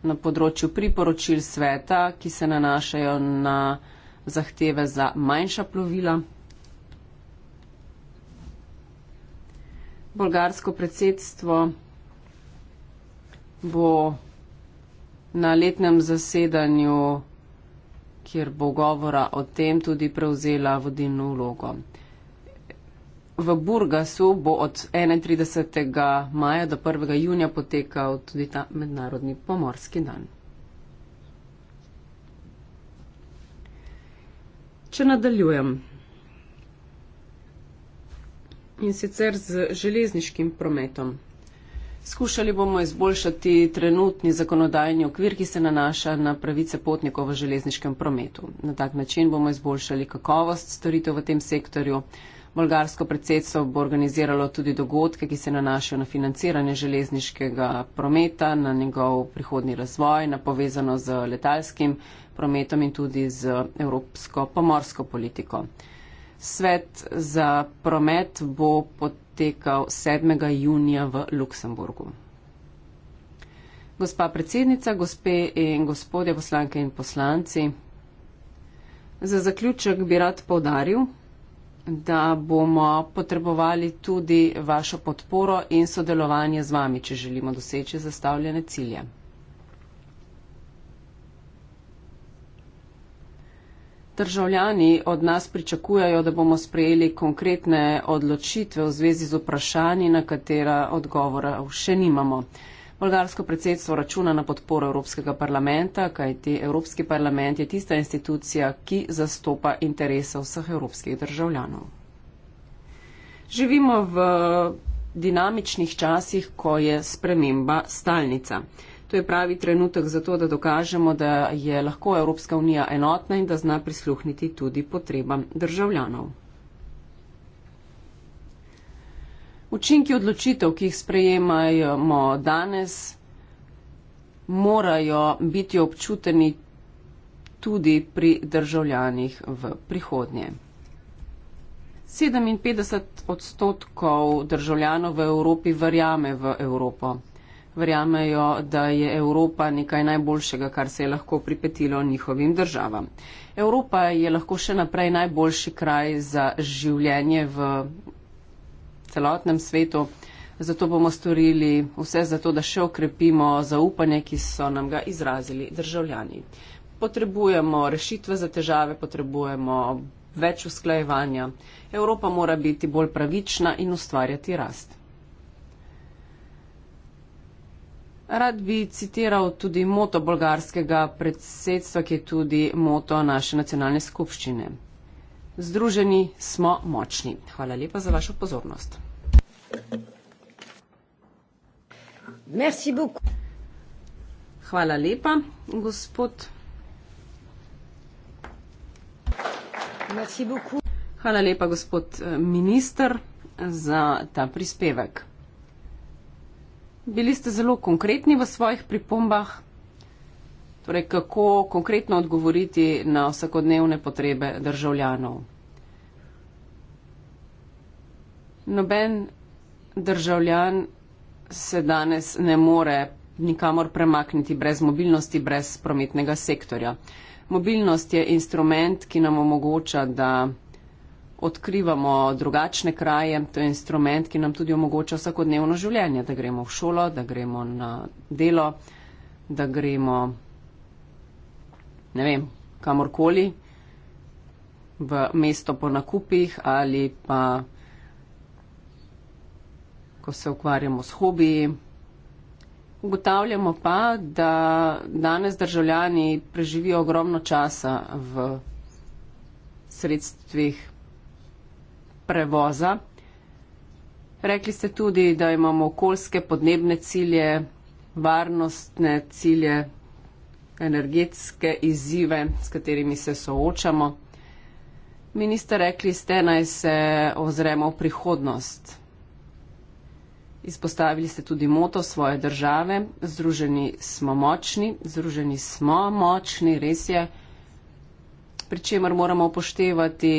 na področju priporočil sveta, ki se nanašajo na zahteve za manjša plovila. bolgarsko predsedstvo bo na letnem zasedanju, kjer bo govora o tem, tudi prevzela vodilno vlogo. V Burgasu bo od 31. maja do 1. junija potekal tudi ta mednarodni pomorski dan. Če nadaljujem in sicer z železniškim prometom. Skušali bomo izboljšati trenutni zakonodajni okvir, ki se nanaša na pravice potnikov v železniškem prometu. Na tak način bomo izboljšali kakovost storitev v tem sektorju. Bolgarsko predsedstvo bo organiziralo tudi dogodke, ki se nanašajo na financiranje železniškega prometa, na njegov prihodni razvoj, na povezano z letalskim prometom in tudi z evropsko pomorsko politiko. Svet za promet bo potekal 7. junija v Luksemburgu. Gospa predsednica, gospe in gospodje poslanke in poslanci, za zaključek bi rad povdaril, da bomo potrebovali tudi vašo podporo in sodelovanje z vami, če želimo doseči zastavljene cilje. Državljani od nas pričakujajo, da bomo sprejeli konkretne odločitve v zvezi z vprašanji, na katera odgovora še nimamo. Bolgarsko predsedstvo računa na podporo Evropskega parlamenta, kajti Evropski parlament je tista institucija, ki zastopa interese vseh evropskih državljanov. Živimo v dinamičnih časih, ko je sprememba stalnica. To je pravi trenutek za to, da dokažemo, da je lahko Evropska unija enotna in da zna prisluhniti tudi potrebam državljanov. Učinki odločitev, ki jih sprejemajmo danes, morajo biti občuteni tudi pri državljanih v prihodnje. 57 odstotkov državljanov v Evropi verjame v Evropo verjamejo, da je Evropa nekaj najboljšega, kar se je lahko pripetilo njihovim državam. Evropa je lahko še naprej najboljši kraj za življenje v celotnem svetu, zato bomo storili vse za to, da še okrepimo zaupanje, ki so nam ga izrazili državljani. Potrebujemo rešitve za težave, potrebujemo več usklajevanja. Evropa mora biti bolj pravična in ustvarjati rast. Rad bi citiral tudi moto bolgarskega predsedstva, ki je tudi moto naše nacionalne skupščine. Združeni smo močni. Hvala lepa za vašo pozornost. Hvala lepa, gospod. Hvala lepa, gospod eh, minister, za ta prispevek bili ste zelo konkretni v svojih pripombah. Torej, kako konkretno odgovoriti na vsakodnevne potrebe državljanov. Noben državljan se danes ne more nikamor premakniti brez mobilnosti, brez prometnega sektorja. Mobilnost je instrument, ki nam omogoča, da odkrivamo drugačne kraje, to je instrument, ki nam tudi omogoča vsakodnevno življenje, da gremo v šolo, da gremo na delo, da gremo ne vem, kamorkoli, v mesto po nakupih ali pa ko se ukvarjamo s hobiji. Ugotavljamo pa, da danes državljani preživijo ogromno časa v sredstvih prevoza. Rekli ste tudi, da imamo okoljske podnebne cilje, varnostne cilje, energetske izzive, s katerimi se soočamo. Minister, rekli ste, naj se ozremo v prihodnost. Izpostavili ste tudi moto svoje države. Združeni smo močni, združeni smo močni, res je. Pričemer moramo upoštevati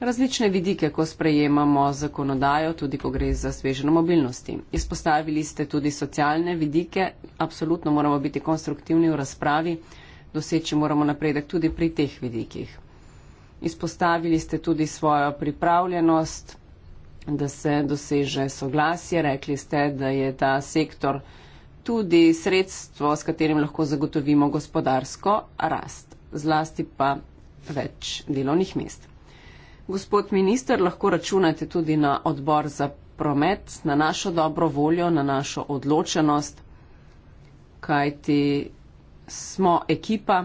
različne vidike, ko sprejemamo zakonodajo, tudi ko gre za sveženo mobilnosti. Izpostavili ste tudi socialne vidike, apsolutno moramo biti konstruktivni v razpravi, doseči moramo napredek tudi pri teh vidikih. Izpostavili ste tudi svojo pripravljenost, da se doseže soglasje, rekli ste, da je ta sektor tudi sredstvo, s katerim lahko zagotovimo gospodarsko rast, zlasti pa več delovnih mest. Gospod minister, lahko računate tudi na odbor za promet, na našo dobro voljo, na našo odločenost, kajti smo ekipa,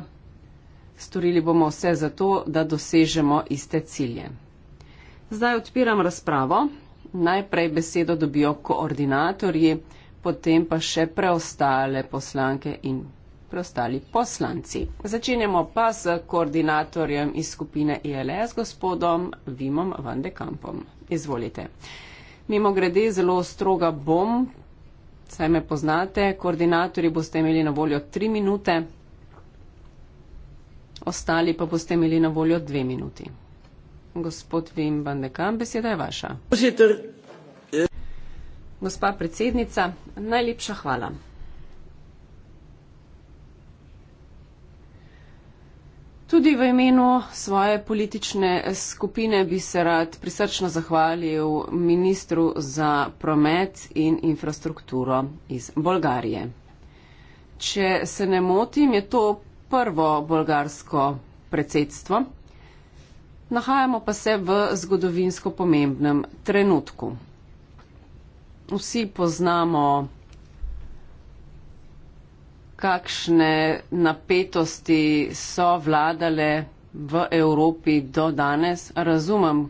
storili bomo vse za to, da dosežemo iste cilje. Zdaj odpiram razpravo. Najprej besedo dobijo koordinatorji, potem pa še preostale poslanke in preostali poslanci. Začenjamo pa s koordinatorjem iz skupine ILS, e gospodom Vimom van de Kampom. Izvolite. Mimo grede zelo stroga bom, saj me poznate, koordinatorji boste imeli na voljo tri minute, ostali pa boste imeli na voljo dve minuti. Gospod Vim van de Kamp, beseda je vaša. Eh. Gospa predsednica, najlepša hvala. Tudi v imenu svoje politične skupine bi se rad prisrčno zahvalil ministru za promet in infrastrukturo iz Bolgarije. Če se ne motim, je to prvo bolgarsko predsedstvo. Nahajamo pa se v zgodovinsko pomembnem trenutku. Vsi poznamo kakšne napetosti so vladale v Evropi do danes. Razumem,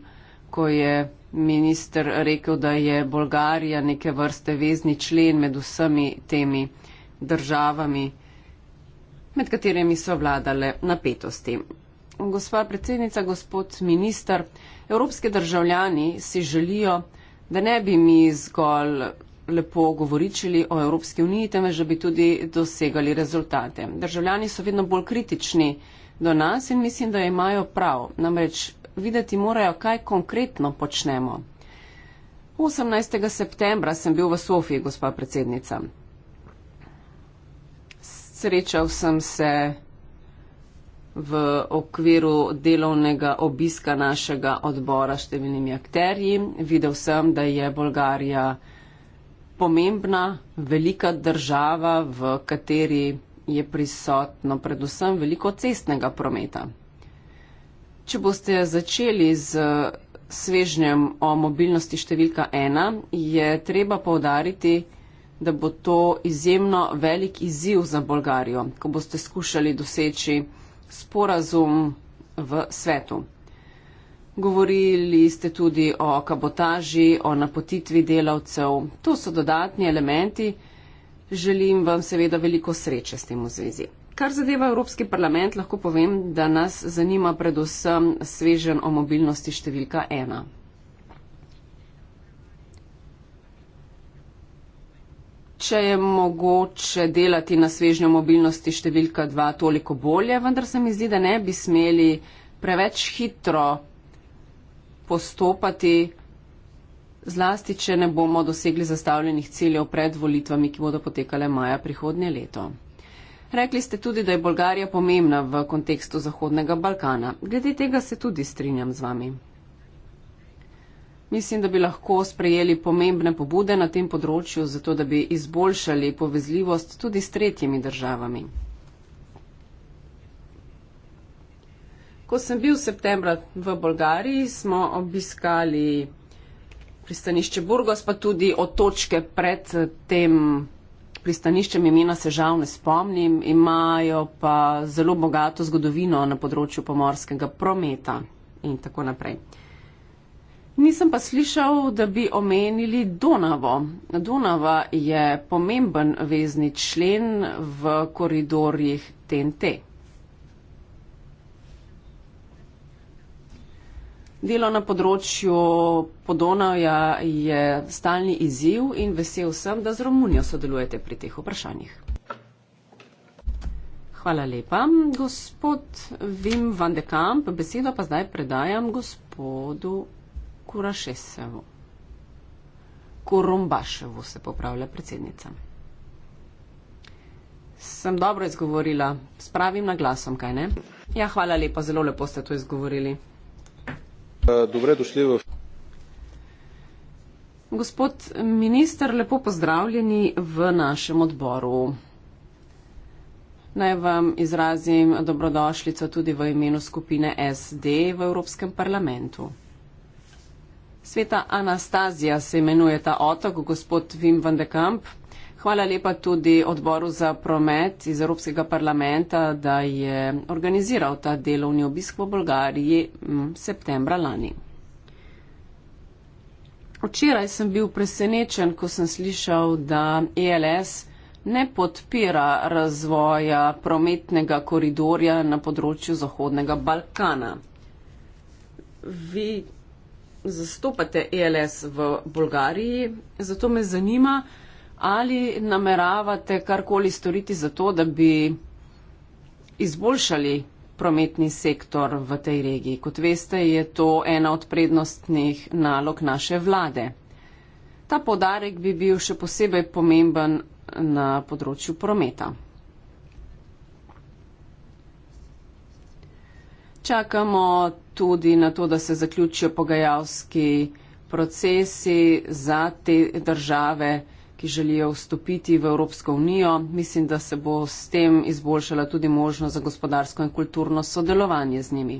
ko je minister rekel, da je Bolgarija neke vrste vezni člen med vsemi temi državami, med katerimi so vladale napetosti. Gospa predsednica, gospod minister, evropske državljani si želijo, da ne bi mi zgolj lepo govoričili o Evropski uniji, temveč da bi tudi dosegali rezultate. Državljani so vedno bolj kritični do nas in mislim, da imajo prav. Namreč videti morajo, kaj konkretno počnemo. 18. septembra sem bil v Sofiji, gospa predsednica. Srečal sem se v okviru delovnega obiska našega odbora s številnimi akterji. Videl sem, da je Bolgarija pomembna, velika država, v kateri je prisotno predvsem veliko cestnega prometa. Če boste začeli z svežnjem o mobilnosti številka ena, je treba povdariti, da bo to izjemno velik izziv za Bolgarijo, ko boste skušali doseči sporazum v svetu. Govorili ste tudi o kabotaži, o napotitvi delavcev. To so dodatni elementi. Želim vam seveda veliko sreče s tem v zvezi. Kar zadeva Evropski parlament, lahko povem, da nas zanima predvsem svežen o mobilnosti številka ena. Če je mogoče delati na svežnjo mobilnosti številka dva toliko bolje, vendar se mi zdi, da ne bi smeli preveč hitro postopati, zlasti, če ne bomo dosegli zastavljenih ciljev pred volitvami, ki bodo potekale maja prihodnje leto. Rekli ste tudi, da je Bolgarija pomembna v kontekstu Zahodnega Balkana. Glede tega se tudi strinjam z vami. Mislim, da bi lahko sprejeli pomembne pobude na tem področju, zato da bi izboljšali povezljivost tudi s tretjimi državami. Ko sem bil septembra v Bolgariji, smo obiskali pristanišče Burgos, pa tudi otočke pred eh, tem pristaniščem imena se žal ne spomnim, imajo pa zelo bogato zgodovino na področju pomorskega prometa in tako naprej. Nisem pa slišal, da bi omenili Donavo. Donava je pomemben vezni člen v koridorjih TNT. Delo na področju Podonavja je stalni izziv in vesel sem, da z Romunijo sodelujete pri teh vprašanjih. Hvala lepa, gospod Vim van de Kamp. Besedo pa zdaj predajam gospodu Kurašesevu. Korombaševu se popravlja predsednica. Sem dobro izgovorila, spravim na glasom, kaj ne? Ja, hvala lepa, zelo lepo ste to izgovorili. Gospod minister, lepo pozdravljeni v našem odboru. Naj vam izrazim dobrodošljico tudi v imenu skupine SD v Evropskem parlamentu. Sveta Anastazija se imenuje ta otok, gospod Vim van de Kamp, Hvala lepa tudi odboru za promet iz Evropskega parlamenta, da je organiziral ta delovni obisk v Bolgariji m, mm, septembra lani. Včeraj sem bil presenečen, ko sem slišal, da ELS ne podpira razvoja prometnega koridorja na področju Zahodnega Balkana. Vi zastopate ELS v Bolgariji, zato me zanima, ali nameravate karkoli storiti za to, da bi izboljšali prometni sektor v tej regiji. Kot veste, je to ena od prednostnih nalog naše vlade. Ta podarek bi bil še posebej pomemben na področju prometa. Čakamo tudi na to, da se zaključijo pogajalski procesi za te države ki želijo vstopiti v Evropsko unijo. Mislim, da se bo s tem izboljšala tudi možnost za gospodarsko in kulturno sodelovanje z njimi.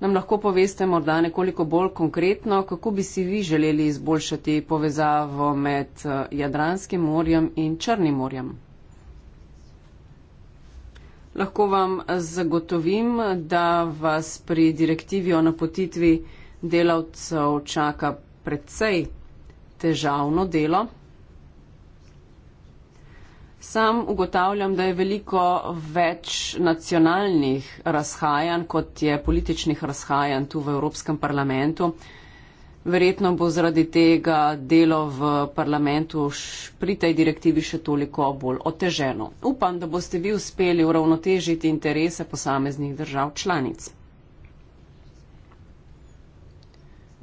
Nam lahko poveste morda nekoliko bolj konkretno, kako bi si vi želeli izboljšati povezavo med eh, Jadranskim morjem in Črnim morjem? Lahko vam eh, zagotovim, da vas pri direktivi o napotitvi delavcev čaka precej težavno delo. Sam ugotavljam, da je veliko več nacionalnih razhajanj, kot je političnih razhajanj tu v Evropskem parlamentu. Verjetno bo zaradi tega delo v parlamentu pri tej direktivi še toliko bolj oteženo. Upam, da boste vi uspeli uravnotežiti interese posameznih držav članic.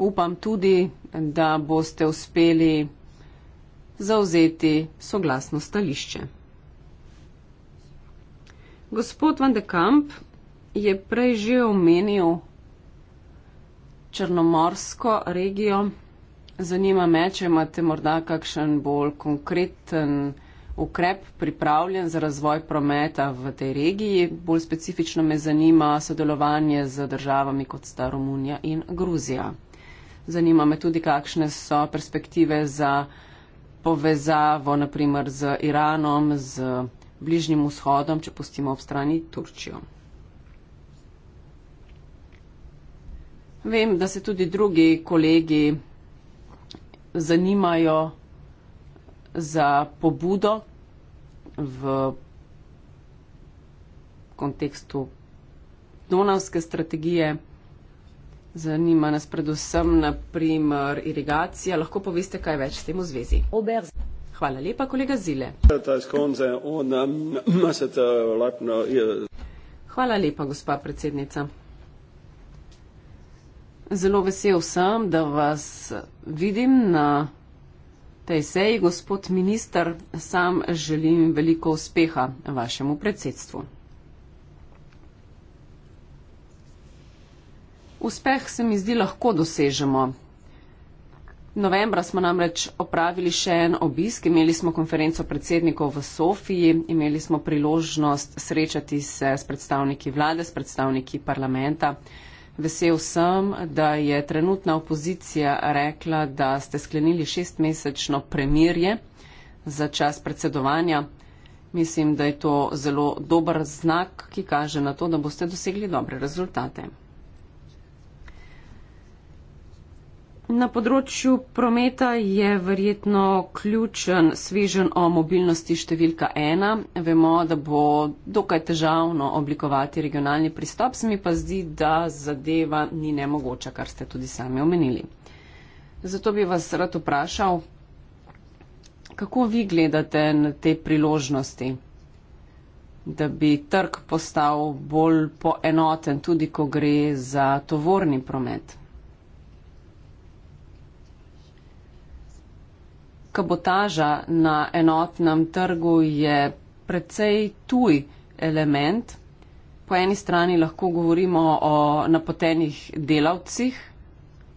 Upam tudi, da boste uspeli zauzeti soglasno stališče. Gospod Van de Kamp je prej že omenil Črnomorsko regijo. Zanima me, če imate morda kakšen bolj konkreten ukrep pripravljen za razvoj prometa v tej regiji. Bolj specifično me zanima sodelovanje z državami kot sta Romunija in Gruzija. Zanima me tudi, kakšne so perspektive za povezavo naprimer z Iranom, z Bližnjim vzhodom, če pustimo ob strani Turčijo. Vem, da se tudi drugi kolegi zanimajo za pobudo v kontekstu donavske strategije. Zanima nas predvsem, naprimer, irigacija. Lahko poveste kaj več s tem v zvezi? Hvala lepa, kolega Zile. Hvala lepa, gospa predsednica. Zelo vesel sem, da vas vidim na tej seji, gospod minister. Sam želim veliko uspeha vašemu predsedstvu. Uspeh se mi zdi lahko dosežemo. Novembra smo namreč opravili še en obisk, imeli smo konferenco predsednikov v Sofiji, imeli smo priložnost srečati se s predstavniki vlade, s predstavniki parlamenta. Vesel sem, da je trenutna opozicija rekla, da ste sklenili šestmesečno premirje za čas predsedovanja. Mislim, da je to zelo dober znak, ki kaže na to, da boste dosegli dobre rezultate. Na področju prometa je verjetno ključen svežen o mobilnosti številka ena. Vemo, da bo dokaj težavno oblikovati regionalni pristop, se mi pa zdi, da zadeva ni nemogoča, kar ste tudi sami omenili. Zato bi vas rad vprašal, kako vi gledate na te priložnosti? da bi trg postal bolj poenoten, tudi ko gre za tovorni promet. kabotaža na enotnem trgu je precej tuj element. Po eni strani lahko govorimo o napotenih delavcih,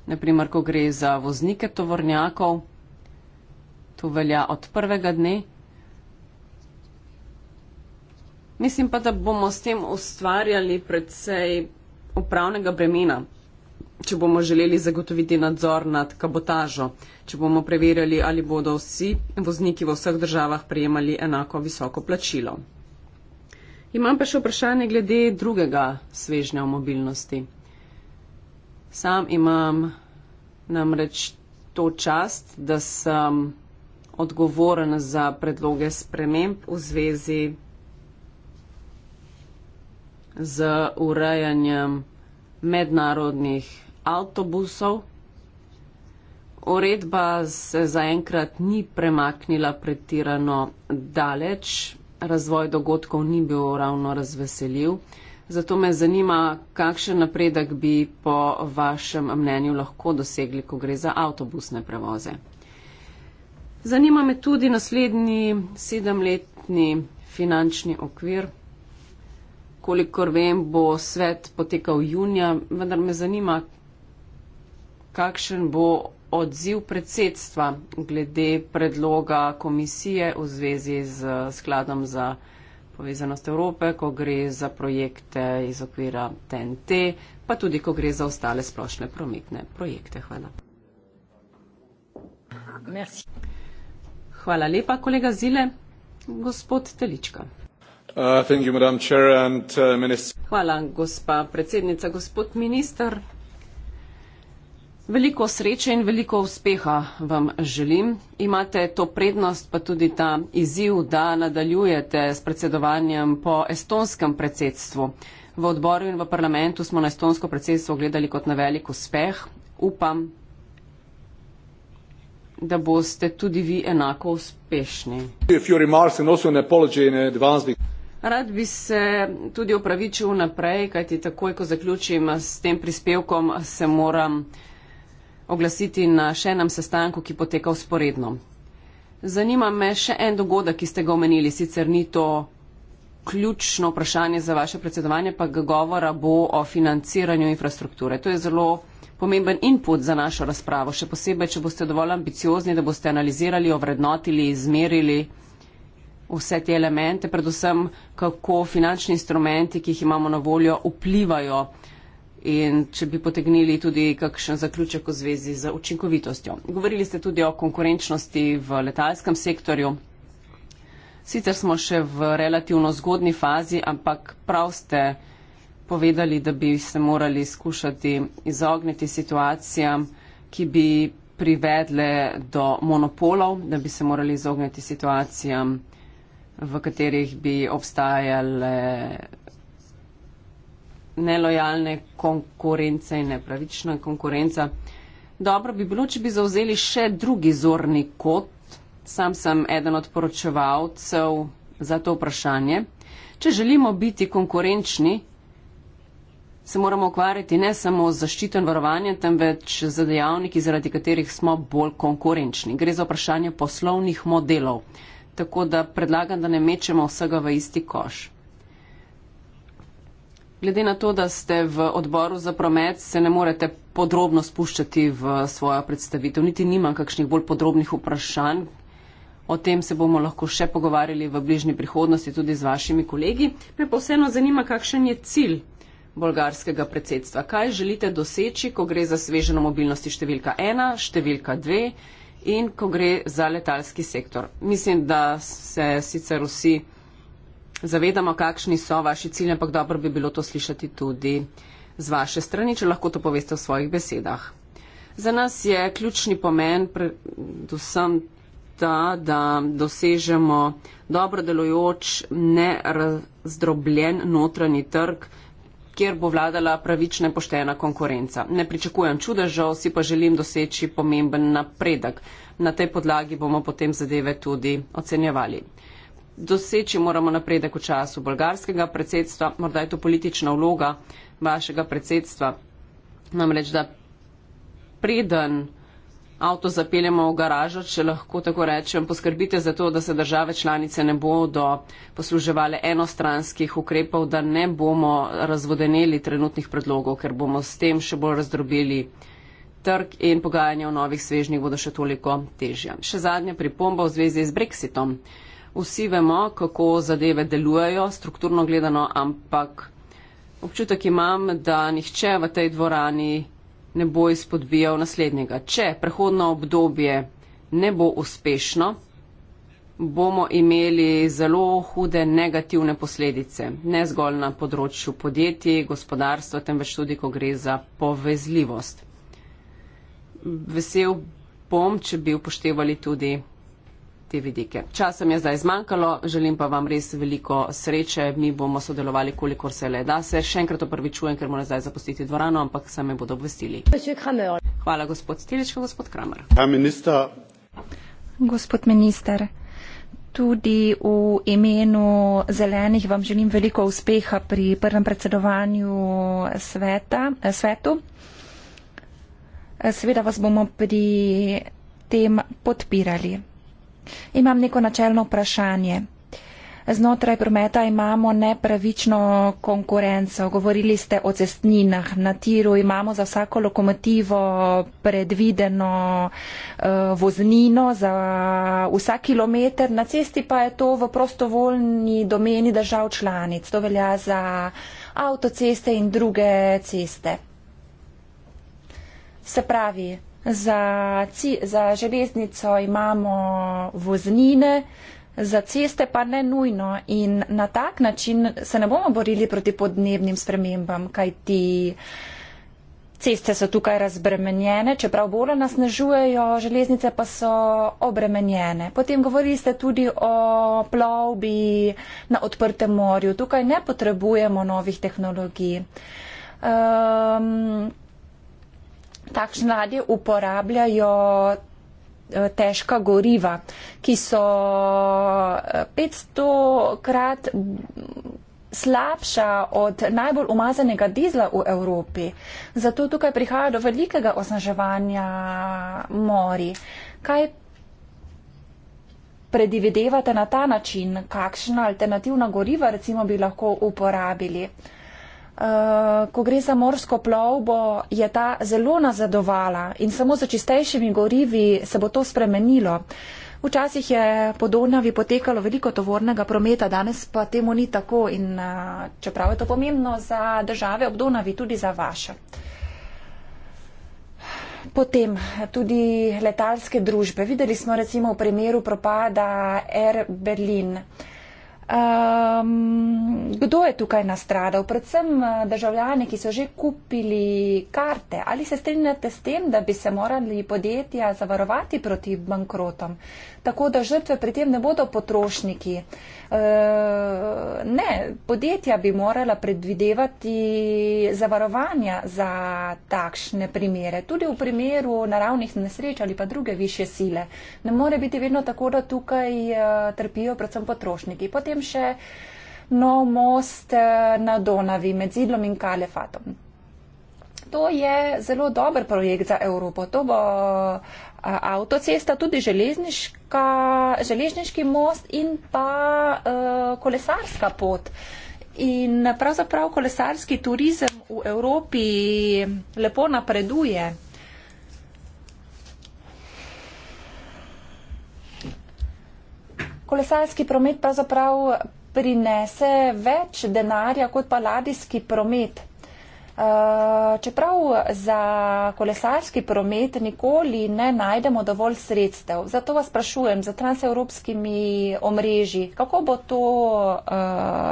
naprimer, ko gre za voznike tovornjakov, to velja od prvega dne. Mislim pa, da bomo s tem ustvarjali precej upravnega bremena če bomo želeli zagotoviti nadzor nad kabotažo, če bomo preverjali, ali bodo vsi vozniki v vseh državah prejemali enako visoko plačilo. Imam pa še vprašanje glede drugega svežnja o mobilnosti. Sam imam namreč to čast, da sem odgovoren za predloge sprememb v zvezi z urejanjem mednarodnih avtobusov. Uredba se zaenkrat ni premaknila pretirano daleč, razvoj dogodkov ni bil ravno razveseljiv. Zato me zanima, kakšen napredek bi po vašem mnenju lahko dosegli, ko gre za avtobusne prevoze. Zanima me tudi naslednji sedemletni finančni okvir. Kolikor vem, bo svet potekal junija, vendar me zanima, kakšen bo odziv predsedstva glede predloga komisije v zvezi z skladom za povezanost Evrope, ko gre za projekte iz okvira TNT, pa tudi, ko gre za ostale splošne prometne projekte. Hvala. Merci. Hvala lepa, kolega Zile. Gospod Telička.
Uh, you, Chair and, uh,
Hvala, gospa predsednica, gospod minister. Veliko sreče in veliko uspeha vam želim. Imate to prednost, pa tudi ta izziv, da nadaljujete s predsedovanjem po estonskem predsedstvu. V odboru in v parlamentu smo na estonsko predsedstvo gledali kot na velik uspeh. Upam, da boste tudi vi enako uspešni. Rad bi se tudi opravičil naprej, kajti takoj, ko zaključim s tem prispevkom, se moram oglasiti na še enem sestanku, ki poteka usporedno. Zanima me še en dogodek, ki ste ga omenili, sicer ni to ključno vprašanje za vaše predsedovanje, pa ga govora bo o financiranju infrastrukture. To je zelo pomemben input za našo razpravo, še posebej, če boste dovolj ambiciozni, da boste analizirali, ovrednotili, izmerili vse te elemente, predvsem kako finančni instrumenti, ki jih imamo na voljo, vplivajo in če bi potegnili tudi kakšen zaključek v zvezi z učinkovitostjo. Govorili ste tudi o konkurenčnosti v letalskem sektorju. Sicer smo še v relativno zgodni fazi, ampak prav ste povedali, da bi se morali skušati izogniti situacijam, ki bi privedle do monopolov, da bi se morali izogniti situacijam, v katerih bi obstajale nelojalne konkurence in nepravična konkurenca. Dobro bi bilo, če bi zauzeli še drugi zorni kot. Sam sem eden od poročevalcev za to vprašanje. Če želimo biti konkurenčni, se moramo ukvarjati ne samo z zaščito in varovanjem, temveč z dejavniki, zaradi katerih smo bolj konkurenčni. Gre za vprašanje poslovnih modelov. Tako da predlagam, da ne mečemo vsega v isti koš. Glede na to, da ste v odboru za promet, se ne morete podrobno spuščati v svojo predstavitev. Niti nimam kakšnih bolj podrobnih vprašanj. O tem se bomo lahko še pogovarjali v bližnji prihodnosti tudi z vašimi kolegi. Me pa vseeno zanima, kakšen je cilj bolgarskega predsedstva. Kaj želite doseči, ko gre za sveženo mobilnosti številka ena, številka dve in ko gre za letalski sektor? Mislim, da se sicer vsi zavedamo, kakšni so vaši cilji, ampak dobro bi bilo to slišati tudi z vaše strani, če lahko to poveste v svojih besedah. Za nas je ključni pomen predvsem ta, da dosežemo dobro delojoč, nerazdrobljen notranji trg, kjer bo vladala pravična in poštena konkurenca. Ne pričakujem čudežev, si pa želim doseči pomemben napredek. Na tej podlagi bomo potem zadeve tudi ocenjevali doseči moramo napredek v času bolgarskega predsedstva, morda je to politična vloga vašega predsedstva. Namreč, da preden avto zapeljemo v garažo, če lahko tako rečem, poskrbite za to, da se države članice ne bodo posluževale enostranskih ukrepov, da ne bomo razvodeneli trenutnih predlogov, ker bomo s tem še bolj razdrobili trg in pogajanje o novih svežnjih bodo še toliko težje. Še zadnja pripomba v zvezi z brexitom vsi vemo, kako zadeve delujejo, strukturno gledano, ampak občutek imam, da nihče v tej dvorani ne bo izpodbijal naslednjega. Če prehodno obdobje ne bo uspešno, bomo imeli zelo hude negativne posledice, ne zgolj na področju podjetij, gospodarstva, temveč tudi, ko gre za povezljivost. Vesel bom, če bi upoštevali tudi te vidike. Časa mi je zdaj zmanjkalo, želim pa vam res veliko sreče. Mi bomo sodelovali, kolikor se le da. Se še enkrat opravičujem, ker moram zdaj zapustiti dvorano, ampak se me bodo obvestili. Hvala, gospod Stilič, gospod Kramer.
Ja, minister.
Gospod minister. Tudi v imenu zelenih vam želim veliko uspeha pri prvem predsedovanju sveta, svetu. Seveda vas bomo pri tem podpirali. Imam neko načelno vprašanje. Znotraj prometa imamo nepravično konkurenco. Govorili ste o cestninah. Na tiru imamo za vsako lokomotivo predvideno uh, voznino za vsak kilometr. Na cesti pa je to v prostovoljni domeni držav članic. To velja za avtoceste in druge ceste. Se pravi, Za, za železnico imamo voznine, za ceste pa ne nujno. In na tak način se ne bomo borili proti podnebnim spremembam, kajti ceste so tukaj razbremenjene, čeprav bolj nasnežujejo, železnice pa so obremenjene. Potem govorili ste tudi o plovbi na odprtem morju. Tukaj ne potrebujemo novih tehnologij. Um, takšne ladje uporabljajo eh, težka goriva, ki so 500 eh, krat slabša od najbolj umazanega dizla v Evropi. Zato tukaj prihaja do velikega osnaževanja mori. Kaj predvidevate na ta način, kakšna alternativna goriva recimo bi lahko uporabili? Eh, ko gre za morsko plovbo, je ta zelo nazadovala in samo za čistejšimi gorivi se bo to spremenilo. Včasih je po Donavi potekalo veliko tovornega prometa, danes pa temu ni tako in eh, čeprav je to pomembno za države ob Donavi, tudi za vaše. Potem tudi letalske družbe. Videli smo recimo v primeru propada Air Berlin. Uh, Um, kdo je tukaj nastradal? Predvsem eh, državljani, ki so že kupili karte. Ali se strinjate s tem, da bi se morali podjetja zavarovati proti bankrotom? tako da žrtve pri tem ne bodo potrošniki. Eh, ne, podjetja bi morala predvidevati zavarovanja za takšne primere, tudi v primeru naravnih nesreč ali pa druge više sile. Ne more biti vedno tako, da tukaj eh, trpijo predvsem potrošniki. Potem še nov most eh, na Donavi med Zidlom in Kalefatom. To je zelo dober projekt za Evropo. To bo uh, avtocesta, tudi železniški most in pa uh, kolesarska pot. In pravzaprav kolesarski turizem v Evropi lepo napreduje. Kolesarski promet pravzaprav prinese več denarja kot pa ladijski promet. Eh, čeprav za kolesarski promet nikoli ne najdemo dovolj sredstev. Zato vas sprašujem za transevropskimi omrežji, kako bo to uh,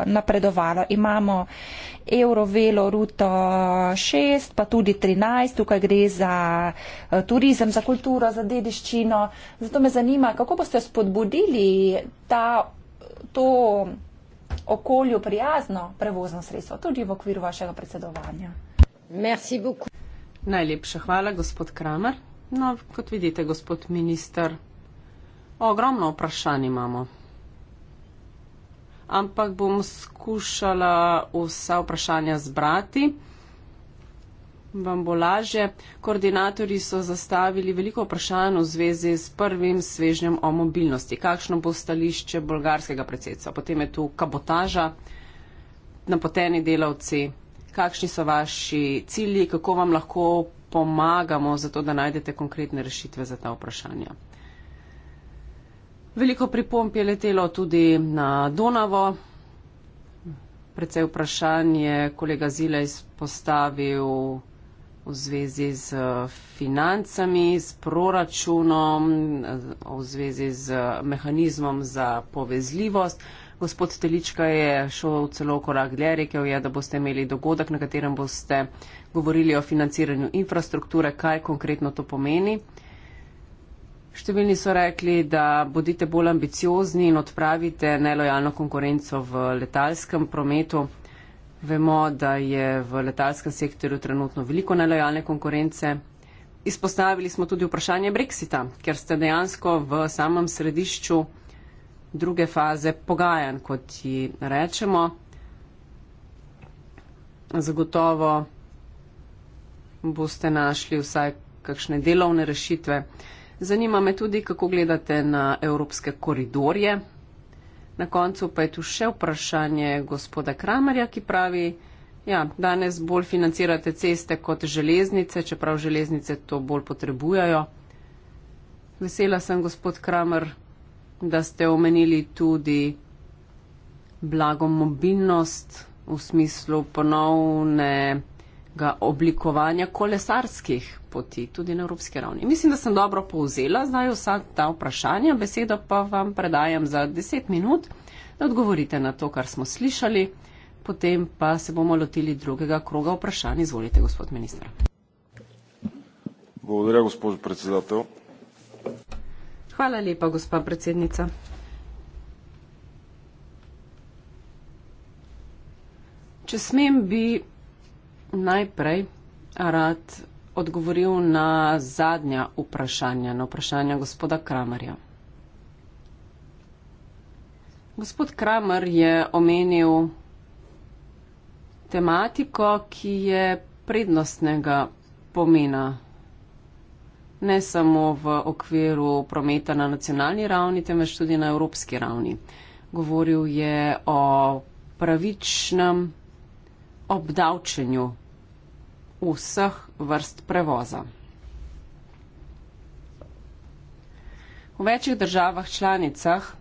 napredovalo. Imamo Eurovelo ruto 6, pa tudi 13, tukaj gre za uh, turizem, za kulturo, za dediščino. Zato me zanima, kako boste spodbudili ta, to okolju prijazno prevozno sredstvo, tudi v okviru vašega predsedovanja.
Najlepša hvala, gospod Kramer. No, kot vidite, gospod minister, ogromno vprašanj imamo. Ampak bom skušala vsa vprašanja zbrati vam bo lažje. Koordinatorji so zastavili veliko vprašanj v zvezi s prvim svežnjem o mobilnosti. Kakšno bo stališče bolgarskega predsedstva? Potem je tu kabotaža, napoteni delavci. Kakšni so vaši cilji, kako vam lahko pomagamo za to, da najdete konkretne rešitve za ta vprašanja? Veliko pripomp je letelo tudi na Donavo. Predvsej vprašanje kolega Zila izpostavil v zvezi z eh, financami, s proračunom, eh, v zvezi z mehanizmom za povezljivost. Gospod Telička je šel celo korak dlje, rekel je, da boste imeli dogodek, na katerem boste govorili o financiranju infrastrukture, kaj konkretno to pomeni. Številni so rekli, da bodite bolj ambiciozni in odpravite nelojalno konkurenco v letalskem prometu. Vemo, da je v letalskem sektorju trenutno veliko nelojalne konkurence. Izpostavili smo tudi vprašanje Brexita, ker ste dejansko v samem središču druge faze pogajanj, kot ji rečemo. Zagotovo boste našli vsaj kakšne delovne rešitve. Zanima me tudi, kako gledate na evropske koridorje, Na koncu pa je tu še vprašanje gospoda Kramerja, ki pravi, ja, danes bolj financirate ceste kot železnice, čeprav železnice to bolj potrebujajo. Vesela sem, gospod Kramer, da ste omenili tudi blago mobilnost v smislu ponovnega oblikovanja kolesarskih poti tudi na evropski ravni. Mislim, da sem dobro povzela zdaj vsa ta vprašanja, besedo pa vam predajam za deset minut, da odgovorite na to, kar smo slišali, potem pa se bomo lotili drugega kroga vprašanj. Izvolite, gospod minister.
Hvala, gospod predsedatelj.
Hvala lepa, gospa predsednica. Če smem, bi najprej rad odgovoril na zadnja vprašanja, na vprašanja gospoda Kramarja. Gospod Kramer je omenil tematiko, ki je prednostnega pomena ne samo v okviru prometa na nacionalni ravni, temveč tudi na evropski ravni. Govoril je o pravičnem obdavčenju vseh vrst prevoza. V večjih državah članicah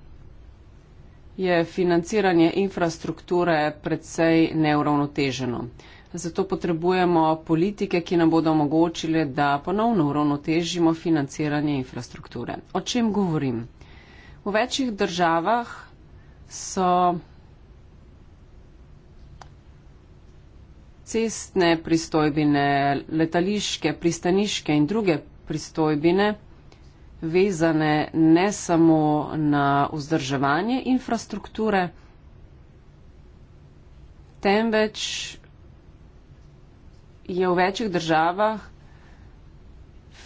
je financiranje infrastrukture predvsej neuravnoteženo. Zato potrebujemo politike, ki nam bodo omogočile, da ponovno uravnotežimo financiranje infrastrukture. O čem govorim? V večjih državah so cestne pristojbine, letališke, pristaniške in druge pristojbine vezane ne samo na vzdrževanje infrastrukture, temveč je v večjih državah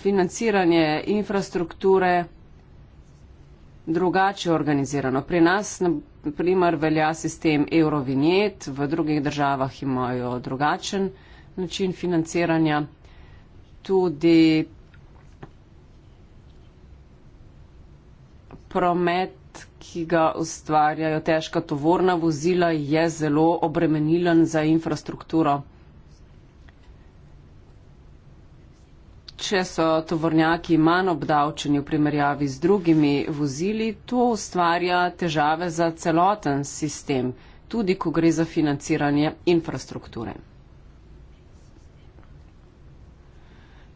financiranje infrastrukture drugače organizirano. Pri nas, primer velja sistem eurovinjet, v drugih državah imajo drugačen način financiranja. Tudi promet, ki ga ustvarjajo težka tovorna vozila, je zelo obremenilen za infrastrukturo. če so tovornjaki manj obdavčeni v primerjavi z drugimi vozili, to ustvarja težave za celoten sistem, tudi ko gre za financiranje infrastrukture.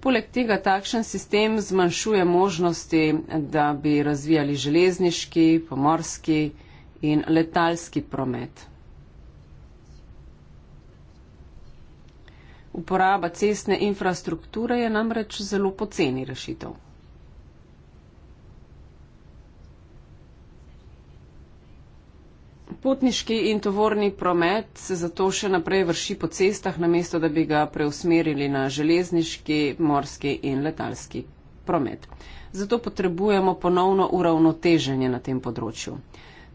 Poleg tega takšen sistem zmanjšuje možnosti, da bi razvijali železniški, pomorski in letalski promet. Uporaba cestne infrastrukture je namreč zelo poceni rešitev. Potniški in tovorni promet se zato še naprej vrši po cestah, namesto da bi ga preusmerili na železniški, morski in letalski promet. Zato potrebujemo ponovno uravnoteženje na tem področju.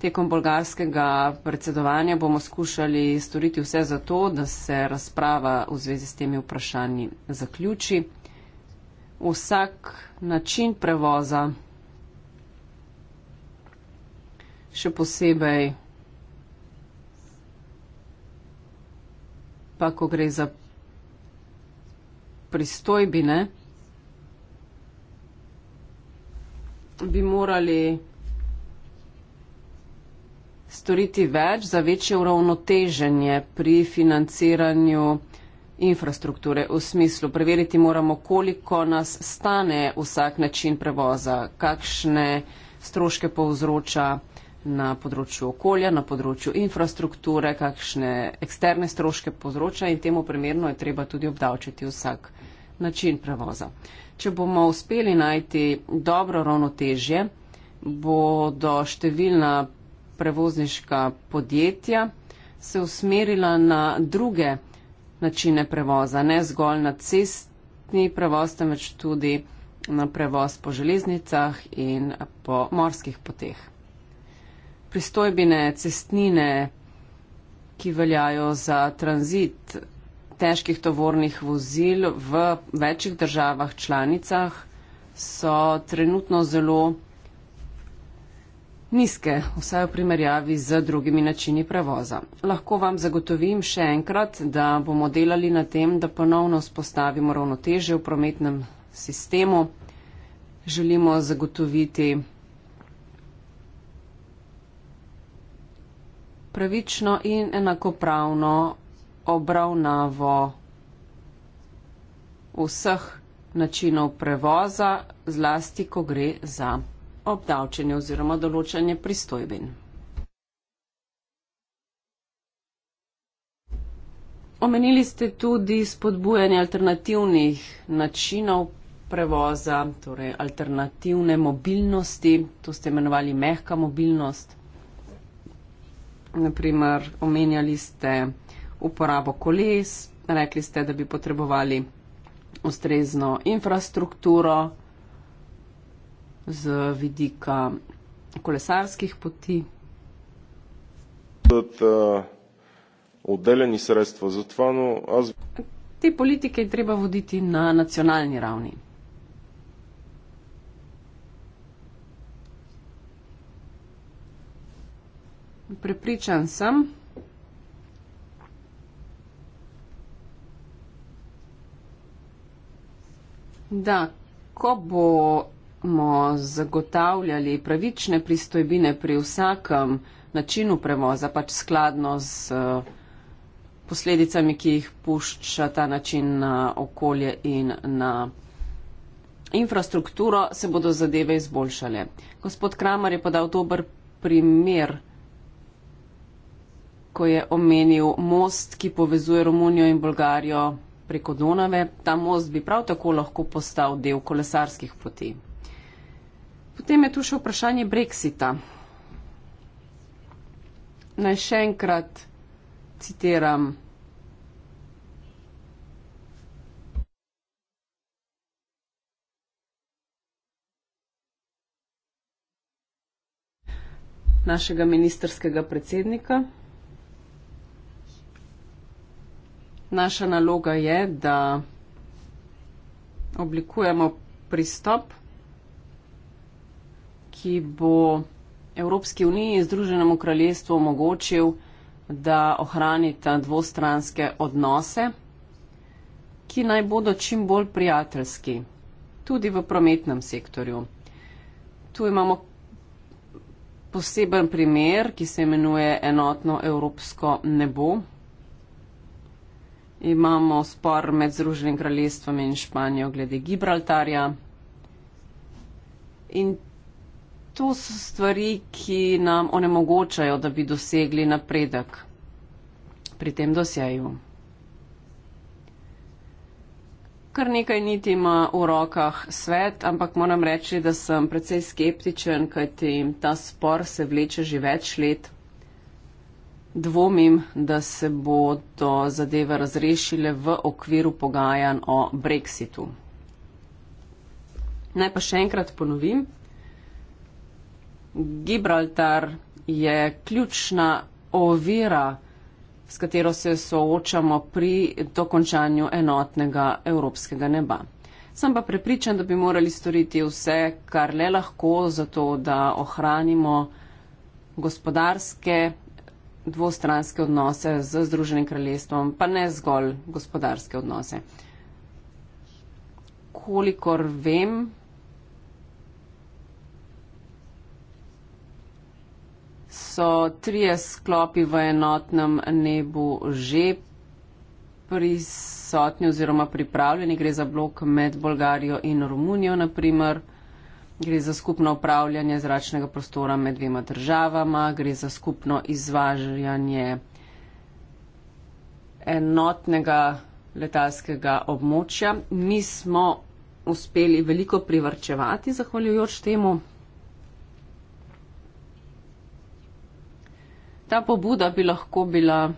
Tekom bolgarskega predsedovanja bomo skušali storiti vse za to, da se razprava v zvezi s temi vprašanji zaključi. Vsak način prevoza, še posebej pa, ko gre za pristojbine, bi morali storiti več za večje uravnoteženje pri financiranju infrastrukture v smislu preveriti moramo, koliko nas stane vsak način prevoza, kakšne stroške povzroča na področju okolja, na področju infrastrukture, kakšne eksterne stroške povzroča in temu primerno je treba tudi obdavčiti vsak način prevoza. Če bomo uspeli najti dobro ravnotežje, bodo številna prevozniška podjetja se usmerila na druge načine prevoza, ne zgolj na cestni prevoz, temveč tudi na prevoz po železnicah in po morskih poteh. Pristojbine cestnine, ki veljajo za tranzit težkih tovornih vozil v večjih državah članicah, so trenutno zelo nizke, vsaj v primerjavi z drugimi načini prevoza. Lahko vam zagotovim še enkrat, da bomo delali na tem, da ponovno spostavimo ravnoteže v prometnem sistemu. Želimo zagotoviti pravično in enakopravno obravnavo vseh načinov prevoza, zlasti, ko gre za obdavčenje oziroma določanje pristojbin. Omenili ste tudi spodbujanje alternativnih načinov prevoza, torej alternativne mobilnosti, to ste imenovali mehka mobilnost. Naprimer, omenjali ste uporabo koles, rekli ste, da bi potrebovali ustrezno infrastrukturo z vidika kolesarskih poti.
Oddeljeni sredstva za to, no, jaz.
Te politike je treba voditi na nacionalni ravni. Prepričan sem, da ko bo bomo zagotavljali pravične pristojbine pri vsakem načinu prevoza, pač skladno z eh, posledicami, ki jih pušča ta način na okolje in na infrastrukturo, se bodo zadeve izboljšale. Gospod Kramer je podal dober primer, ko je omenil most, ki povezuje Romunijo in Bolgarijo preko Donave. Ta most bi prav tako lahko postal del kolesarskih poti. Potem je tu še vprašanje Brexita. Naj še enkrat citiram. našega ministerskega predsednika. Naša naloga je, da oblikujemo pristop ki bo Evropski uniji in Združenemu kraljestvu omogočil, da ohranita dvostranske odnose, ki naj bodo čim bolj prijateljski, tudi v prometnem sektorju. Tu imamo poseben primer, ki se imenuje enotno evropsko nebo. Imamo spor med Združenim kraljestvom in Španijo glede Gibraltarja. In to so stvari, ki nam onemogočajo, da bi dosegli napredek pri tem dosjeju. Kar nekaj niti ima v rokah svet, ampak moram reči, da sem precej skeptičen, kajti ta spor se vleče že več let. Dvomim, da se bodo zadeve razrešile v okviru pogajanj o brexitu. Naj pa še enkrat ponovim. Gibraltar je ključna ovira, s katero se soočamo pri dokončanju enotnega evropskega neba. Sem pa prepričan, da bi morali storiti vse, kar le lahko, zato da ohranimo gospodarske dvostranske odnose z Združenim kraljestvom, pa ne zgolj gospodarske odnose. Kolikor vem, so trije sklopi v enotnem nebu že prisotni oziroma pripravljeni. Gre za blok med Bolgarijo in Romunijo, naprimer. Gre za skupno upravljanje zračnega prostora med dvema državama, gre za skupno izvažanje enotnega letalskega območja. Mi smo uspeli veliko privrčevati zahvaljujoč temu, ta pobuda bi lahko bila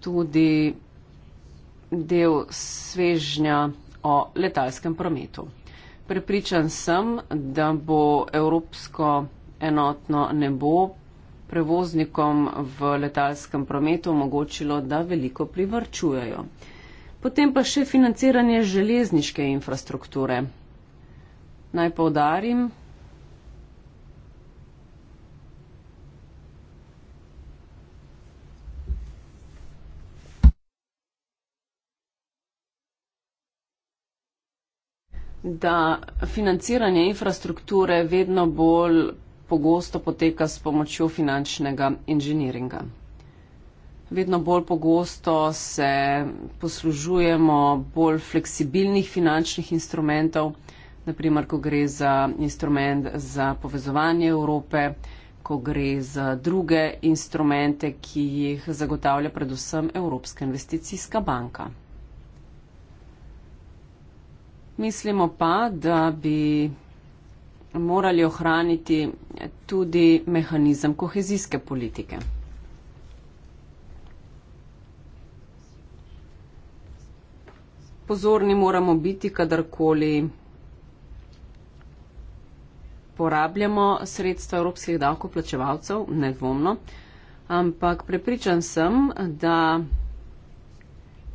tudi del svežnja o letalskem prometu. Prepričan sem, da bo evropsko enotno nebo prevoznikom v letalskem prometu omogočilo, da veliko privrčujejo. Potem pa še financiranje železniške infrastrukture. Naj povdarim, da financiranje infrastrukture vedno bolj pogosto poteka s pomočjo finančnega inženiringa. Vedno bolj pogosto se poslužujemo bolj fleksibilnih finančnih instrumentov, naprimer, ko gre za instrument za povezovanje Evrope, ko gre za druge instrumente, ki jih zagotavlja predvsem Evropska investicijska banka. Mislimo pa, da bi morali ohraniti tudi mehanizem kohezijske politike. Pozorni moramo biti, kadarkoli porabljamo sredstva evropskih davkoplačevalcev, nedvomno, ampak prepričan sem, da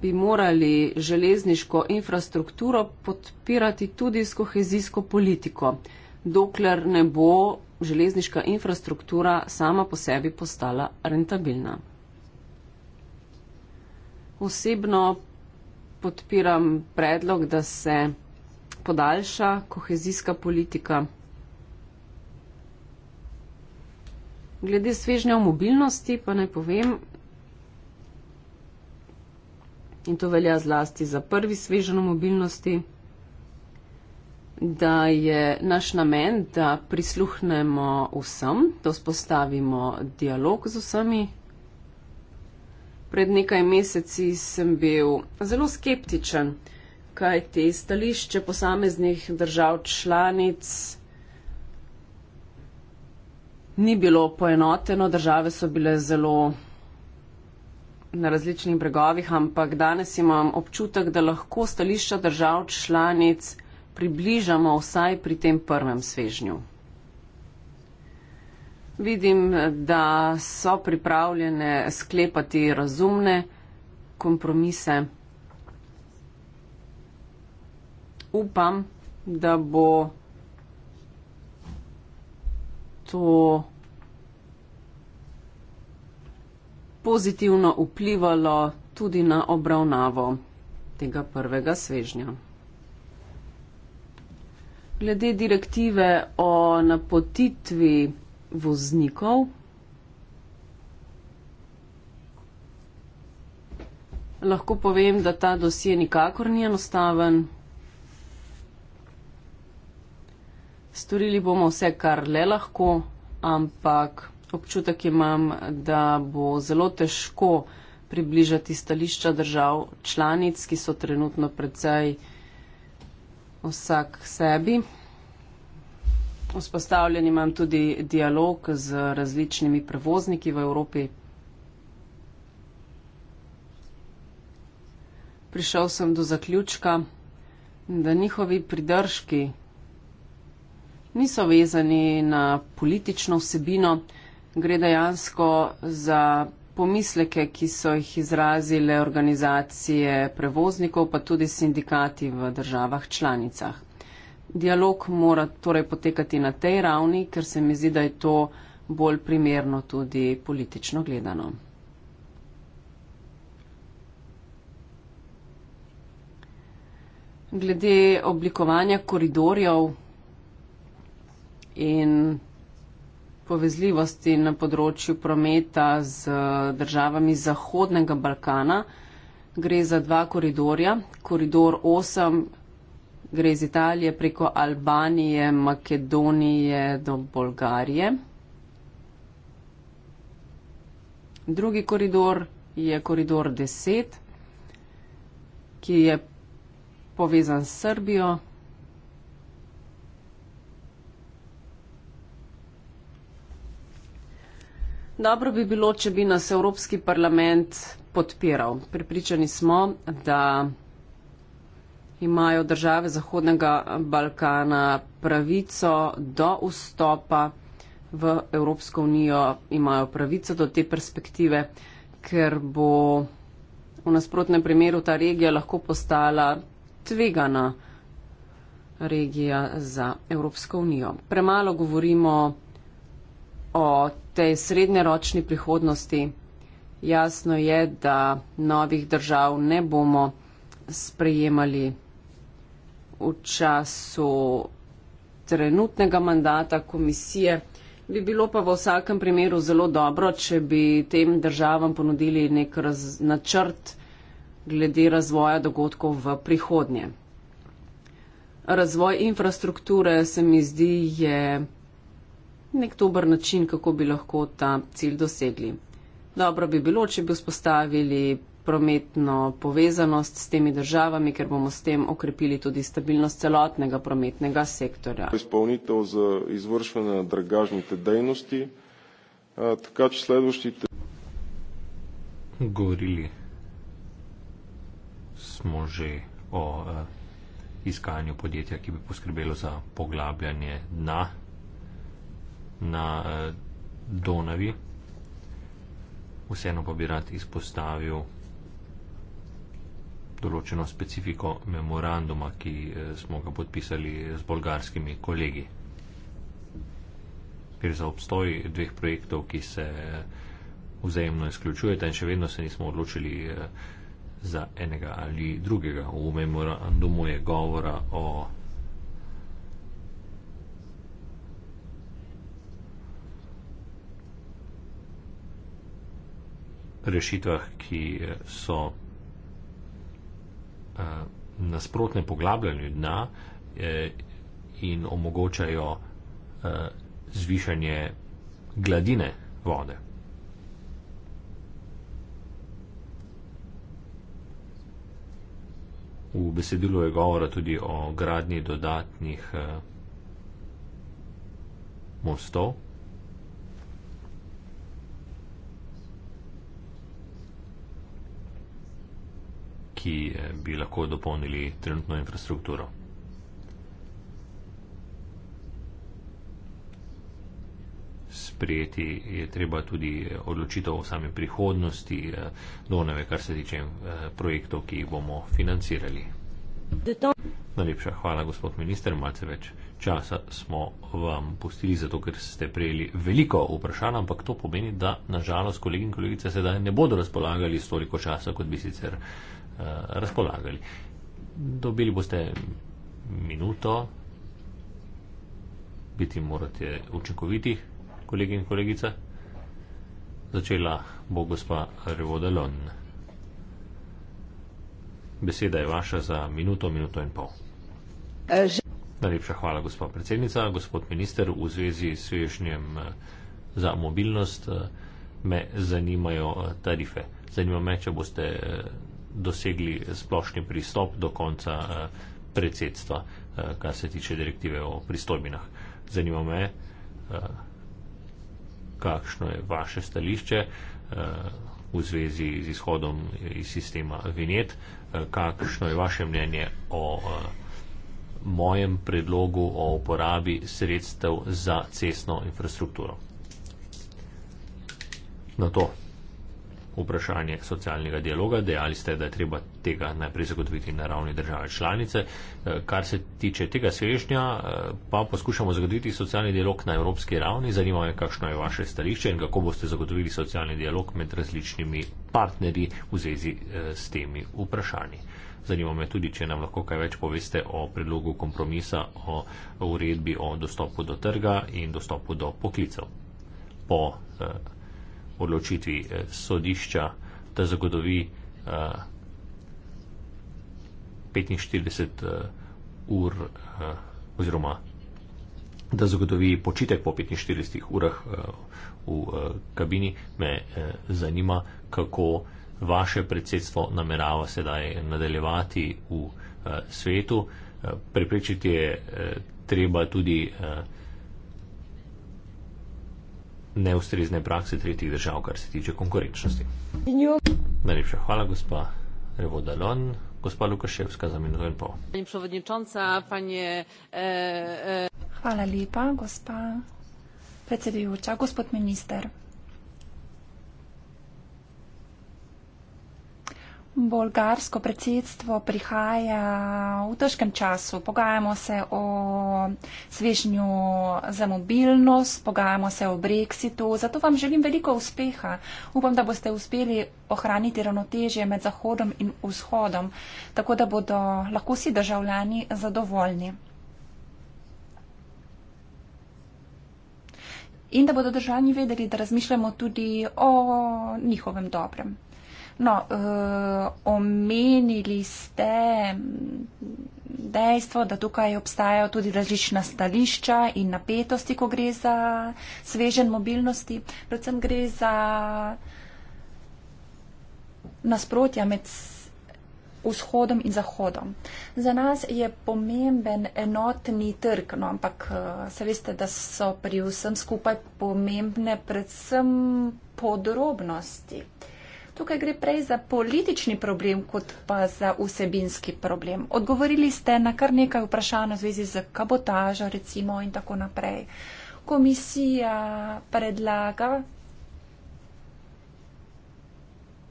bi morali železniško infrastrukturo podpirati tudi s kohezijsko politiko, dokler ne bo železniška infrastruktura sama po sebi postala rentabilna. Osebno podpiram predlog, da se podaljša kohezijska politika. Glede svežnja o mobilnosti pa naj povem, in to velja zlasti za prvi svežen mobilnosti, da je naš namen, da prisluhnemo vsem, da vzpostavimo dialog z vsemi. Pred nekaj meseci sem bil zelo skeptičen, kaj te stališče posameznih držav članic ni bilo poenoteno, države so bile zelo na različnih bregovih, ampak danes imam občutek, da lahko stališča držav članic približamo vsaj pri tem prvem svežnju. Vidim, da so pripravljene sklepati razumne kompromise. Upam, da bo to. pozitivno vplivalo tudi na obravnavo tega prvega svežnja. Glede direktive o napotitvi voznikov, lahko povem, da ta dosje nikakor ni enostaven. Storili bomo vse, kar le lahko, ampak občutek imam, da bo zelo težko približati stališča držav članic, ki so trenutno precej vsak sebi. Vzpostavljen imam tudi dialog z različnimi prevozniki v Evropi. Prišel sem do zaključka, da njihovi pridržki niso vezani na politično vsebino, gre dejansko za pomisleke, ki so jih izrazile organizacije prevoznikov, pa tudi sindikati v državah članicah. Dialog mora torej potekati na tej ravni, ker se mi zdi, da je to bolj primerno tudi politično gledano. Glede oblikovanja koridorjev in povezljivosti na področju prometa z eh, državami Zahodnega Balkana. Gre za dva koridorja. Koridor 8 gre iz Italije preko Albanije, Makedonije do Bolgarije. Drugi koridor je koridor 10, ki je povezan s Srbijo. Dobro bi bilo, če bi nas Evropski parlament podpiral. Pripričani smo, da imajo države Zahodnega Balkana pravico do vstopa v Evropsko unijo, imajo pravico do te perspektive, ker bo v nasprotnem primeru ta regija lahko postala tvegana regija za Evropsko unijo. Premalo govorimo o tej srednjeročni prihodnosti, jasno je, da novih držav ne bomo sprejemali v času trenutnega mandata komisije. Bi bilo pa v vsakem primeru zelo dobro, če bi tem državam ponudili nek načrt glede razvoja dogodkov v prihodnje. Razvoj infrastrukture se mi zdi je nek dober način, kako bi lahko ta cilj dosegli. Dobro bi bilo, če bi vzpostavili prometno povezanost s temi državami, ker bomo s tem okrepili tudi stabilnost celotnega prometnega sektorja.
Izpolnitev za izvršene dragažnite dejnosti, tako če sledošnjite.
Govorili smo že o iskanju podjetja, ki bi poskrbelo za poglabljanje na na eh, Donavi. Vseeno pa bi rad izpostavil določeno specifiko memoranduma, ki eh, smo ga podpisali z bolgarskimi kolegi. Ker za obstoj dveh projektov, ki se eh, vzajemno izključujete in še vedno se nismo odločili eh, za enega ali drugega. V memorandumu je govora o rešitvah, ki eh, so eh, nasprotne poglabljanju dna eh, in omogočajo zvišanje gladine vode. V besedilu je govora tudi o gradnji dodatnih mostov. ki eh, bi lahko dopolnili trenutno infrastrukturo. Sprijeti je treba tudi eh, odločitev o sami prihodnosti eh, Donave, kar se tiče projektov, ki jih bomo financirali. Najlepša hvala, gospod minister. Malce več časa smo vam pustili, zato ker ste prejeli veliko vprašanj, ampak to pomeni, da nažalost kolegi in kolegice sedaj ne bodo razpolagali s toliko časa, kot bi sicer. Eh, razpolagali. Dobili boste minuto, biti morate učinkoviti, kolegi in kolegica. Začela bo gospa Revodelon. Beseda je vaša za minuto, minuto in pol. Najlepša hvala, gospa predsednica, gospod minister, v zvezi s svežnjem eh, za mobilnost eh, me zanimajo tarife. Zanima me, če boste dosegli splošni pristop do konca eh, predsedstva, eh, kar se tiče direktive o pristojbinah. Zanima me, eh, kakšno je vaše stališče v zvezi z izhodom iz sistema Vinet, kakšno je vaše mnenje o mojem predlogu o uporabi sredstev za cestno infrastrukturo. Na to vprašanje socialnega dialoga. Dejali ste, da je treba tega najprej zagotoviti na ravni države članice. Eh, kar se tiče tega svežnja, eh, pa poskušamo zagotoviti socialni dialog na evropski ravni. Zanima me, kakšno je vaše stališče in kako boste zagotovili socialni dialog med različnimi partnerji v zvezi eh, s temi vprašanji. Zanima me tudi, če nam lahko kaj več poveste o predlogu kompromisa o uredbi o dostopu do trga in dostopu do poklicev. Po, eh, odločitvi eh, sodišča, da zagotovi 45 eh, eh, ur oziroma da zagotovi počitek po 45 urah v kabini, me zanima, kako vaše predsedstvo namerava sedaj nadaljevati v svetu. Prepričati je treba tudi neustrezne prakse tretjih držav, kar se tiče konkurenčnosti. Najlepša hvala, gospa Revo Dalon. Gospa Lukaševska za minuto in pol.
E, e. Hvala lepa, gospa predsedujoča, gospod minister. Bolgarsko predsedstvo prihaja v težkem času. Pogajamo se o svežnju za mobilnost, pogajamo se o brexitu. Zato vam želim veliko uspeha. Upam, da boste uspeli ohraniti ravnotežje med Zahodom in Vzhodom, tako da bodo lahko vsi državljani zadovoljni. In da bodo državljani vedeli, da razmišljamo tudi o njihovem dobrem. No, uh, omenili ste dejstvo, da tukaj obstajajo tudi različna stališča in napetosti, ko gre za svežen mobilnosti. Predvsem gre za nasprotja med vzhodom in zahodom. Za nas je pomemben enotni trg, no, ampak eh, se veste, da so pri vsem skupaj pomembne predvsem podrobnosti. Uh, Tukaj gre prej za politični problem, kot pa za vsebinski problem. Odgovorili ste na kar nekaj vprašanj v zvezi z kabotažo recimo in tako naprej. Komisija predlaga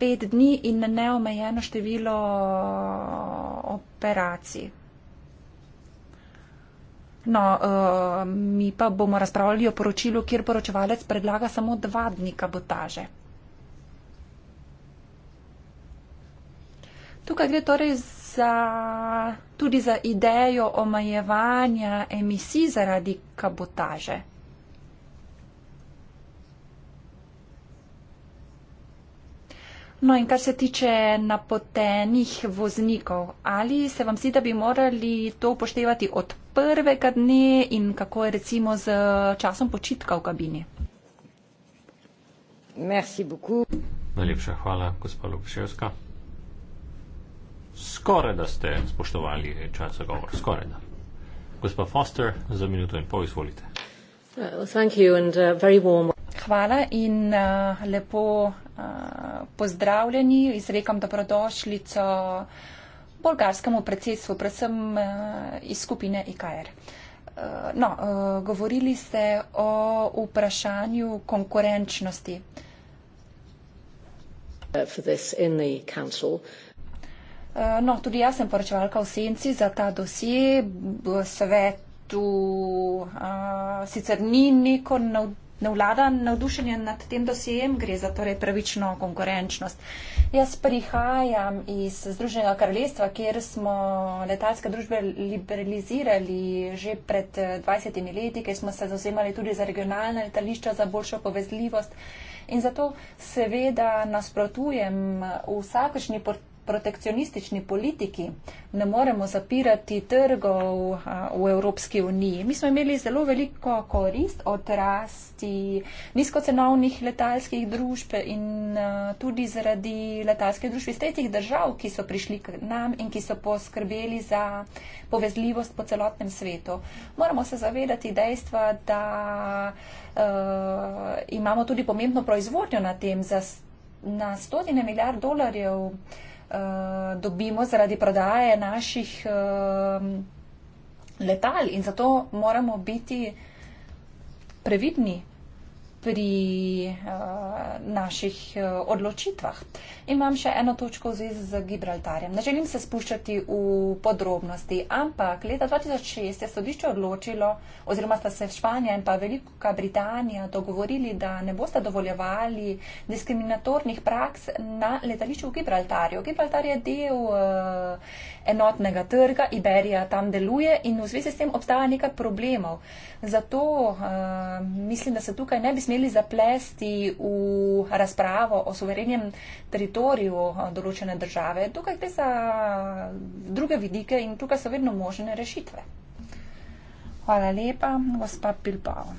pet dni in neomejeno število operacij. No, uh, mi pa bomo razpravljali o poročilu, kjer poročevalec predlaga samo dva dni kabotaže. Tukaj gre torej za, tudi za idejo omajevanja emisij zaradi kabotaže. No in kar se tiče napotenih voznikov, ali se vam zdi, da bi morali to upoštevati od prvega dne in kako je recimo z časom počitka v kabini?
Najlepša hvala, gospod Lukševska. Skoraj da ste spoštovali čas za govor, skoraj da. Gospa Foster, za minuto in pol izvolite.
Uh, Hvala in uh, lepo uh, pozdravljeni. Izrekam dobrodošlico bolgarskemu predsedstvu, predvsem iz skupine IKR. No, govorili ste o vprašanju konkurenčnosti. Eh, no, tudi jaz sem poročevalka v senci za ta dosje. Svet tu eh, sicer ni neko navlada navdušenja nad tem dosjejem, gre za torej pravično konkurenčnost. Jaz prihajam iz Združenega kraljestva, kjer smo letalske družbe liberalizirali že pred 20 eh, leti, kjer smo se zauzemali tudi za regionalne letališča, za boljšo povezljivost. In zato seveda nasprotujem vsakošnji portal protekcionistični politiki ne moremo zapirati trgov v Evropski uniji. Mi smo imeli zelo veliko korist od rasti nizkocenovnih letalskih družb in tudi zaradi letalskih družb iz tretjih držav, ki so prišli k nam in ki so poskrbeli za povezljivost po celotnem svetu. Moramo se zavedati dejstva, da uh, imamo tudi pomembno proizvodnjo na tem za, na stotine milijard dolarjev uh, dobimo zaradi prodaje naših uh, letal in zato moramo biti previdni pri uh, naših uh, odločitvah. Imam še eno točko v zvezi z Gibraltarjem. Ne želim se spuščati v podrobnosti, ampak leta 2006 je sodišče odločilo, oziroma sta se Španija in pa Velika Britanija dogovorili, da ne boste dovoljevali diskriminatornih praks na letališču v Gibraltarju. Gibraltar je del uh, enotnega trga, Iberija tam deluje in v zvezi s tem obstaja nekaj problemov. Zato uh, mislim, da se tukaj ne bi smeli smeli zaplesti v razpravo o suverenjem teritoriju eh, določene države. Tukaj gre za druge vidike in tukaj so vedno možne rešitve. Hvala lepa, gospa Pilpao.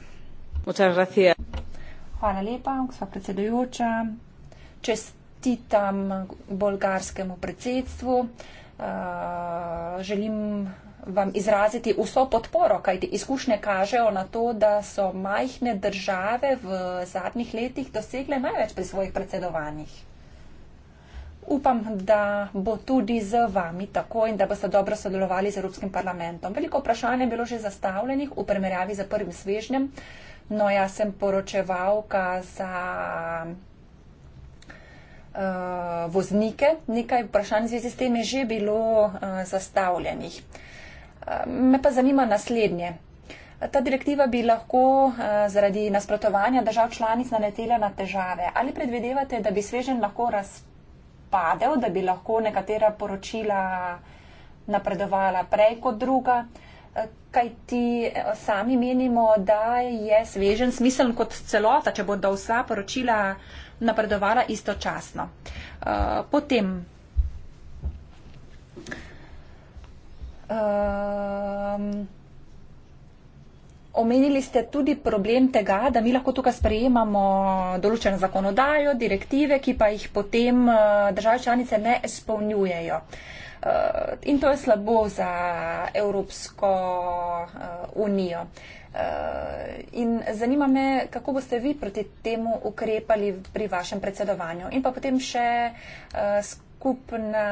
Hvala lepa, gospa predsedujoča. Čestitam bolgarskemu predsedstvu. Uh, želim vam izraziti vso podporo, kajti izkušnje kažejo na to, da so majhne države v zadnjih letih dosegle največ pri svojih predsedovanjih. Upam, da bo tudi z vami tako in da boste dobro sodelovali z Evropskim parlamentom. Veliko vprašanj je bilo že zastavljenih v primerjavi z prvim svežnjem, no jaz sem poročevalka za uh, voznike. Nekaj vprašanj v zvezi s tem je že bilo uh, zastavljenih. Uh, Me pa zanima naslednje. Ta direktiva bi lahko eh, zaradi nasprotovanja držav članic naletela na težave. Ali predvidevate, da bi svežen lahko razpadel, da bi lahko nekatera poročila napredovala prej kot druga? Eh, Kaj ti eh, sami menimo, da je svežen smiseln kot celota, če bodo vsa poročila napredovala istočasno? Potem Um, omenili ste tudi problem tega, da mi lahko tukaj sprejemamo določeno zakonodajo, direktive, ki pa jih potem eh, države članice ne izpolnjujejo. Eh, in to je slabo za Evropsko eh, unijo. In zanima me, kako boste vi proti temu ukrepali pri vašem predsedovanju. In pa potem še skupna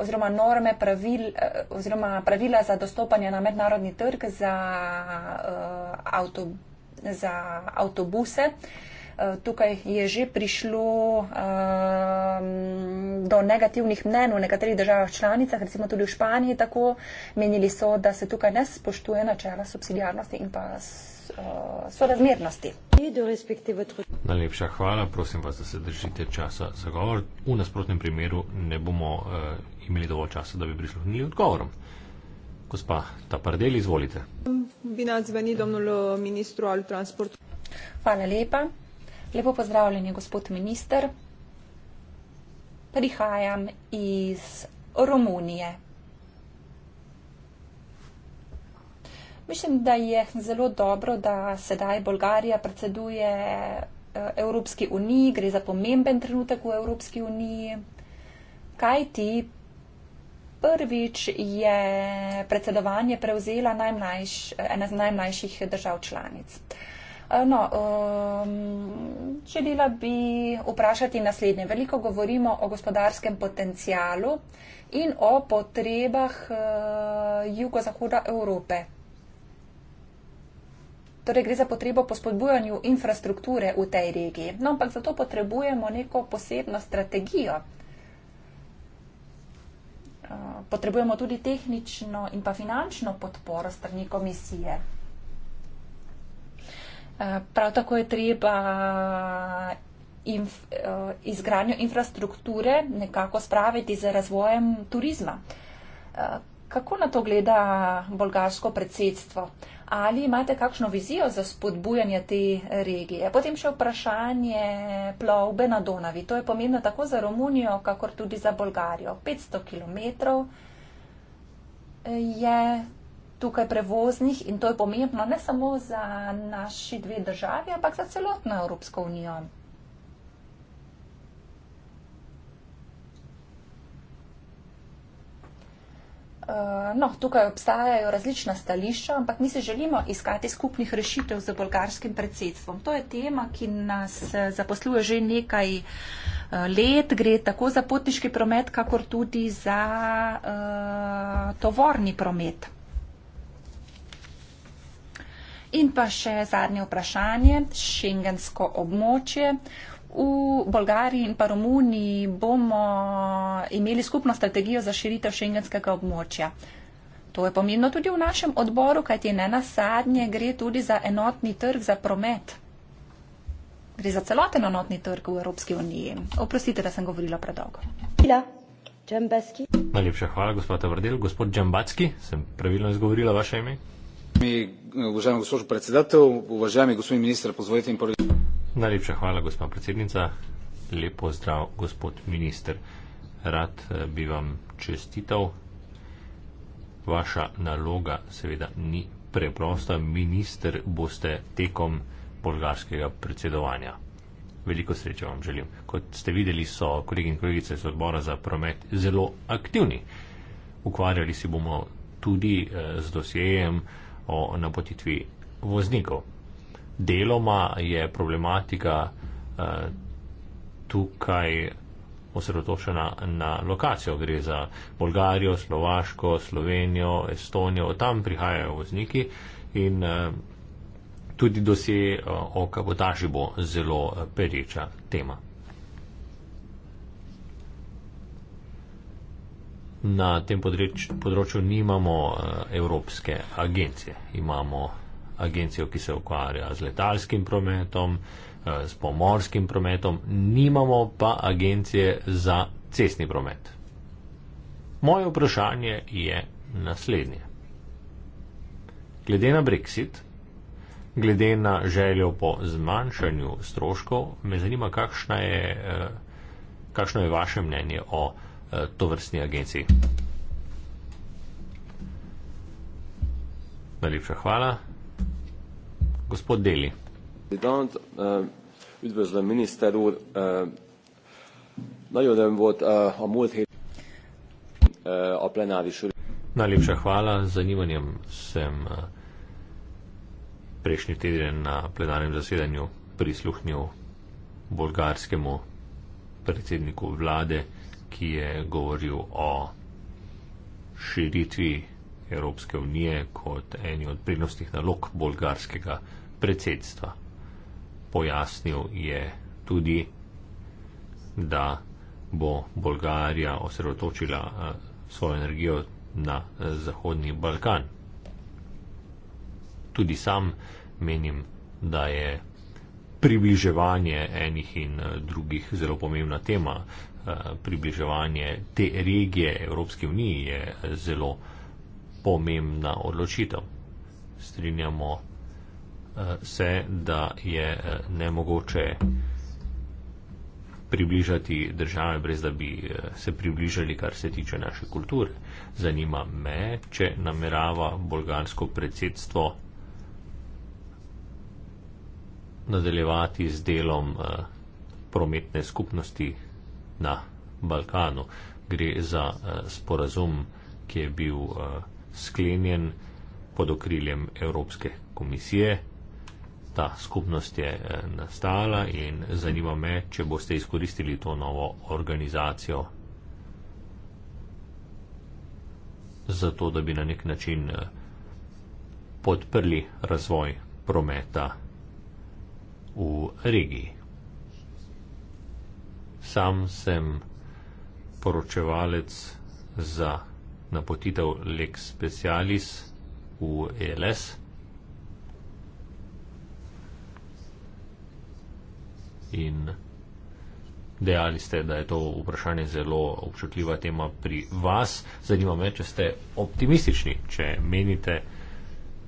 oziroma norme, pravil, eh, oziroma pravila za dostopanje na mednarodni trg za, uh, avto, za avtobuse. Eh, tukaj je že prišlo um, do negativnih mnen v nekaterih državah članicah, recimo tudi v Španiji tako. Menili so, da se tukaj ne spoštuje načela subsidijarnosti in pa Eh, sorazmernosti.
Najlepša hvala, prosim vas, da se držite časa za govor. V nasprotnem primeru ne bomo uh, imeli dovolj časa, da bi prisluhnili odgovorom. Gospa Tapardel, izvolite.
Hvala lepa. Lepo pozdravljen je gospod minister. Prihajam iz Romunije. Mislim, da je zelo dobro, da sedaj Bolgarija predseduje eh, Evropski uniji, gre za pomemben trenutek v Evropski uniji. Kaj ti prvič je predsedovanje prevzela najmlajš, ena z najmlajših držav članic? Eh, no, um, želela bi vprašati naslednje. Veliko govorimo o gospodarskem potencialu in o potrebah uh, jugozahoda Evrope. Torej gre za potrebo po spodbujanju infrastrukture v tej regiji. No, ampak zato potrebujemo neko posebno strategijo. Eh, potrebujemo tudi tehnično in pa finančno podporo strani komisije. Eh, prav tako je treba inf, eh, izgradnjo infrastrukture nekako spraviti z razvojem turizma. Kako na to gleda bolgarsko predsedstvo? ali imate kakšno vizijo za spodbujanje te regije. Potem še vprašanje plovbe na Donavi. To je pomembno tako za Romunijo, kakor tudi za Bolgarijo. 500 km je tukaj prevoznih in to je pomembno ne samo za naši dve državi, ampak za celotno Evropsko unijo. Eh, no, tukaj obstajajo različna stališča, ampak mi se želimo iskati skupnih rešitev z bolgarskim predsedstvom. To je tema, ki nas eh, zaposluje že nekaj eh, let, gre tako za potniški promet, kakor tudi za uh, tovorni promet. In pa še zadnje vprašanje, šengensko območje. Uh, V Bolgariji in pa Romuniji bomo imeli skupno strategijo za širitev šengenskega območja. To je pomembno tudi v našem odboru, kajti ne na sadnje gre tudi za enotni trg za promet. Gre za celoten enotni trg v Evropski uniji. Oprostite, da sem govorila predolgo.
Najlepša hvala, gospod Tavrdel. Gospod Džambacki, sem pravilno izgovorila vaše ime? Mi, uvažajmo gospod predsedatelj, uvažajmo gospod minister, pozvolite in prvi. Najlepša hvala, gospa predsednica. Lepo zdrav, gospod minister. Rad eh, bi vam čestital. Vaša naloga seveda ni preprosta. Minister boste tekom bolgarskega predsedovanja. Veliko sreče vam želim. Kot ste videli, so kolegi in kolegice iz odbora za promet zelo aktivni. Ukvarjali si bomo tudi eh, z dosjejem o napotitvi voznikov deloma je problematika uh, tukaj osredotočena na lokacijo. Gre za Bolgarijo, Slovaško, Slovenijo, Estonijo, tam prihajajo vozniki in uh, tudi dosje uh, o kabotaži bo zelo uh, pereča tema. Na tem področju nimamo Evropske agencije, imamo agencijo, ki se ukvarja z letalskim prometom, eh, s pomorskim prometom, nimamo pa agencije za cestni promet. Moje vprašanje je naslednje. Glede na Brexit, glede na željo po zmanjšanju stroškov, me zanima, kakšno je, eh, kakšno je vaše mnenje o eh, to vrstni agenciji. Najlepša hvala gospod Deli. Danes, eh, üdvözlöm, minister úr, eh, nagyon öröm volt eh, a múlt hét a plenáris ülés. Najlepša hvala, z zanimanjem sem prejšnji teden na plenarnem zasedanju prisluhnil bolgarskemu predsedniku vlade, ki je govoril o širitvi Evropske unije kot eni od prednostnih nalog bolgarskega predsednika predsedstva. Pojasnil je tudi, da bo Bolgarija osredotočila eh, svojo energijo na eh, Zahodni Balkan. Tudi sam menim, da je približevanje enih in eh, drugih zelo pomembna tema. Približevanje te regije Evropski uniji je zelo pomembna odločitev. Strinjamo se se, da je eh, nemogoče približati države, brez da bi eh, se približali, kar se tiče naše kulture. Zanima me, če namerava bolgarsko predsedstvo nadaljevati z delom eh, prometne skupnosti na Balkanu. Gre za sporazum, ki je bil sklenjen pod okriljem Evropske komisije ta skupnost je eh, nastala in zanima me, če boste izkoristili to novo organizacijo za to, da bi na nek način eh, podprli razvoj prometa v regiji. Sam sem poročevalec za napotitev Lex Specialis v ELS. in dejali ste, da je to vprašanje zelo občutljiva tema pri vas. Zanima me, če ste optimistični, če menite,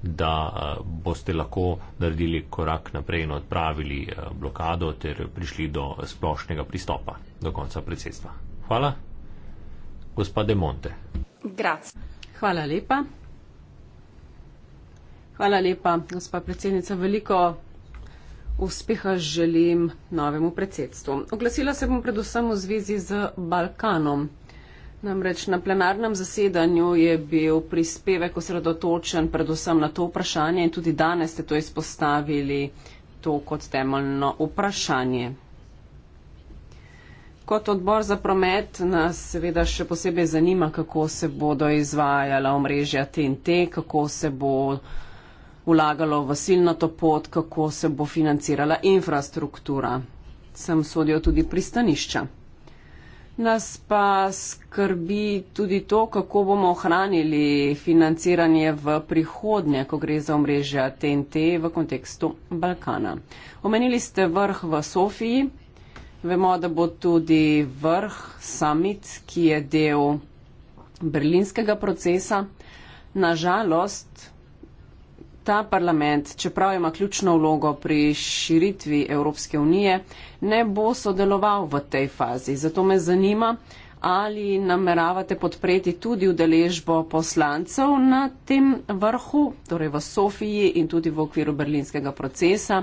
da eh, boste lahko naredili korak naprej in odpravili eh, blokado ter prišli do splošnega pristopa do konca predsedstva. Hvala. Gospa De Monte.
Grac. Hvala lepa. Hvala lepa, gospa predsednica. Veliko uspeha želim novemu predsedstvu. Oglasila se bom predvsem v zvezi z Balkanom. Namreč na plenarnem zasedanju je bil prispevek osredotočen predvsem na to vprašanje in tudi danes ste to izpostavili to kot temeljno vprašanje. Kot odbor za promet nas seveda še posebej zanima, kako se bodo izvajala omrežja TNT, kako se bo vlagalo v silno to pot, kako se bo financirala infrastruktura. Sem sodijo tudi pristanišča. Nas pa skrbi tudi to, kako bomo ohranili financiranje v prihodnje, ko gre za omrežja TNT v kontekstu Balkana. Omenili ste vrh v Sofiji. Vemo, da bo tudi vrh, summit, ki je del berlinskega procesa. Nažalost, ta parlament, čeprav ima ključno vlogo pri širitvi Evropske unije, ne bo sodeloval v tej fazi. Zato me zanima, ali nameravate podpreti tudi udeležbo poslancev na tem vrhu, torej v Sofiji in tudi v okviru berlinskega procesa.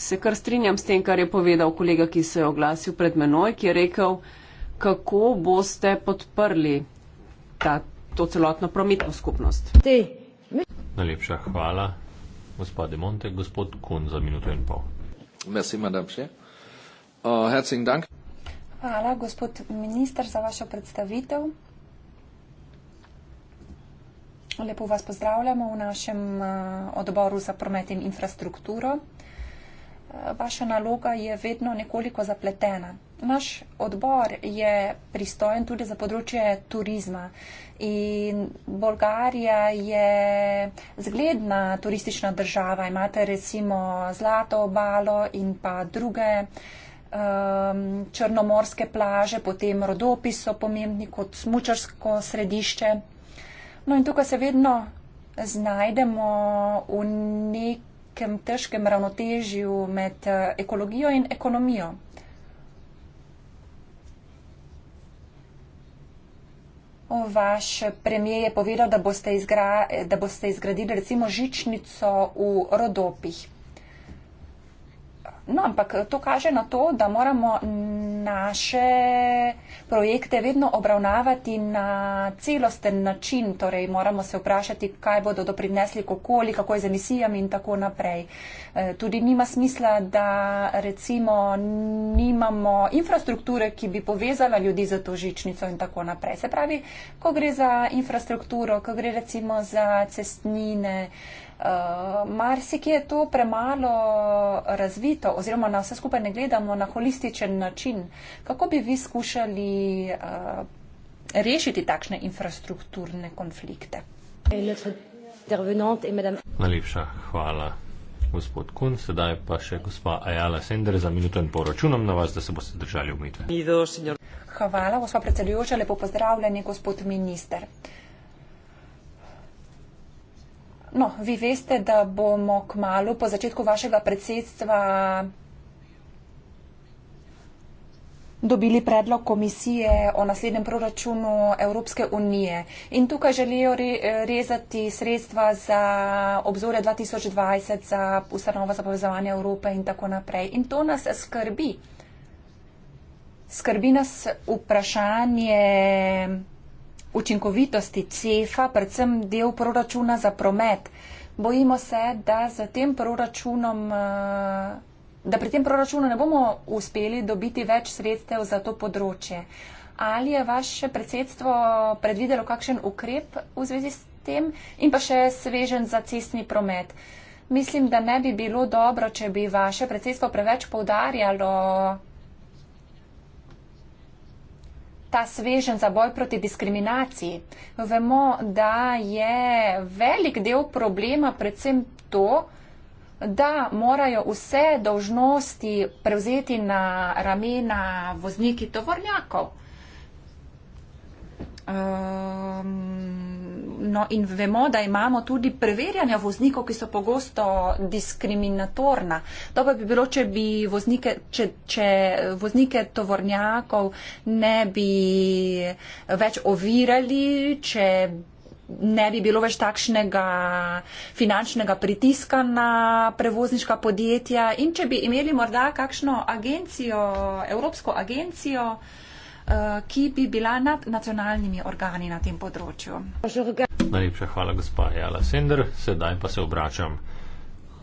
Se kar strinjam s tem, kar je povedal kolega, ki se je oglasil pred menoj, ki je rekel, kako boste podprli ta, to celotno prometno skupnost.
Najlepša hvala, gospod De Monte. Gospod Kun za minuto in pol. Merci, madame, uh, dank.
Hvala, gospod minister, za vašo predstavitev. Lepo vas pozdravljamo v našem uh, odboru za promet in infrastrukturo. Uh, vaša naloga je vedno nekoliko zapletena. Naš odbor je pristojen tudi za področje turizma, In Bolgarija je zgledna turistična država. Imate recimo Zlato obalo in pa druge um, črnomorske plaže, potem Rodopis so pomembni kot smučarsko središče. No in tukaj se vedno znajdemo v nekem težkem ravnotežju med eh, ekologijo in ekonomijo. Vaš premijer je povedal, da boste, izgra, da boste izgradili recimo žičnico v Rodopih. No, ampak eh, to kaže na to, da moramo naše projekte vedno obravnavati na celosten način. Torej, moramo se vprašati, kaj bodo doprinesli okoli, kako je z emisijami in tako naprej. Eh, tudi nima smisla, da recimo nimamo infrastrukture, ki bi povezala ljudi za to žičnico in tako naprej. Se pravi, ko gre za infrastrukturo, ko gre recimo za cestnine. Eh, marsikje je to premalo razvito oziroma na vse skupaj ne gledamo na holističen način. Kako bi vi skušali uh, rešiti takšne infrastrukturne konflikte?
Najlepša hvala, gospod Kun. Sedaj pa še gospa Ajala Sender za minuto in pol računam na vas, da se boste držali umitve.
Hvala, gospod predsedujoča, lepo pozdravljeni, gospod minister. Uh, No, vi veste, da bomo k malu po začetku vašega predsedstva dobili predlog komisije o naslednjem proračunu Evropske unije. In tukaj želijo rezati sredstva za obzore 2020, za ustanova za povezovanje Evrope in tako naprej. In to nas skrbi. Skrbi nas vprašanje učinkovitosti CEFA, predvsem del proračuna za promet. Bojimo se, da, tem eh, da pri tem proračunu ne bomo uspeli dobiti več sredstev za to področje. Ali je vaše predsedstvo predvidelo kakšen ukrep v zvezi s tem in pa še svežen za cestni promet? Mislim, da ne bi bilo dobro, če bi vaše predsedstvo preveč poudarjalo ta svežen za boj proti diskriminaciji. Vemo, da je velik del problema predvsem to, da morajo vse dožnosti prevzeti na ramena vozniki tovornjakov. Um, pomembno in vemo, da imamo tudi preverjanja voznikov, ki so pogosto diskriminatorna. Dobro bi bilo, če bi voznike, če, če voznike tovornjakov ne bi več ovirali, če ne bi bilo več takšnega finančnega pritiska na prevozniška podjetja in če bi imeli morda kakšno agencijo, evropsko agencijo, Eh, ki bi bila nad nacionalnimi organi na tem področju.
Najlepša hvala, gospa Jala Sender. Sedaj pa se obračam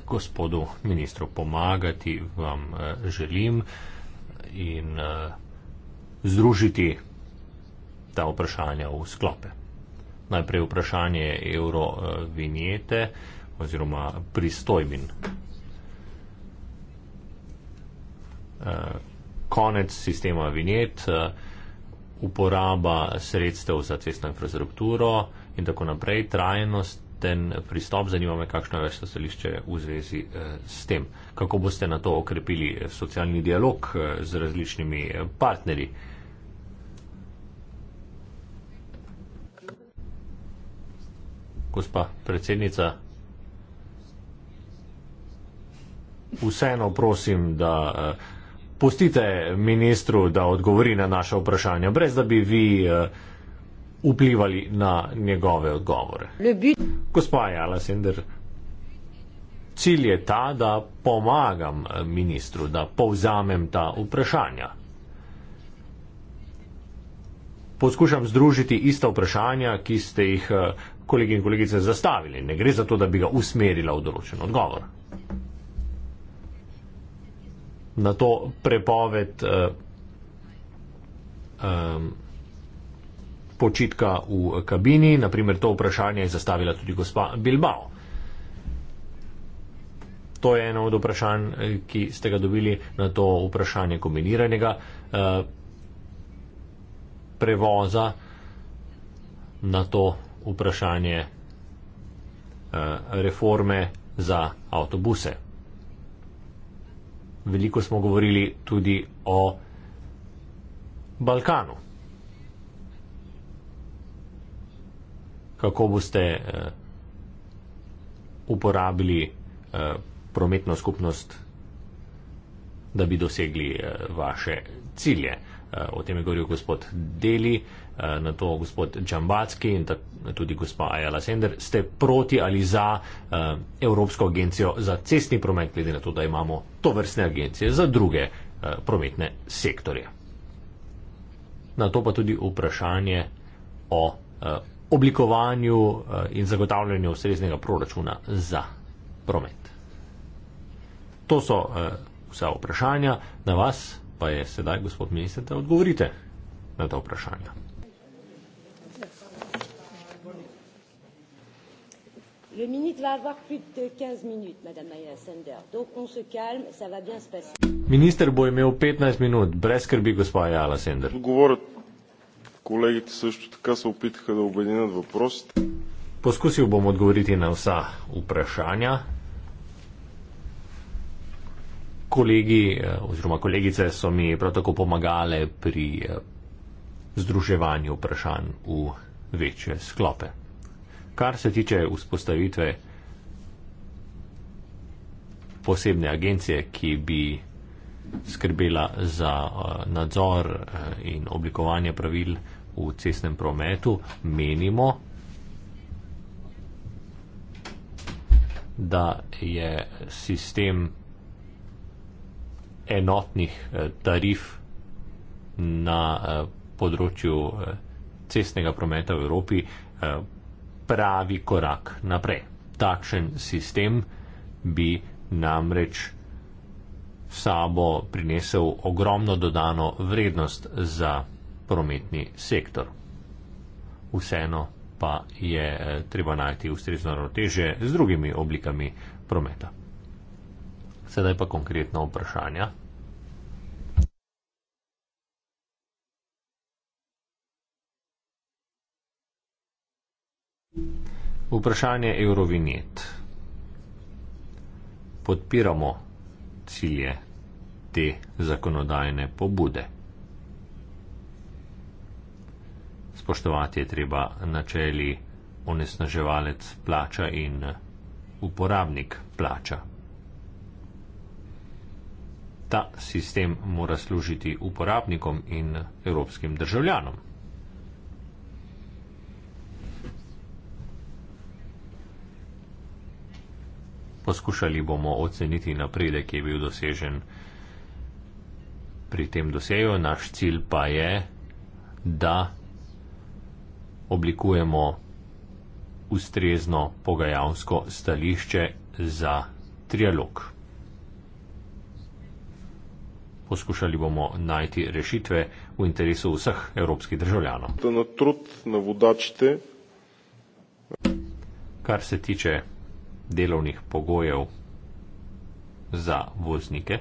gospodu ministru. Pomagati vam eh, želim in eh, združiti ta vprašanja v sklope. Najprej vprašanje eurovinjete oziroma pristojbin. Konec sistema vinjet uporaba sredstev za cestno infrastrukturo in tako naprej, trajnost, ten pristop, zanima me, kakšno je vaše stališče v zvezi eh, s tem. Kako boste na to okrepili eh, socialni dialog eh, z različnimi partnerji? Gospa predsednica, vseeno prosim, da pustite ministru, da odgovori na naše vprašanje, brez da bi vi eh, vplivali na njegove odgovore. Gospa Jala Sender, cilj je ta, da pomagam eh, ministru, da povzamem ta vprašanja. Poskušam združiti ista vprašanja, ki ste jih eh, kolegi in kolegice zastavili. Ne gre za to, da bi ga usmerila v določen odgovor na to prepoved uh, um, počitka v kabini. Naprimer, to vprašanje je zastavila tudi gospa Bilbao. To je eno od vprašanj, eh, ki ste ga dobili na to vprašanje kombiniranega uh, prevoza na to vprašanje uh, reforme za avtobuse veliko smo govorili tudi o Balkanu. Kako boste eh, uporabili eh, prometno skupnost, da bi dosegli eh, vaše cilje. O tem je govoril gospod Deli. Eh, na to gospod Džambacki in tudi gospa Ajala Sender, ste proti ali za eh, Evropsko agencijo za cestni promet, glede na to, da imamo to vrstne agencije za druge eh, prometne sektorje. Na to pa tudi vprašanje o oblikovanju in zagotavljanju ustreznega proračuna za promet. To so vsa vprašanja, na vas pa je sedaj, gospod minister, da odgovorite na ta vprašanja.
Le ministre va avoir plus de 15 minutes, madame Maya Sender. Donc on se calme, ça va bien se passer.
Minister bo imel 15 minut, brez skrbi, gospa Jala Sender. Govor, kolegite също
така se opitaha da objedinat vprosite.
Poskusil bom odgovoriti na vsa vprašanja. Kolegi eh, oziroma kolegice so mi prav tako pomagale pri eh, združevanju vprašanj v večje sklope. Kar se tiče vzpostavitve posebne agencije, ki bi skrbela za eh, nadzor eh, in oblikovanje pravil v cestnem prometu, menimo, da je sistem enotnih eh, tarif na področju cestnega prometa v Evropi pravi korak naprej. Takšen sistem bi namreč sabo prinesel ogromno dodano vrednost za prometni sektor. Vseeno pa je eh, treba najti ustrezno ravnoteže z drugimi oblikami prometa. Sedaj pa konkretno vprašanja. Vprašanje Eurovinjet. Podpiramo cilje te zakonodajne pobude. Spoštovati je treba načeli onesnaževalec plača in uporabnik plača. Ta sistem mora služiti uporabnikom in evropskim državljanom. Poskušali bomo oceniti napredek, ki je bil dosežen pri tem doseju. Naš cilj pa je, da oblikujemo ustrezno pogajalsko stališče za trialog. Poskušali bomo najti rešitve v interesu vseh evropskih državljanov. Kar se tiče delovnih pogojev za voznike.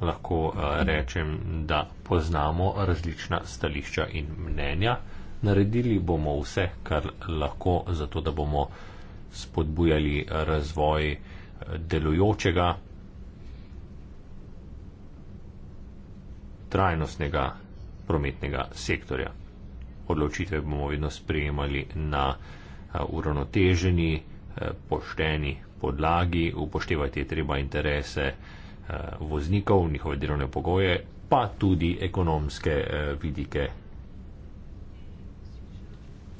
Lahko eh, rečem, da poznamo različna stališča in mnenja. Naredili bomo vse, kar lahko, zato da bomo spodbujali razvoj eh, delujočega, trajnostnega prometnega sektorja odločitve bomo vedno sprejemali na uravnoteženi, pošteni podlagi, upoštevati je treba interese voznikov, njihove delovne pogoje, pa tudi ekonomske vidike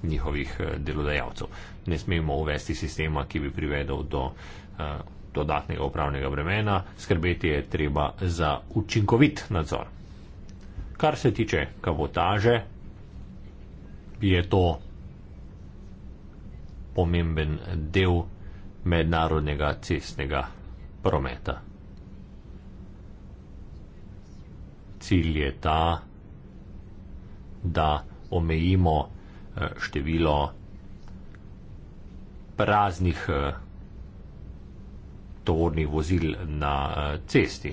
njihovih delodajalcev. Ne smemo uvesti sistema, ki bi privedel do dodatnega upravnega bremena, skrbeti je treba za učinkovit nadzor. Kar se tiče kavotaže, je to pomemben del mednarodnega cestnega prometa. Cilj je ta, da omejimo eh, število praznih eh, tovornih vozil na eh, cesti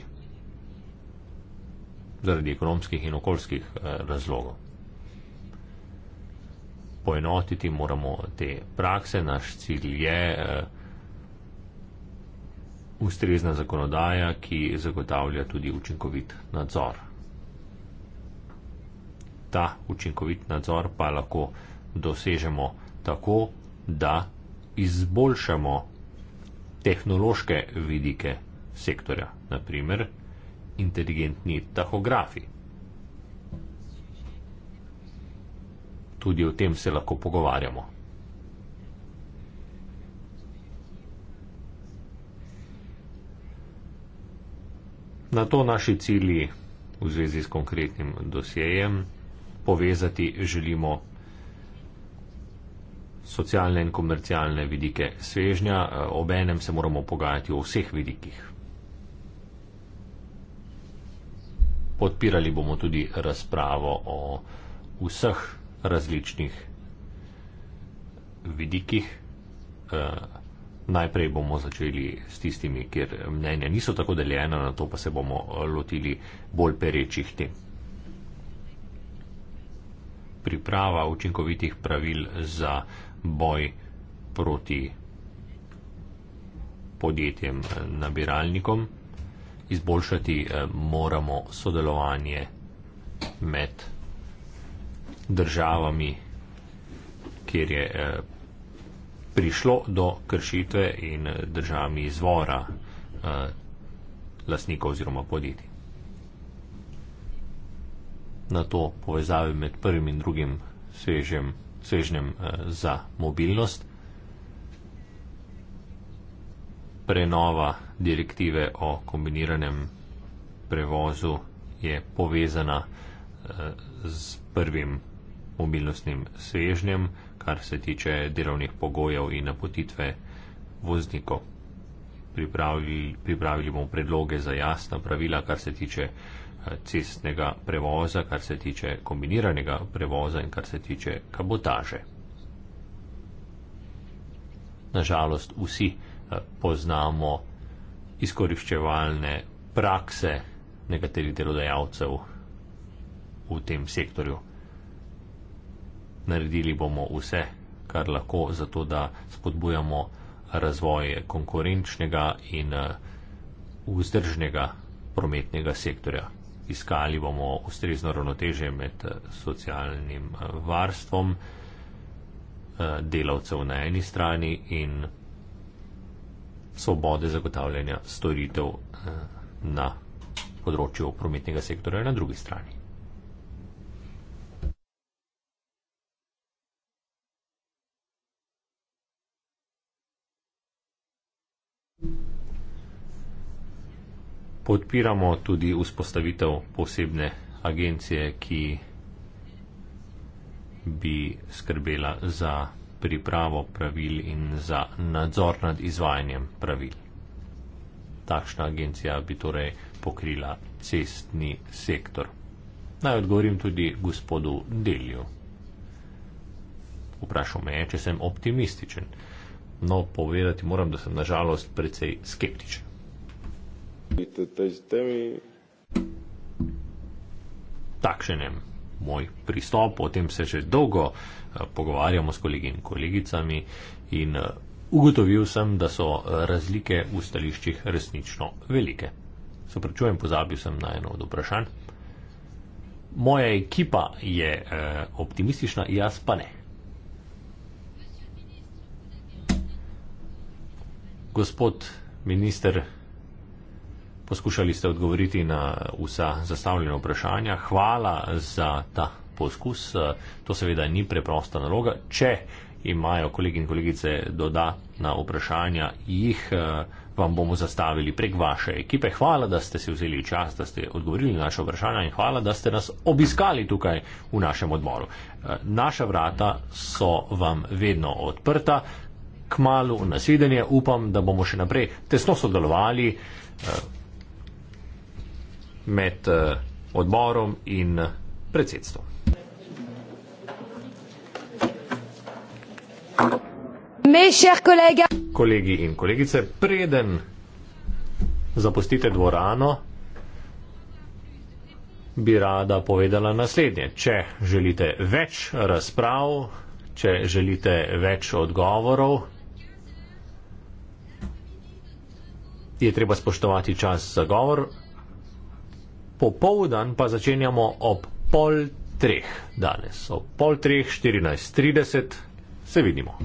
zaradi ekonomskih in okoljskih razlogov poenotiti moramo te prakse. Naš cilj je eh, ustrezna zakonodaja, ki zagotavlja tudi učinkovit nadzor. Ta učinkovit nadzor pa lahko dosežemo tako, da izboljšamo tehnološke vidike sektorja, naprimer inteligentni tahografi. tudi o tem se lahko pogovarjamo. Na to naši cilji v zvezi s konkretnim dosjejem povezati želimo socialne in komercialne vidike svežnja, obenem se moramo pogajati o vseh vidikih. Podpirali bomo tudi razpravo o vseh različnih vidikih. Eh, najprej bomo začeli s tistimi, kjer mnenja niso tako deljena, na to pa se bomo eh, lotili bolj perečih tem. Priprava učinkovitih pravil za boj proti podjetjem eh, nabiralnikom. Izboljšati moramo sodelovanje med podjetjem državami, kjer je eh, prišlo do kršitve in eh, državami izvora eh, lasnikov oziroma podjetij. Na to povezave med prvim in drugim svežem, svežnem za mobilnost. Prenova direktive o kombiniranem prevozu je povezana z prvim mobilnostnim svežnjem, kar se tiče delovnih pogojev in napotitve voznikov. Pripravili, pripravili bomo predloge za jasna pravila, kar se tiče eh, cestnega prevoza, kar se tiče kombiniranega prevoza in kar se tiče kabotaže. Nažalost, vsi eh, poznamo izkoriščevalne prakse nekaterih delodajalcev v tem sektorju naredili bomo vse, kar lahko, zato da spodbujamo razvoj konkurenčnega in eh, vzdržnega prometnega sektorja. Iskali bomo ustrezno ravnoteže med eh, socialnim eh, varstvom delavcev na eni strani in svobode zagotavljanja storitev na področju prometnega sektorja na drugi strani. podpiramo tudi vzpostavitev posebne agencije, ki bi skrbela za pripravo pravil in za nadzor nad izvajanjem pravil. Takšna agencija bi torej pokrila cestni sektor. Naj odgovorim tudi gospodu Delju. Vprašal me je, če sem optimističen. No, povedati moram, da sem nažalost precej skeptičen. Takšen je moj pristop, o tem se že dolgo eh, pogovarjamo s kolegi in kolegicami in eh, ugotovil sem, da so eh, razlike v stališčih resnično velike. Se prečujem, pozabil sem na eno od vprašanj. Moja ekipa je optimistična, jaz pa ne. Gospod minister, Poskušali ste odgovoriti na vsa zastavljena vprašanja. Hvala za ta poskus. To seveda ni preprosta naloga. Če imajo kolegi in kolegice dodatna vprašanja, jih eh, vam bomo zastavili prek vaše ekipe. Hvala, da ste si vzeli čas, da ste odgovorili na naše vprašanja in hvala, da ste nas obiskali tukaj v našem odboru. Eh, naša vrata so vam vedno odprta. Kmalu nasvidenje, upam, da bomo še naprej tesno sodelovali. Eh, med eh, odborom in eh, predsedstvom. Kolegi in kolegice, preden zapustite dvorano, bi rada povedala naslednje. Če želite več razprav, če želite več odgovorov, je treba spoštovati čas za govor popoldan pa začenjamo ob pol treh danes, ob pol treh 14.30 se vidimo.